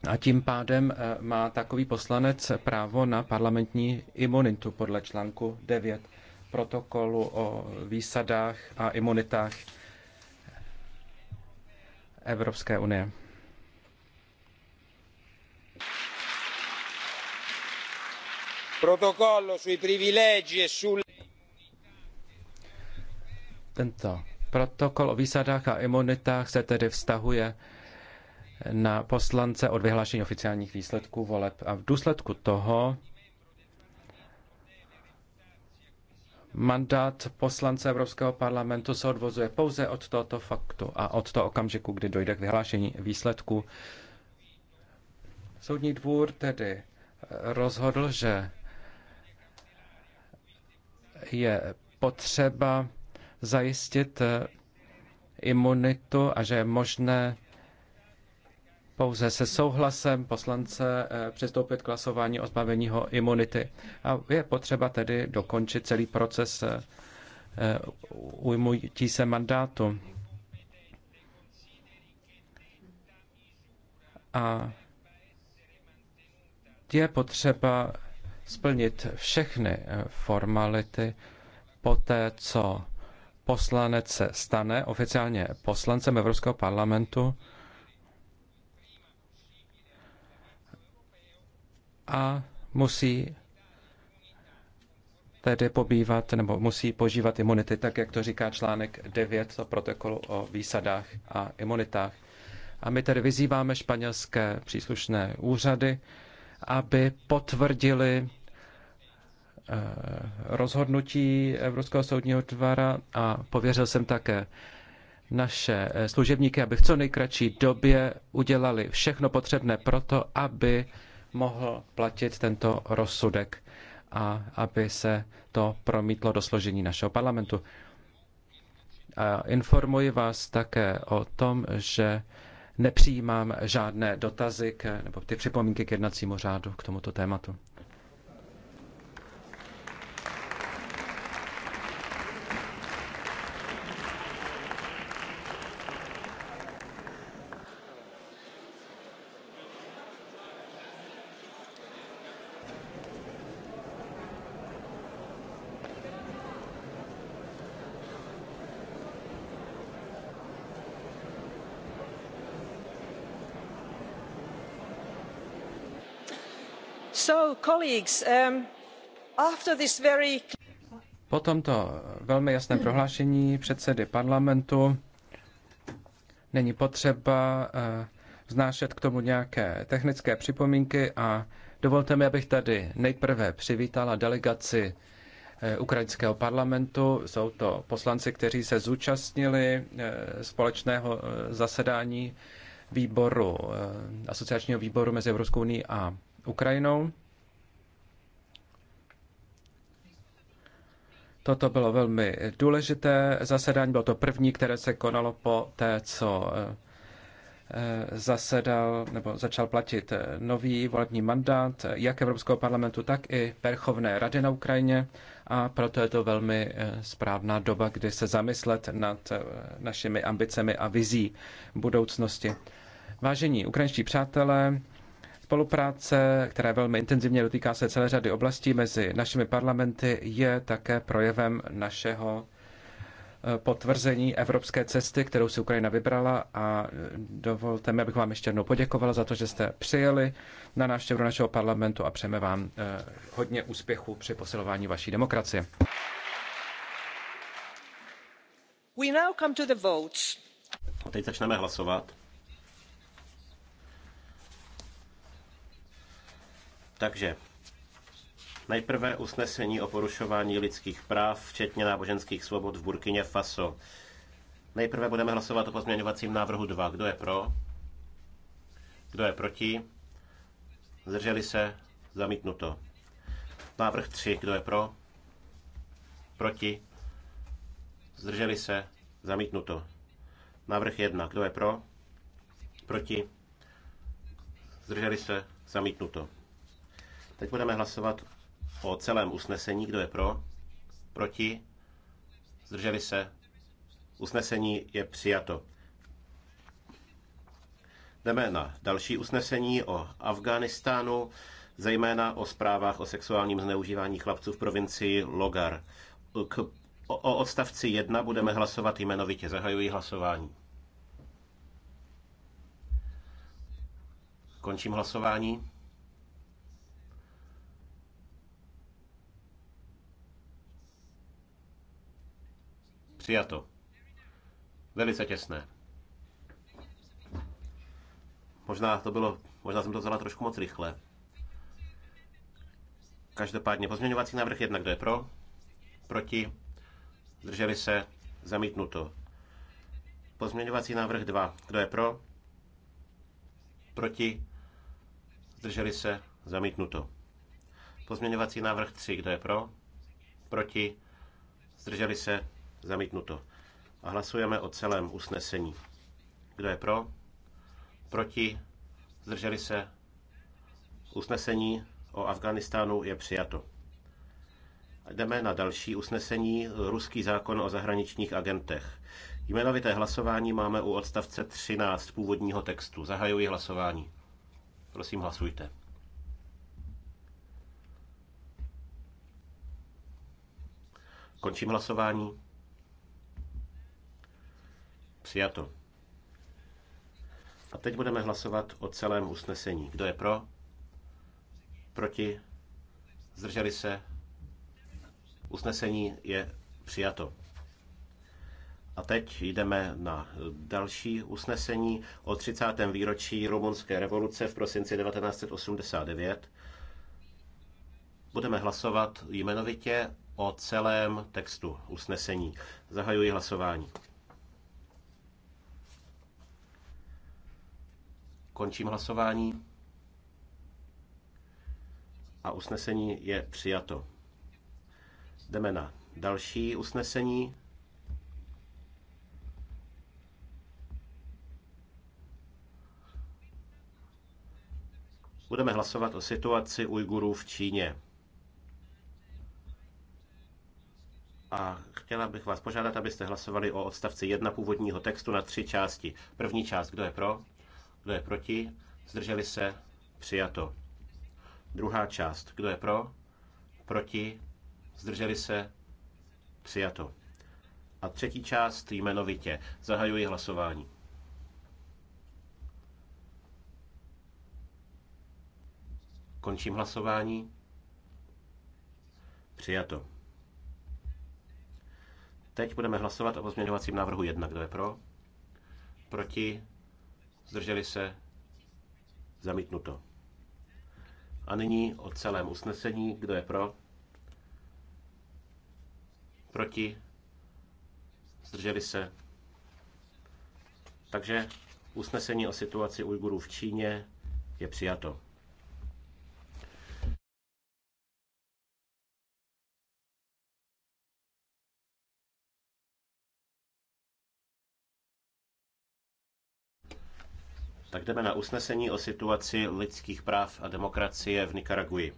A tím pádem eh, má takový poslanec právo na parlamentní imunitu podle článku 9 protokolu o výsadách a imunitách Evropské unie. sui privilegi e sul... Tento protokol o výsadách a imunitách se tedy vztahuje na poslance od vyhlášení oficiálních výsledků voleb. A v důsledku toho mandát poslance Evropského parlamentu se odvozuje pouze od tohoto faktu a od toho okamžiku, kdy dojde k vyhlášení výsledků. Soudní dvůr tedy rozhodl, že je potřeba zajistit imunitu a že je možné pouze se souhlasem poslance eh, přistoupit k hlasování o zbavení ho imunity. A je potřeba tedy dokončit celý proces eh, eh, ujmutí se mandátu. A je potřeba splnit všechny formality po té, co poslanec se stane oficiálně poslancem Evropského parlamentu a musí tedy pobývat nebo musí požívat imunity, tak jak to říká článek 9 o protokolu o výsadách a imunitách. A my tedy vyzýváme španělské příslušné úřady, aby potvrdili eh, rozhodnutí Evropského soudního dvara a pověřil jsem také naše eh, služebníky, aby v co nejkratší době udělali všechno potřebné pro to, aby mohl platit tento rozsudek a aby se to promítlo do složení našeho parlamentu. A informuji vás také o tom, že nepřijímám žádné dotazy k, nebo ty připomínky k jednacímu řádu k tomuto tématu. Um, po tomto velmi jasném prohlášení předsedy parlamentu není potřeba eh, vznášet k tomu nějaké technické připomínky a dovolte mi, abych tady nejprve přivítala delegaci eh, ukrajinského parlamentu. Jsou to poslanci, kteří se zúčastnili eh, společného zasedání výboru, asociačního výboru mezi Evropskou unii a Ukrajinou. Toto bylo velmi důležité zasedání, bylo to první, které se konalo po té, co eh, eh, zasedal nebo začal platit eh, nový volební mandát jak Evropského parlamentu, tak i Verchovné rady na Ukrajině a proto je to velmi správná doba, kdy se zamyslet nad našimi ambicemi a vizí budoucnosti. Vážení ukrajinští přátelé, Spolupráce, která je velmi intenzivně dotýká se celé řady oblastí mezi našimi parlamenty, je také projevem našeho eh, potvrzení evropské cesty, kterou si Ukrajina vybrala a eh, dovolte mi, abych vám ještě jednou poděkovala za to, že jste přijeli na návštěvu našeho parlamentu a přejeme vám eh, hodně úspěchu při posilování vaší demokracie. We now come to the votes. Teď začneme hlasovat. Takže nejprve usnesení o porušování lidských práv, včetně náboženských svobod v Burkině Faso. Nejprve budeme hlasovat o pozměňovacím návrhu 2. Kdo je pro? Kdo je proti? Zdrželi se? Zamítnuto. Návrh 3. Kdo je pro? Proti? Zdrželi se? Zamítnuto. Návrh 1. Kdo je pro? Proti? Zdrželi se? Zamítnuto. Teď budeme hlasovat o celém usnesení. Kdo je pro? Proti? Zdrželi se? Usnesení je přijato. Jdeme na další usnesení o Afghánistánu, zejména o zprávách o sexuálním zneužívání chlapců v provincii Logar. K, o, o odstavci 1 budeme hlasovat jmenovitě. Zahajuji hlasování. Končím hlasování. Přijato. Velice těsné. Možná to bylo, možná jsem to vzala trošku moc rychle. Každopádně pozměňovací návrh 1, kdo je pro? Proti? Zdrželi se? Zamítnuto. Pozměňovací návrh 2, kdo je pro? Proti? Zdrželi se? Zamítnuto. Pozměňovací návrh 3, kdo je pro? Proti? Zdrželi se? Zamítnuto. A hlasujeme o celém usnesení. Kdo je pro? Proti? Zdrželi se? Usnesení o Afganistánu je přijato. Jdeme na další usnesení. Ruský zákon o zahraničních agentech. Jmenovité hlasování máme u odstavce 13 původního textu. Zahajuji hlasování. Prosím, hlasujte. Končím hlasování. Přijato. A teď budeme hlasovat o celém usnesení. Kdo je pro? Proti? Zdrželi se? Usnesení je přijato. A teď jdeme na další usnesení o 30. výročí rumunské revoluce v prosinci 1989. Budeme hlasovat jmenovitě o celém textu usnesení. Zahajuji hlasování. Končím hlasování. A usnesení je přijato. Jdeme na další usnesení. Budeme hlasovat o situaci Ujgurů v Číně. A chtěla bych vás požádat, abyste hlasovali o odstavci 1 původního textu na tři části. První část, kdo je pro? Kdo je proti? Zdrželi se? Přijato. Druhá část. Kdo je pro? Proti? Zdrželi se? Přijato. A třetí část jmenovitě. Zahajuji hlasování. Končím hlasování. Přijato. Teď budeme hlasovat o pozměňovacím návrhu 1. Kdo je pro? Proti? zdrželi se, zamítnuto. A nyní o celém usnesení, kdo je pro, proti, zdrželi se. Takže usnesení o situaci Ujgurů v Číně je přijato. Tak jdeme na usnesení o situaci lidských práv a demokracie v Nikaraguji.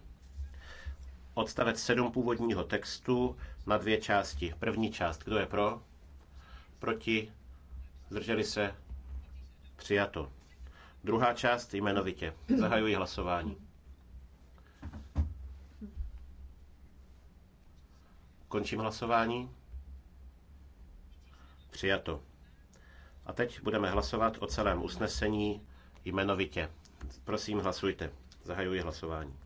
Odstavec 7 původního textu na dvě části. První část, kdo je pro? Proti? Zdrželi se? Přijato. Druhá část jmenovitě. Zahajuji hlasování. Končím hlasování. Přijato. A teď budeme hlasovat o celém usnesení jmenovitě. Prosím, hlasujte. Zahajuji hlasování.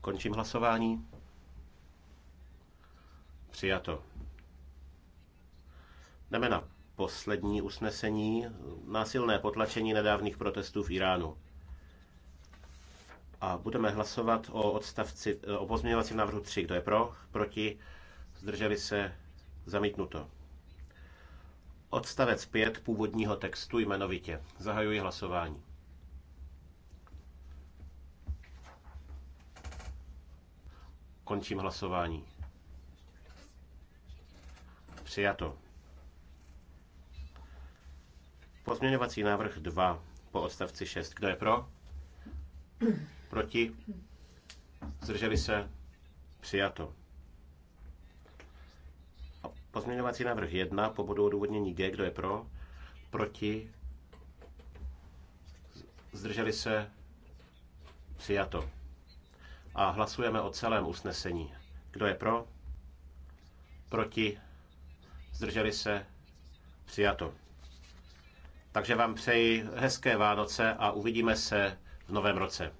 Končím hlasování. Přijato. Jdeme na poslední usnesení. Násilné potlačení nedávných protestů v Iránu. A budeme hlasovat o odstavci, o pozměňovacím návrhu 3. Kdo je pro? Proti? zdrželi se, zamítnuto. Odstavec 5 původního textu jmenovitě. Zahajuji hlasování. Končím hlasování. Přijato. Pozměňovací návrh 2 po odstavci 6. Kdo je pro? Proti? Zdrželi se? Přijato. Pozměňovací návrh 1 po bodu odůvodnění G, kdo je pro? Proti? Zdrželi se? Přijato. A hlasujeme o celém usnesení. Kdo je pro? Proti? Zdrželi se? Přijato. Takže vám přeji hezké Vánoce a uvidíme se v novém roce.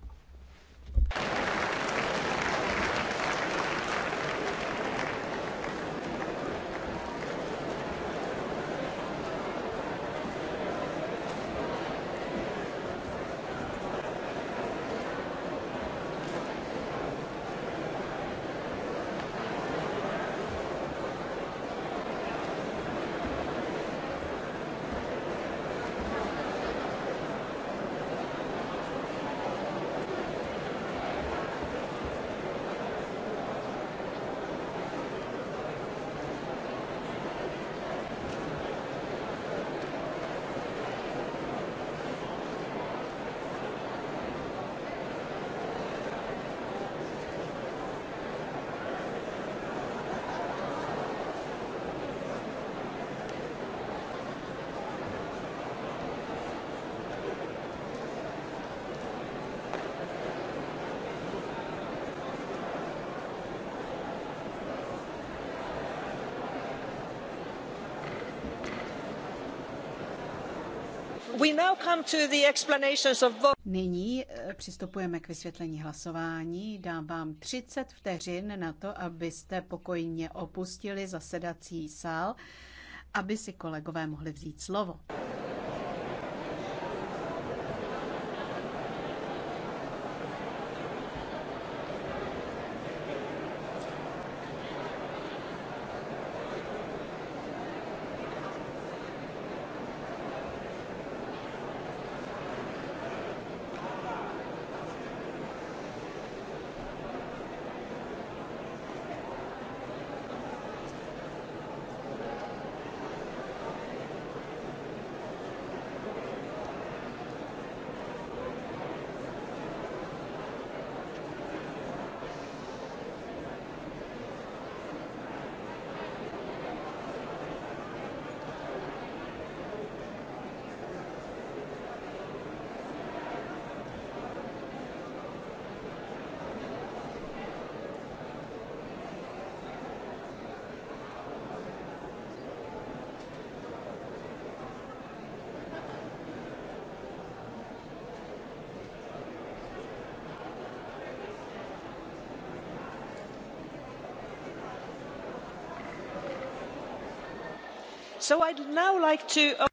Nyní eh, přistupujeme k vysvětlení hlasování. Dám vám 30 vteřin na to, abyste pokojně opustili zasedací sál, aby si kolegové mohli vzít slovo.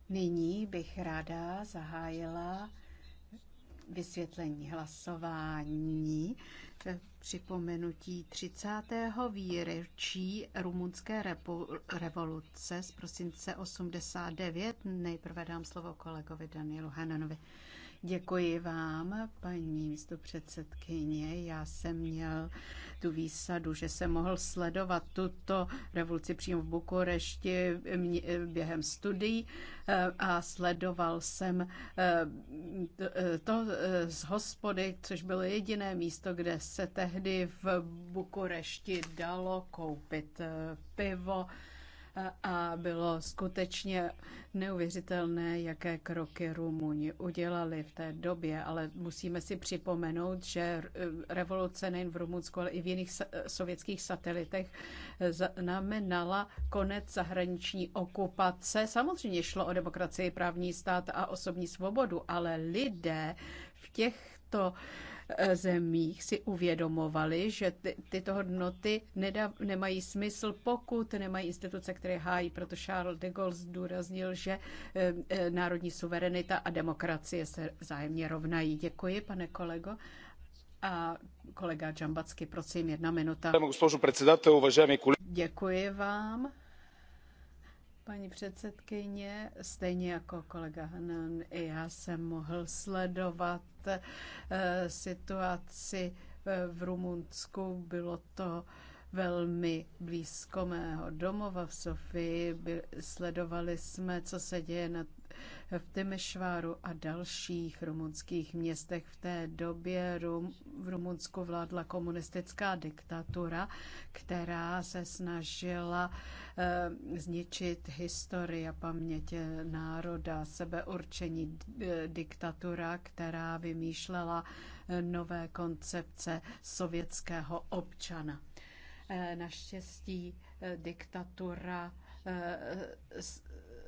Nyní bych ráda zahájila vysvětlení hlasování připomenutí 30. výročí rumunské revoluce z prosince 89. Nejprve dám slovo kolegovi Danielu Hananovi. Děkuji vám, paní místopředsedkyně. Já jsem měl tu výsadu, že jsem mohl sledovat tuto revoluci přímo v Bukurešti během studií eh, a sledoval jsem eh, to eh, z hospody, což bylo jediné místo, kde se tehdy v Bukurešti dalo koupit pivo a bylo skutečně neuvěřitelné, jaké kroky Rumuni udělali v té době, ale musíme si připomenout, že revoluce nejen v Rumunsku, ale i v jiných sovětských satelitech znamenala konec zahraniční okupace. Samozřejmě šlo o demokracii, právní stát a osobní svobodu, ale lidé v těchto zemích si uvědomovali, že ty, tyto hodnoty nedá, nemají smysl, pokud nemají instituce, které hájí. Proto Charles de Gaulle zdůraznil, že eh, eh, národní suverenita a demokracie se vzájemně rovnají. Děkuji, pane kolego. A kolega Džambacky, prosím, jedna minuta. Děkuji vám. Paní předsedkyně, stejně jako kolega Hanan, i já jsem mohl sledovat eh, situaci eh, v Rumunsku. Bylo to velmi blízko mého domova v Sofii. Sledovali jsme, co se děje na v Temešváru a dalších rumunských městech. V té době Rum, v Rumunsku vládla komunistická diktatura, která se snažila eh, zničit historii a pamětě národa, sebeurčení eh, diktatura, která vymýšlela eh, nové koncepce sovětského občana. Eh, naštěstí eh, diktatura eh,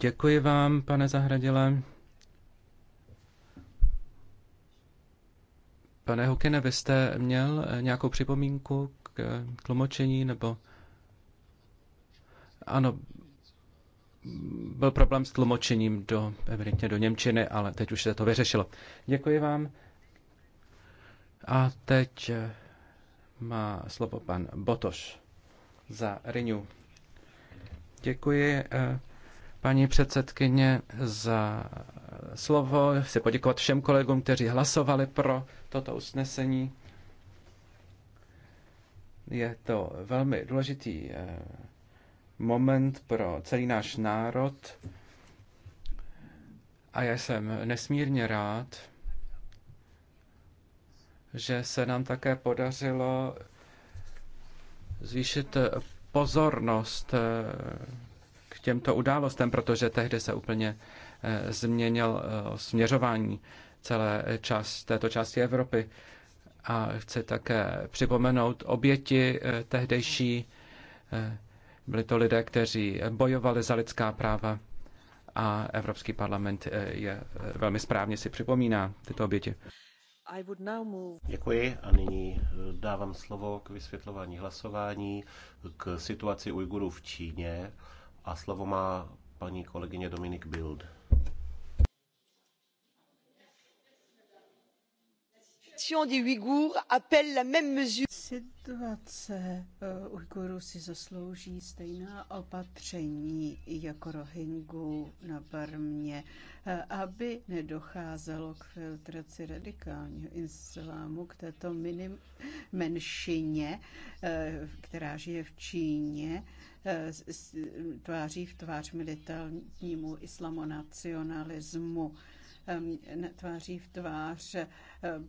Děkuji vám, pane Zahradile. Pane Hukine, vy jste měl nějakou připomínku k tlumočení nebo... Ano, byl problém s tlumočením do, evidentně do Němčiny, ale teď už se to vyřešilo. Děkuji vám. A teď má slovo pan Botoš za Renew. Děkuji eh, paní předsedkyně za slovo. Chci poděkovat všem kolegům, kteří hlasovali pro toto usnesení. Je to velmi důležitý eh, moment pro celý náš národ a já jsem nesmírně rád, že se nám také podařilo zvýšit pozornost eh, k těmto událostem, protože tehdy se úplně eh, změnil eh, směřování celé čas, této části Evropy. A chci také připomenout oběti tehdejší. Byli to lidé, kteří bojovali za lidská práva a Evropský parlament je velmi správně si připomíná tyto oběti. Děkuji a nyní eh, dávám slovo k vysvětlování hlasování k situaci Ujgurů v Číně a slovo má paní kolegyně Dominik Bild. situation des Ouïghours appelle la même mesure. Situace eh, Ujgurů si zaslouží stejná opatření jako Rohingů na Barmě, eh, aby nedocházelo k filtraci radikálního islámu k této minim menšině, eh, která žije v Číně tváří v tvář militantnímu islamonacionalismu tváří v tvář eh,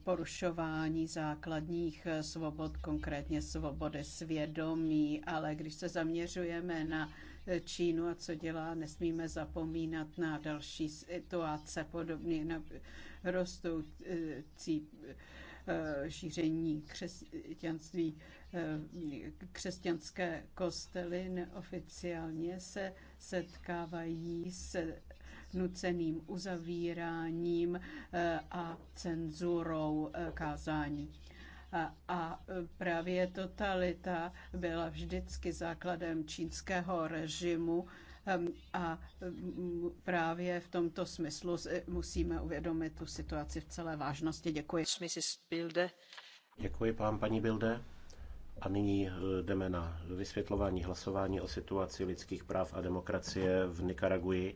porušování základních eh, svobod, konkrétně svobody svědomí, ale když se zaměřujeme na eh, Čínu a co dělá, nesmíme zapomínat na další situace, podobně na rostoucí šíření křesťanství. Křesťanské kostely neoficiálně se setkávají se nuceným uzavíráním eh, a cenzurou eh, kázání. A, eh, právě totalita byla vždycky základem čínského režimu ehm, a mm, právě v tomto smyslu musíme uvědomit tu situaci v celé vážnosti. Děkuji. Děkuji vám, paní Bilde. A nyní jdeme na vysvětlování hlasování o situaci lidských práv a demokracie v Nikaraguji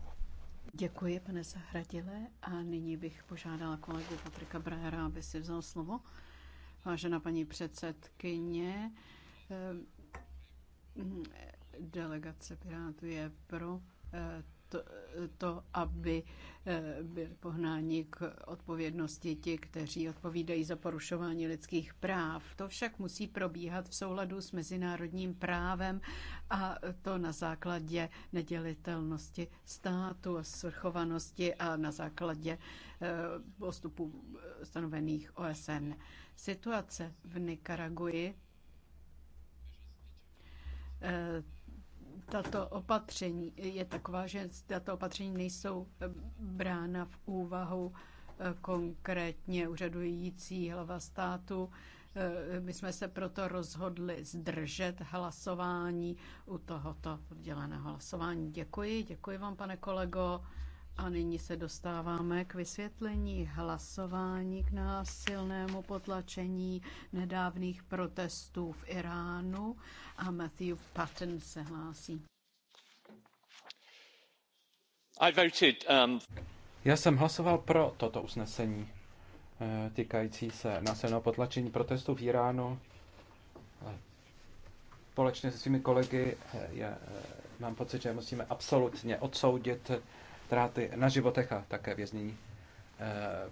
Děkuji, pane Zahradile. A nyní bych požádala kolegu Patrika Brajera, aby si vzal slovo. Vážená paní předsedkyně, eh, delegace Pirátů je pro eh, to, to aby eh, byl pohnání k odpovědnosti ti, kteří odpovídají za porušování lidských práv. To však musí probíhat v souladu s mezinárodním právem a to na základě nedělitelnosti státu a svrchovanosti a na základě eh, postupů stanovených OSN. Situace v Nikaraguji eh, tato opatření je taková, že tato opatření nejsou eh, brána v úvahu eh, konkrétně úřadující hlava státu. Eh, my jsme se proto rozhodli zdržet hlasování u tohoto odděleného hlasování. Děkuji, děkuji vám, pane kolego. A nyní se dostáváme k vysvětlení hlasování k násilnému potlačení nedávných protestů v Iránu a Matthew Patton se hlásí. I voted, um... Já jsem hlasoval pro toto usnesení eh, týkající se násilného potlačení protestů v Iránu. Eh, společně se svými kolegy eh, je, mám pocit, že musíme absolutně odsoudit ztráty na životech a také věznění eh,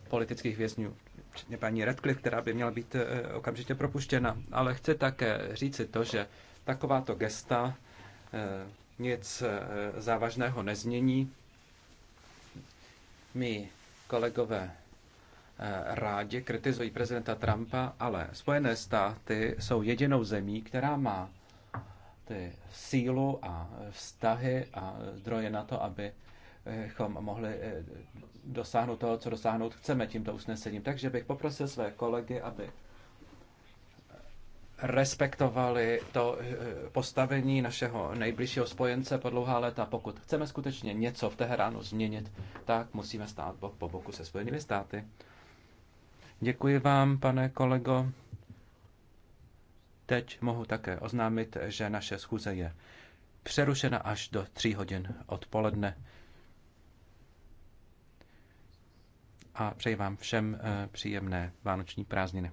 politických vězňů, včetně paní Radcliffe, která by měla být eh, okamžitě propuštěna. Ale chci také říci to, že takováto gesta eh, nic závažného nezmění. My kolegové rádi kritizují prezidenta Trumpa, ale Spojené státy jsou jedinou zemí, která má ty sílu a vztahy a zdroje na to, aby bychom mohli eh, dosáhnout toho, co dosáhnout chceme tímto usnesením. Takže bych poprosil své kolegy, aby respektovali to eh, postavení našeho nejbližšího spojence po dlouhá léta. Pokud chceme skutečně něco v Teheránu změnit, tak musíme stát bok po boku se Spojenými státy. Děkuji vám, pane kolego. Teď mohu také oznámit, že naše schůze je přerušena až do tří hodin odpoledne. a přeji vám všem eh, příjemné vánoční prázdniny.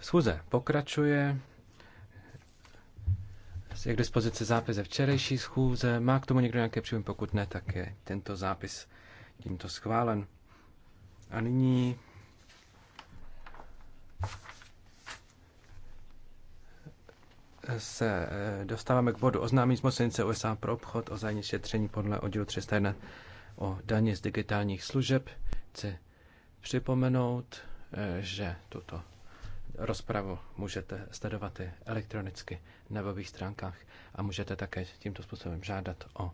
Schůze pokračuje. Je k dispozici zápis ze včerejší schůze. Má k tomu někdo nějaké příjmy? Pokud ne, tak je tento zápis tímto schválen. A nyní se eh, dostáváme k bodu oznámení zmocnice USA pro obchod o zájemní šetření podle oddílu 301 o daně z digitálních služeb. Chci připomenout, eh, že tuto rozpravu můžete sledovat i elektronicky na webových stránkách a můžete také tímto způsobem žádat o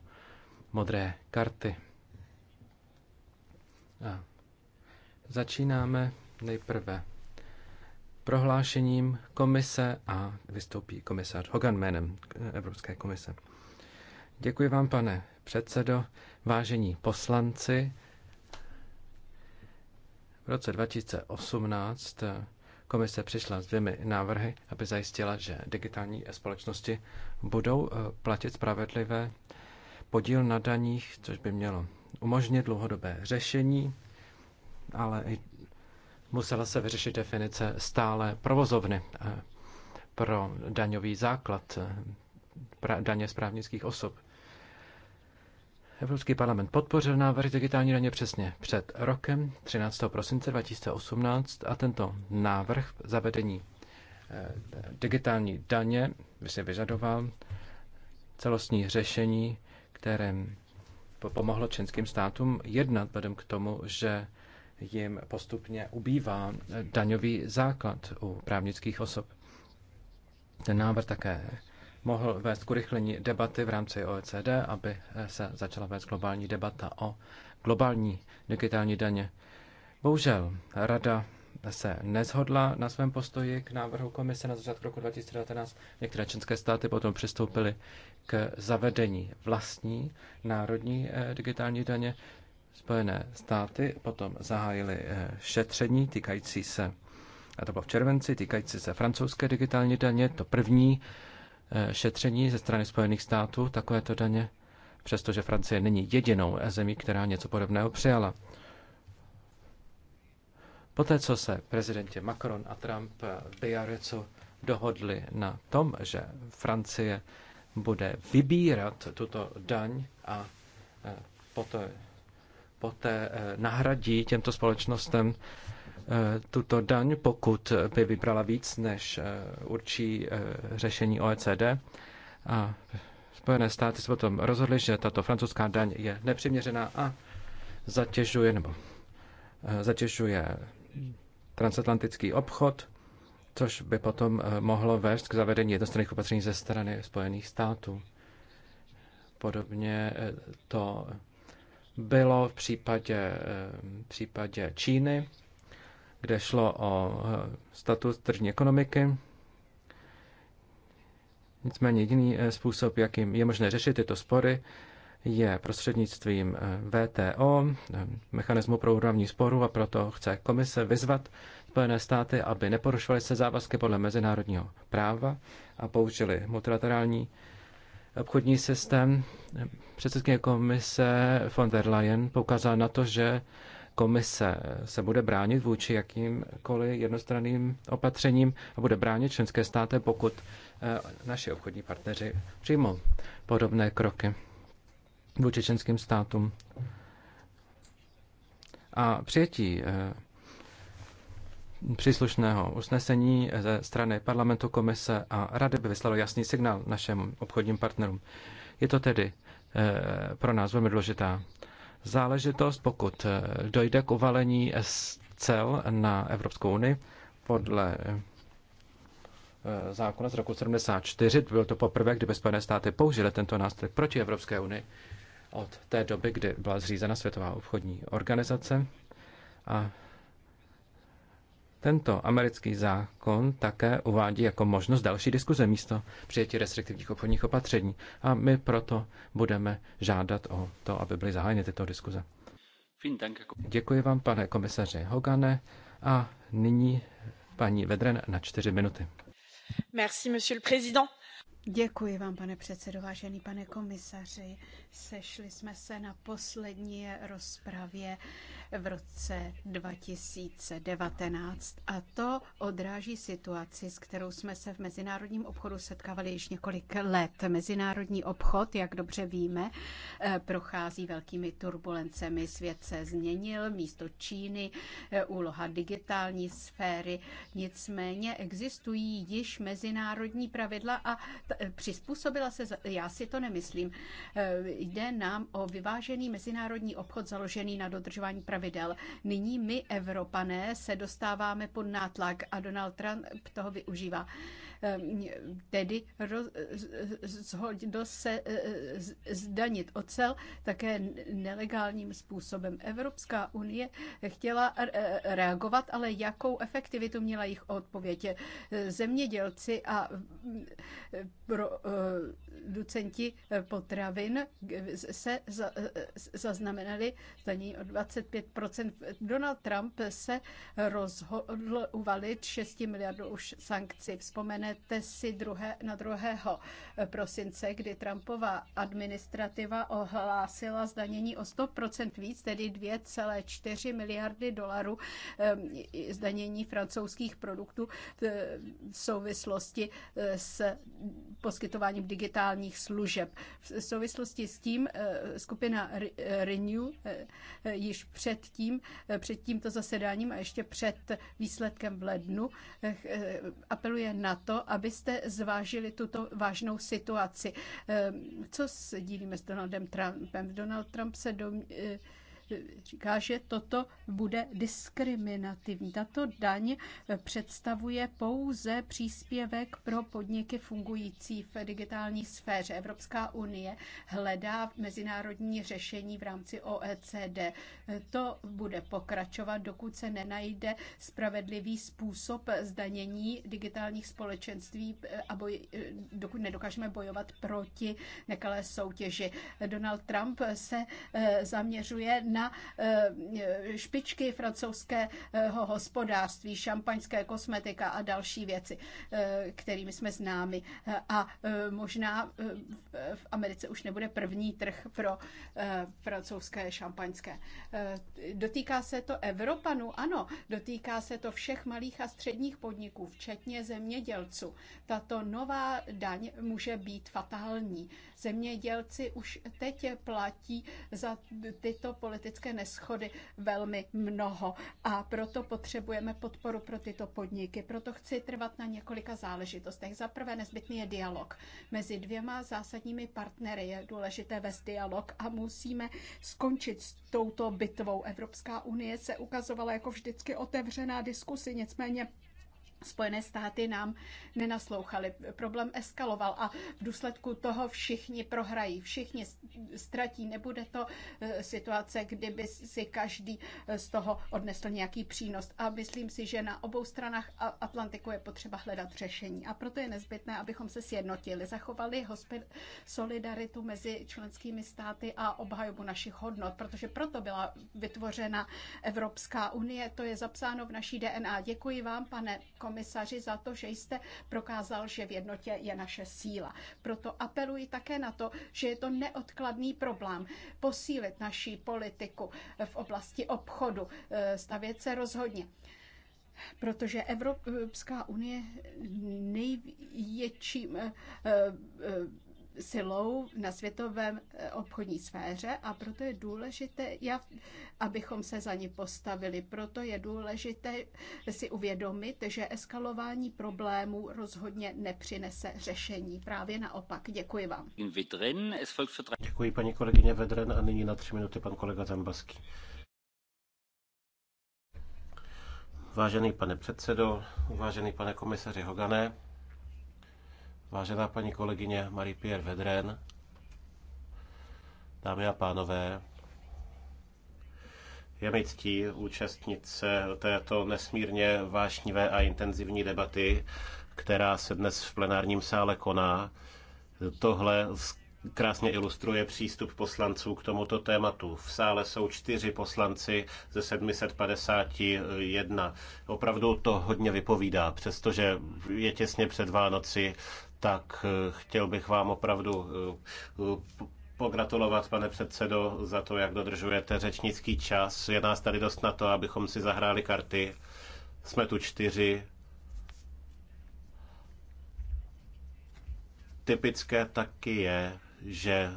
modré karty. A začínáme nejprve prohlášením komise a vystoupí komisař Hogan jménem Evropské komise. Děkuji vám, pane předsedo, vážení poslanci. V roce 2018 komise přišla s dvěmi návrhy, aby zajistila, že digitální společnosti budou eh, platit spravedlivé podíl na daních, což by mělo umožnit dlouhodobé řešení, ale i musela se vyřešit definice stále provozovny eh, pro daňový základ eh, daně z právnických osob. Evropský parlament podpořil návrh digitální daně přesně před rokem 13. prosince 2018 a tento návrh zavedení eh, digitální daně by se vyžadoval celostní řešení, které pomohlo členským státům jednat vzhledem k tomu, že jim postupně ubývá eh, daňový základ u právnických osob. Ten návrh také mohl vést k urychlení debaty v rámci OECD, aby se začala vést globální debata o globální digitální daně. Bohužel, rada se nezhodla na svém postoji k návrhu komise na začátku roku 2019. Některé členské státy potom přistoupily k zavedení vlastní národní eh, digitální daně. Spojené státy potom zahájily eh, šetření týkající se, a to bylo v červenci, týkající se francouzské digitální daně. To první Eh, šetření ze strany Spojených států takovéto daně, přestože Francie není jedinou zemí, která něco podobného přijala. Poté, co se prezidenti Macron a Trump v Biarritzu dohodli na tom, že Francie bude vybírat tuto daň a eh, poté, poté eh, nahradí těmto společnostem Eh, tuto daň, pokud by vybrala víc, než eh, určí eh, řešení OECD. A Spojené státy se potom rozhodly, že tato francouzská daň je nepřiměřená a zatěžuje, nebo zatěžuje transatlantický obchod, což by potom mohlo vést k zavedení jednostranných opatření ze strany Spojených států. Podobně to bylo v případě, v případě Číny, kde šlo o eh, status tržní ekonomiky. Nicméně jediný eh, způsob, jakým je možné řešit tyto spory, je prostřednictvím eh, VTO, mechanismu pro úrovní sporu a proto chce komise vyzvat Spojené státy, aby neporušovaly se závazky podle mezinárodního práva a použili multilaterální obchodní systém. Předsedkyně komise von der Leyen poukázala na to, že Komise se bude bránit vůči jakýmkoliv jednostranným opatřením a bude bránit členské státy, pokud eh, naši obchodní partneři přijmou podobné kroky vůči členským státům. A přijetí eh, příslušného usnesení ze strany parlamentu, komise a rady by vyslalo jasný signál našem obchodním partnerům. Je to tedy eh, pro nás velmi důležitá záležitost, pokud eh, dojde k uvalení cel na Evropskou unii podle eh, zákona z roku 74. Byl to poprvé, kdyby Spojené státy použily tento nástroj proti Evropské unii od té doby, kdy byla zřízena Světová obchodní organizace. A tento americký zákon také uvádí jako možnost další diskuze místo přijetí restriktivních obchodních opatření a my proto budeme žádat o to, aby byly zahájeny tyto diskuze. Děkuji vám, pane komisaři Hogane, a nyní paní Vedren na čtyři minuty. Merci, monsieur le président. Děkuji vám, pane předsedo, vážený pane komisaři. Sešli jsme se na poslední rozpravě v roce 2019. A to odráží situaci, s kterou jsme se v mezinárodním obchodu setkávali již několik let. Mezinárodní obchod, jak dobře víme, eh, prochází velkými turbulencemi. Svět se změnil, místo Číny, eh, úloha digitální sféry. Nicméně existují již mezinárodní pravidla a eh, přizpůsobila se, já si to nemyslím, jde nám o vyvážený mezinárodní obchod založený na dodržování pravidel pravidel. Nyní my, Evropané, se dostáváme pod nátlak a Donald Trump toho využívá. Ehm, tedy rozhodlo se e, e, zdanit ocel také nelegálním způsobem. Evropská unie chtěla e, reagovat, ale jakou efektivitu měla jejich odpověď? Zemědělci a producenti potravin se zaznamenali zdanění o 25%. Donald Trump se rozhodl uvalit 6 miliardů už sankci. Vzpomene vzpomenete si druhé, na 2. prosince, kdy Trumpova administrativa ohlásila zdanění o 100% víc, tedy 2,4 miliardy dolarů ehm, zdanění francouzských produktů eh, v souvislosti s poskytováním digitálních služeb. V souvislosti s tím eh, skupina Renew eh, již před tím, před tímto zasedáním a ještě před výsledkem v lednu apeluje na to, to, abyste zvážili tuto vážnou situaci. Ehm, co sdílíme s Donaldem Trumpem? Donald Trump se domnívá, eh, říká, že toto bude diskriminativní. Tato daň představuje pouze příspěvek pro podniky fungující v digitální sféře. Evropská unie hledá mezinárodní řešení v rámci OECD. To bude pokračovat, dokud se nenajde spravedlivý způsob zdanění digitálních společenství a boj, dokud nedokážeme bojovat proti nekalé soutěži. Donald Trump se eh, zaměřuje na eh, špičky francouzského hospodářství, šampaňské kosmetika a další věci, eh, kterými jsme známi. A eh, možná v Americe už nebude první trh pro francouzské šampaňské. Dotýká se to Evropanů? Ano, dotýká se to všech malých a středních podniků, včetně zemědělců. Tato nová daň může být fatální. Zemědělci už teď platí za tyto politické neschody velmi mnoho a proto potřebujeme podporu pro tyto podniky. Proto chci trvat na několika záležitostech. Za prvé nezbytný je dialog. Mezi dvěma zásadními partnery je důležité vést dialog a musíme skončit s touto bitvou. Evropská unie se ukazovala jako vždycky otevřená diskusi, nicméně Spojené státy nám nenaslouchaly. Problém eskaloval a v důsledku toho všichni prohrají, všichni ztratí. Nebude to eh, situace, kdyby si každý eh, z toho odnesl nějaký přínos. A myslím si, že na obou stranách Atlantiku je potřeba hledat řešení. A proto je nezbytné, abychom se sjednotili, zachovali solidaritu mezi členskými státy a obhajobu našich hodnot, protože proto byla vytvořena Evropská unie. To je zapsáno v naší DNA. Děkuji vám, pane komisaři komisaři, za to, že jste prokázal, že v jednotě je naše síla. Proto apeluji také na to, že je to neodkladný problém posílit naší politiku v oblasti obchodu, eh, stavět se rozhodně. Protože Evropská unie největším eh, eh, silou na světovém eh, obchodní sféře a proto je důležité, abychom se za ní postavili. Proto je důležité si uvědomit, že eskalování problémů rozhodně nepřinese řešení. Právě naopak. Děkuji vám. Děkuji paní kolegyně Vedren a nyní na tři minuty pan kolega Zambasky. Vážený pane předsedo, vážený pane komisaři Hogané, Vážená paní kolegyně Marie-Pierre Vedren, dámy a pánové, je mi ctí účastnit se této nesmírně vášnivé a intenzivní debaty, která se dnes v plenárním sále koná. Tohle krásně ilustruje přístup poslanců k tomuto tématu. V sále jsou čtyři poslanci ze 751. Opravdu to hodně vypovídá, přestože je těsně před Vánoci, tak eh, chtěl bych vám opravdu eh, pogratulovat, pane předsedo, za to, jak dodržujete řečnický čas. Je nás tady dost na to, abychom si zahráli karty. Jsme tu čtyři. Typické taky je, že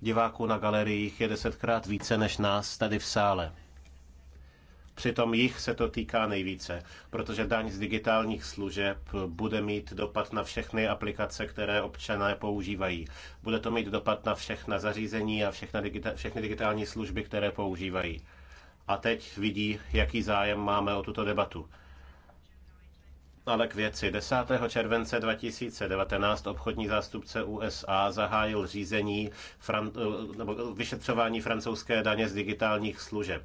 diváků na galeriích je desetkrát více než nás tady v sále. Přitom jich se to týká nejvíce, protože daň z digitálních služeb bude mít dopad na všechny aplikace, které občané používají. Bude to mít dopad na všechna zařízení a všechna digita- všechny digitální služby, které používají. A teď vidí, jaký zájem máme o tuto debatu. Ale k věci. 10. července 2019 obchodní zástupce USA zahájil řízení fran- nebo vyšetřování francouzské daně z digitálních služeb.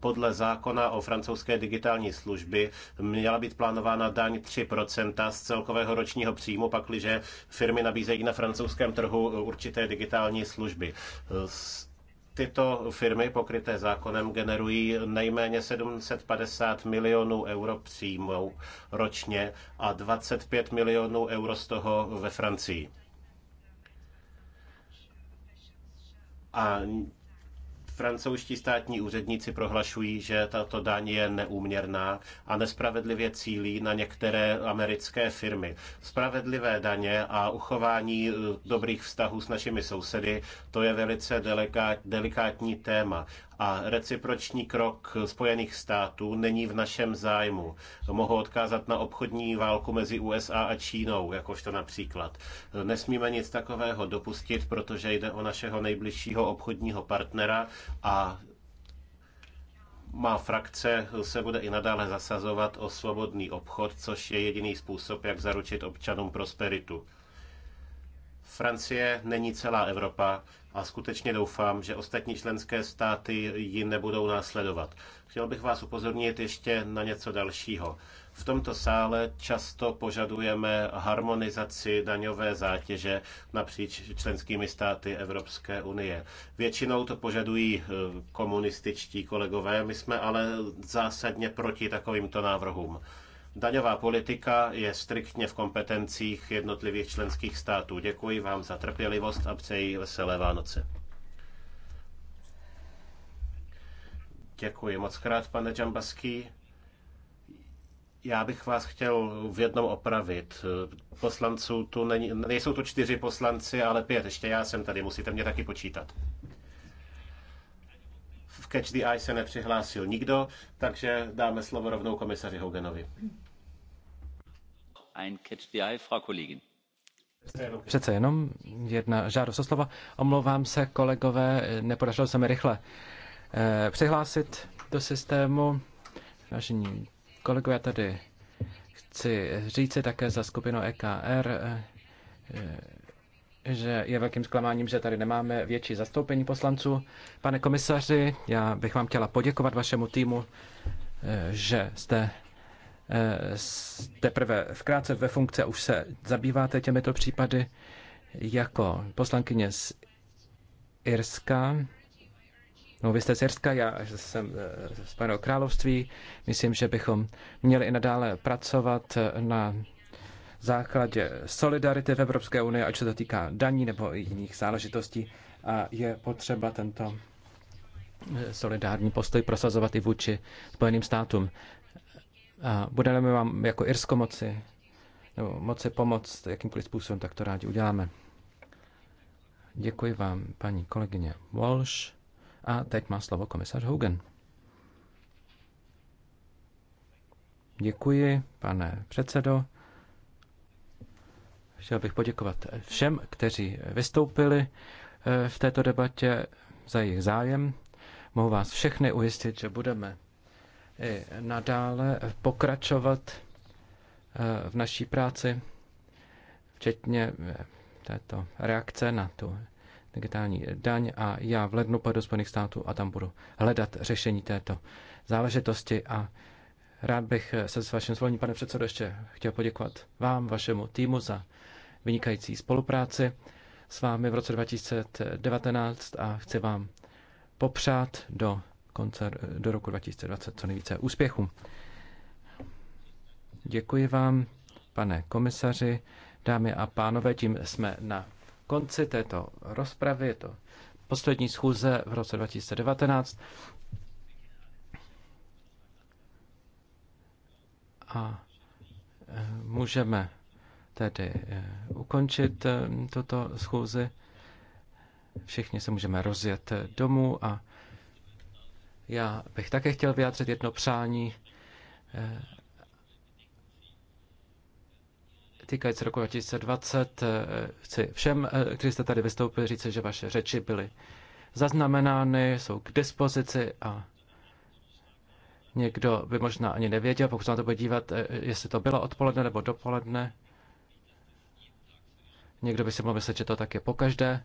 Podle zákona o francouzské digitální služby měla být plánována daň 3% z celkového ročního příjmu, pakliže firmy nabízejí na francouzském trhu určité digitální služby. S Tyto firmy pokryté zákonem generují nejméně 750 milionů euro příjmů ročně a 25 milionů euro z toho ve Francii. A Francouzští státní úředníci prohlašují, že tato daň je neúměrná a nespravedlivě cílí na některé americké firmy. Spravedlivé daně a uchování eh, dobrých vztahů s našimi sousedy, to je velice delikátní téma a reciproční krok Spojených států není v našem zájmu. Mohu odkázat na obchodní válku mezi USA a Čínou, jakožto například. Nesmíme nic takového dopustit, protože jde o našeho nejbližšího obchodního partnera a má frakce se bude i nadále zasazovat o svobodný obchod, což je jediný způsob, jak zaručit občanům prosperitu. Francie není celá Evropa, a skutečně doufám, že ostatní členské státy ji nebudou následovat. Chtěl bych vás upozornit ještě na něco dalšího. V tomto sále často požadujeme harmonizaci daňové zátěže napříč členskými státy Evropské unie. Většinou to požadují eh, komunističtí kolegové, my jsme ale zásadně proti takovýmto návrhům. Daňová politika je striktně v kompetencích jednotlivých členských států. Děkuji vám za trpělivost a přeji veselé Vánoce. Děkuji moc krát, pane Džambaský. Já bych vás chtěl v jednom opravit. Poslanců tu není, nejsou tu čtyři poslanci, ale pět. Ještě já jsem tady, musíte mě taky počítat. V Catch the Eye se nepřihlásil nikdo, takže dáme slovo rovnou komisaři Hoganovi. Přece jenom jedna žádost o slova. Omlouvám se, kolegové, nepodařilo se mi rychle eh, přihlásit do systému. Vážení kolegové, tady chci říci také za skupinu EKR, eh, že je velkým zklamáním, že tady nemáme větší zastoupení poslanců. Pane komisaři, já bych vám chtěla poděkovat vašemu týmu, eh, že jste Eh, teprve vkrátce ve funkci a už se zabýváte těmito případy jako poslankyně z Irska. No, vy jste z Irska, já jsem eh, z Pánu království. Myslím, že bychom měli i nadále pracovat eh, na základě solidarity v Evropské unii, ať se to týká daní nebo i jiných záležitostí. A je potřeba tento solidární postoj prosazovat i vůči Spojeným státům. A budeme vám jako Irsko moci, nebo moci pomoct jakýmkoliv způsobem, tak to rádi uděláme. Děkuji vám, paní kolegyně Walsh. A teď má slovo komisař Hogan. Děkuji, pane předsedo. Chtěl bych poděkovat všem, kteří vystoupili eh, v této debatě za jejich zájem. Mohu vás všechny ujistit, že budeme i nadále pokračovat eh, v naší práci, včetně eh, této reakce na tu digitální daň a já v lednu pojedu do Spojených států a tam budu hledat řešení této záležitosti a rád bych eh, se s vaším zvolením, pane předsedo, ještě chtěl poděkovat vám, vašemu týmu za vynikající spolupráci s vámi v roce 2019 a chci vám popřát do koncert eh, do roku 2020 co nejvíce úspěchů. Děkuji vám, pane komisaři, dámy a pánové, tím jsme na konci této rozpravy. Je to poslední schůze v roce 2019. A eh, můžeme tedy eh, ukončit tuto schůzi. Všichni se můžeme rozjet domů a já bych také chtěl vyjádřit jedno přání eh, týkající roku 2020. Eh, chci všem, eh, kteří jste tady vystoupili, říct, že vaše řeči byly zaznamenány, jsou k dispozici a někdo by možná ani nevěděl, pokud se na to bude dívat, jestli to bylo odpoledne nebo dopoledne. Někdo by si mohl myslet, že to tak je pokaždé,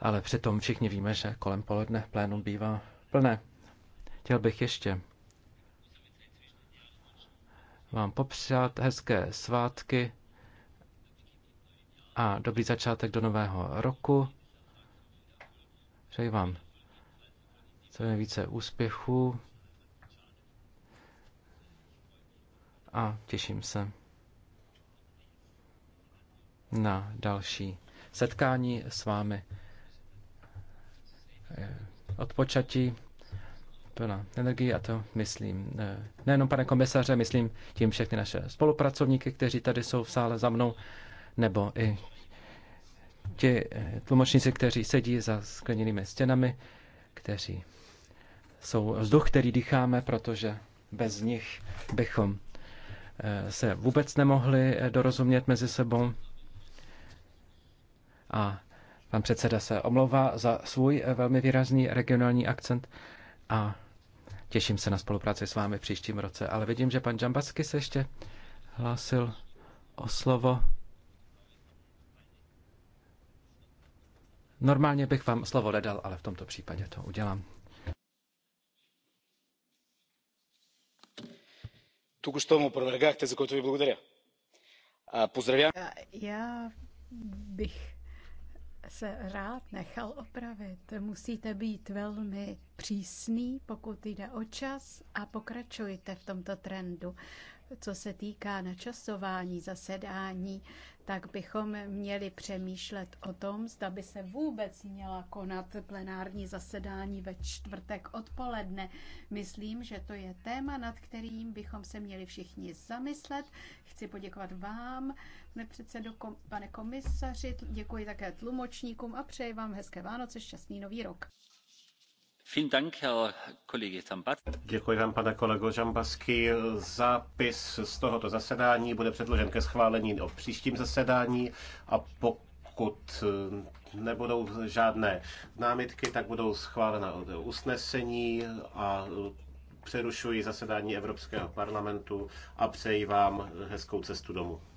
ale přitom všichni víme, že kolem poledne plénum bývá plné. Chtěl bych ještě vám popřát hezké svátky a dobrý začátek do nového roku. Přeji vám co nejvíce úspěchů a těším se na další setkání s vámi od plná energie a to myslím eh, nejenom pane komisaře, myslím tím všechny naše spolupracovníky, kteří tady jsou v sále za mnou, nebo i ti eh, tlumočníci, kteří sedí za skleněnými stěnami, kteří jsou vzduch, který dýcháme, protože bez nich bychom eh, se vůbec nemohli dorozumět mezi sebou. A Pan předseda se omlouvá za svůj eh, velmi výrazný regionální akcent a těším se na spolupráci s vámi v příštím roce. Ale vidím, že pan Džambasky se ještě hlásil o slovo. Normálně bych vám slovo nedal, ale v tomto případě to udělám. Току-що му опровергахте, за което ви Já bych se rád nechal opravit. Musíte být velmi přísný, pokud jde o čas a pokračujte v tomto trendu. Co se týká načasování zasedání, tak bychom měli přemýšlet o tom, zda by se vůbec měla konat plenární zasedání ve čtvrtek odpoledne. Myslím, že to je téma, nad kterým bychom se měli všichni zamyslet. Chci poděkovat vám, pane předsedo, pane komisaři, děkuji také tlumočníkům a přeji vám hezké Vánoce, šťastný nový rok. Děkuji vám, pane kolego dzhambazki Zápis z tohoto zasedání bude předložen ke schválení o příštím zasedání a pokud eh, nebudou žádné námitky, tak budou schválena usnesení a přerušuji zasedání Evropského parlamentu a přeji vám hezkou cestu domů.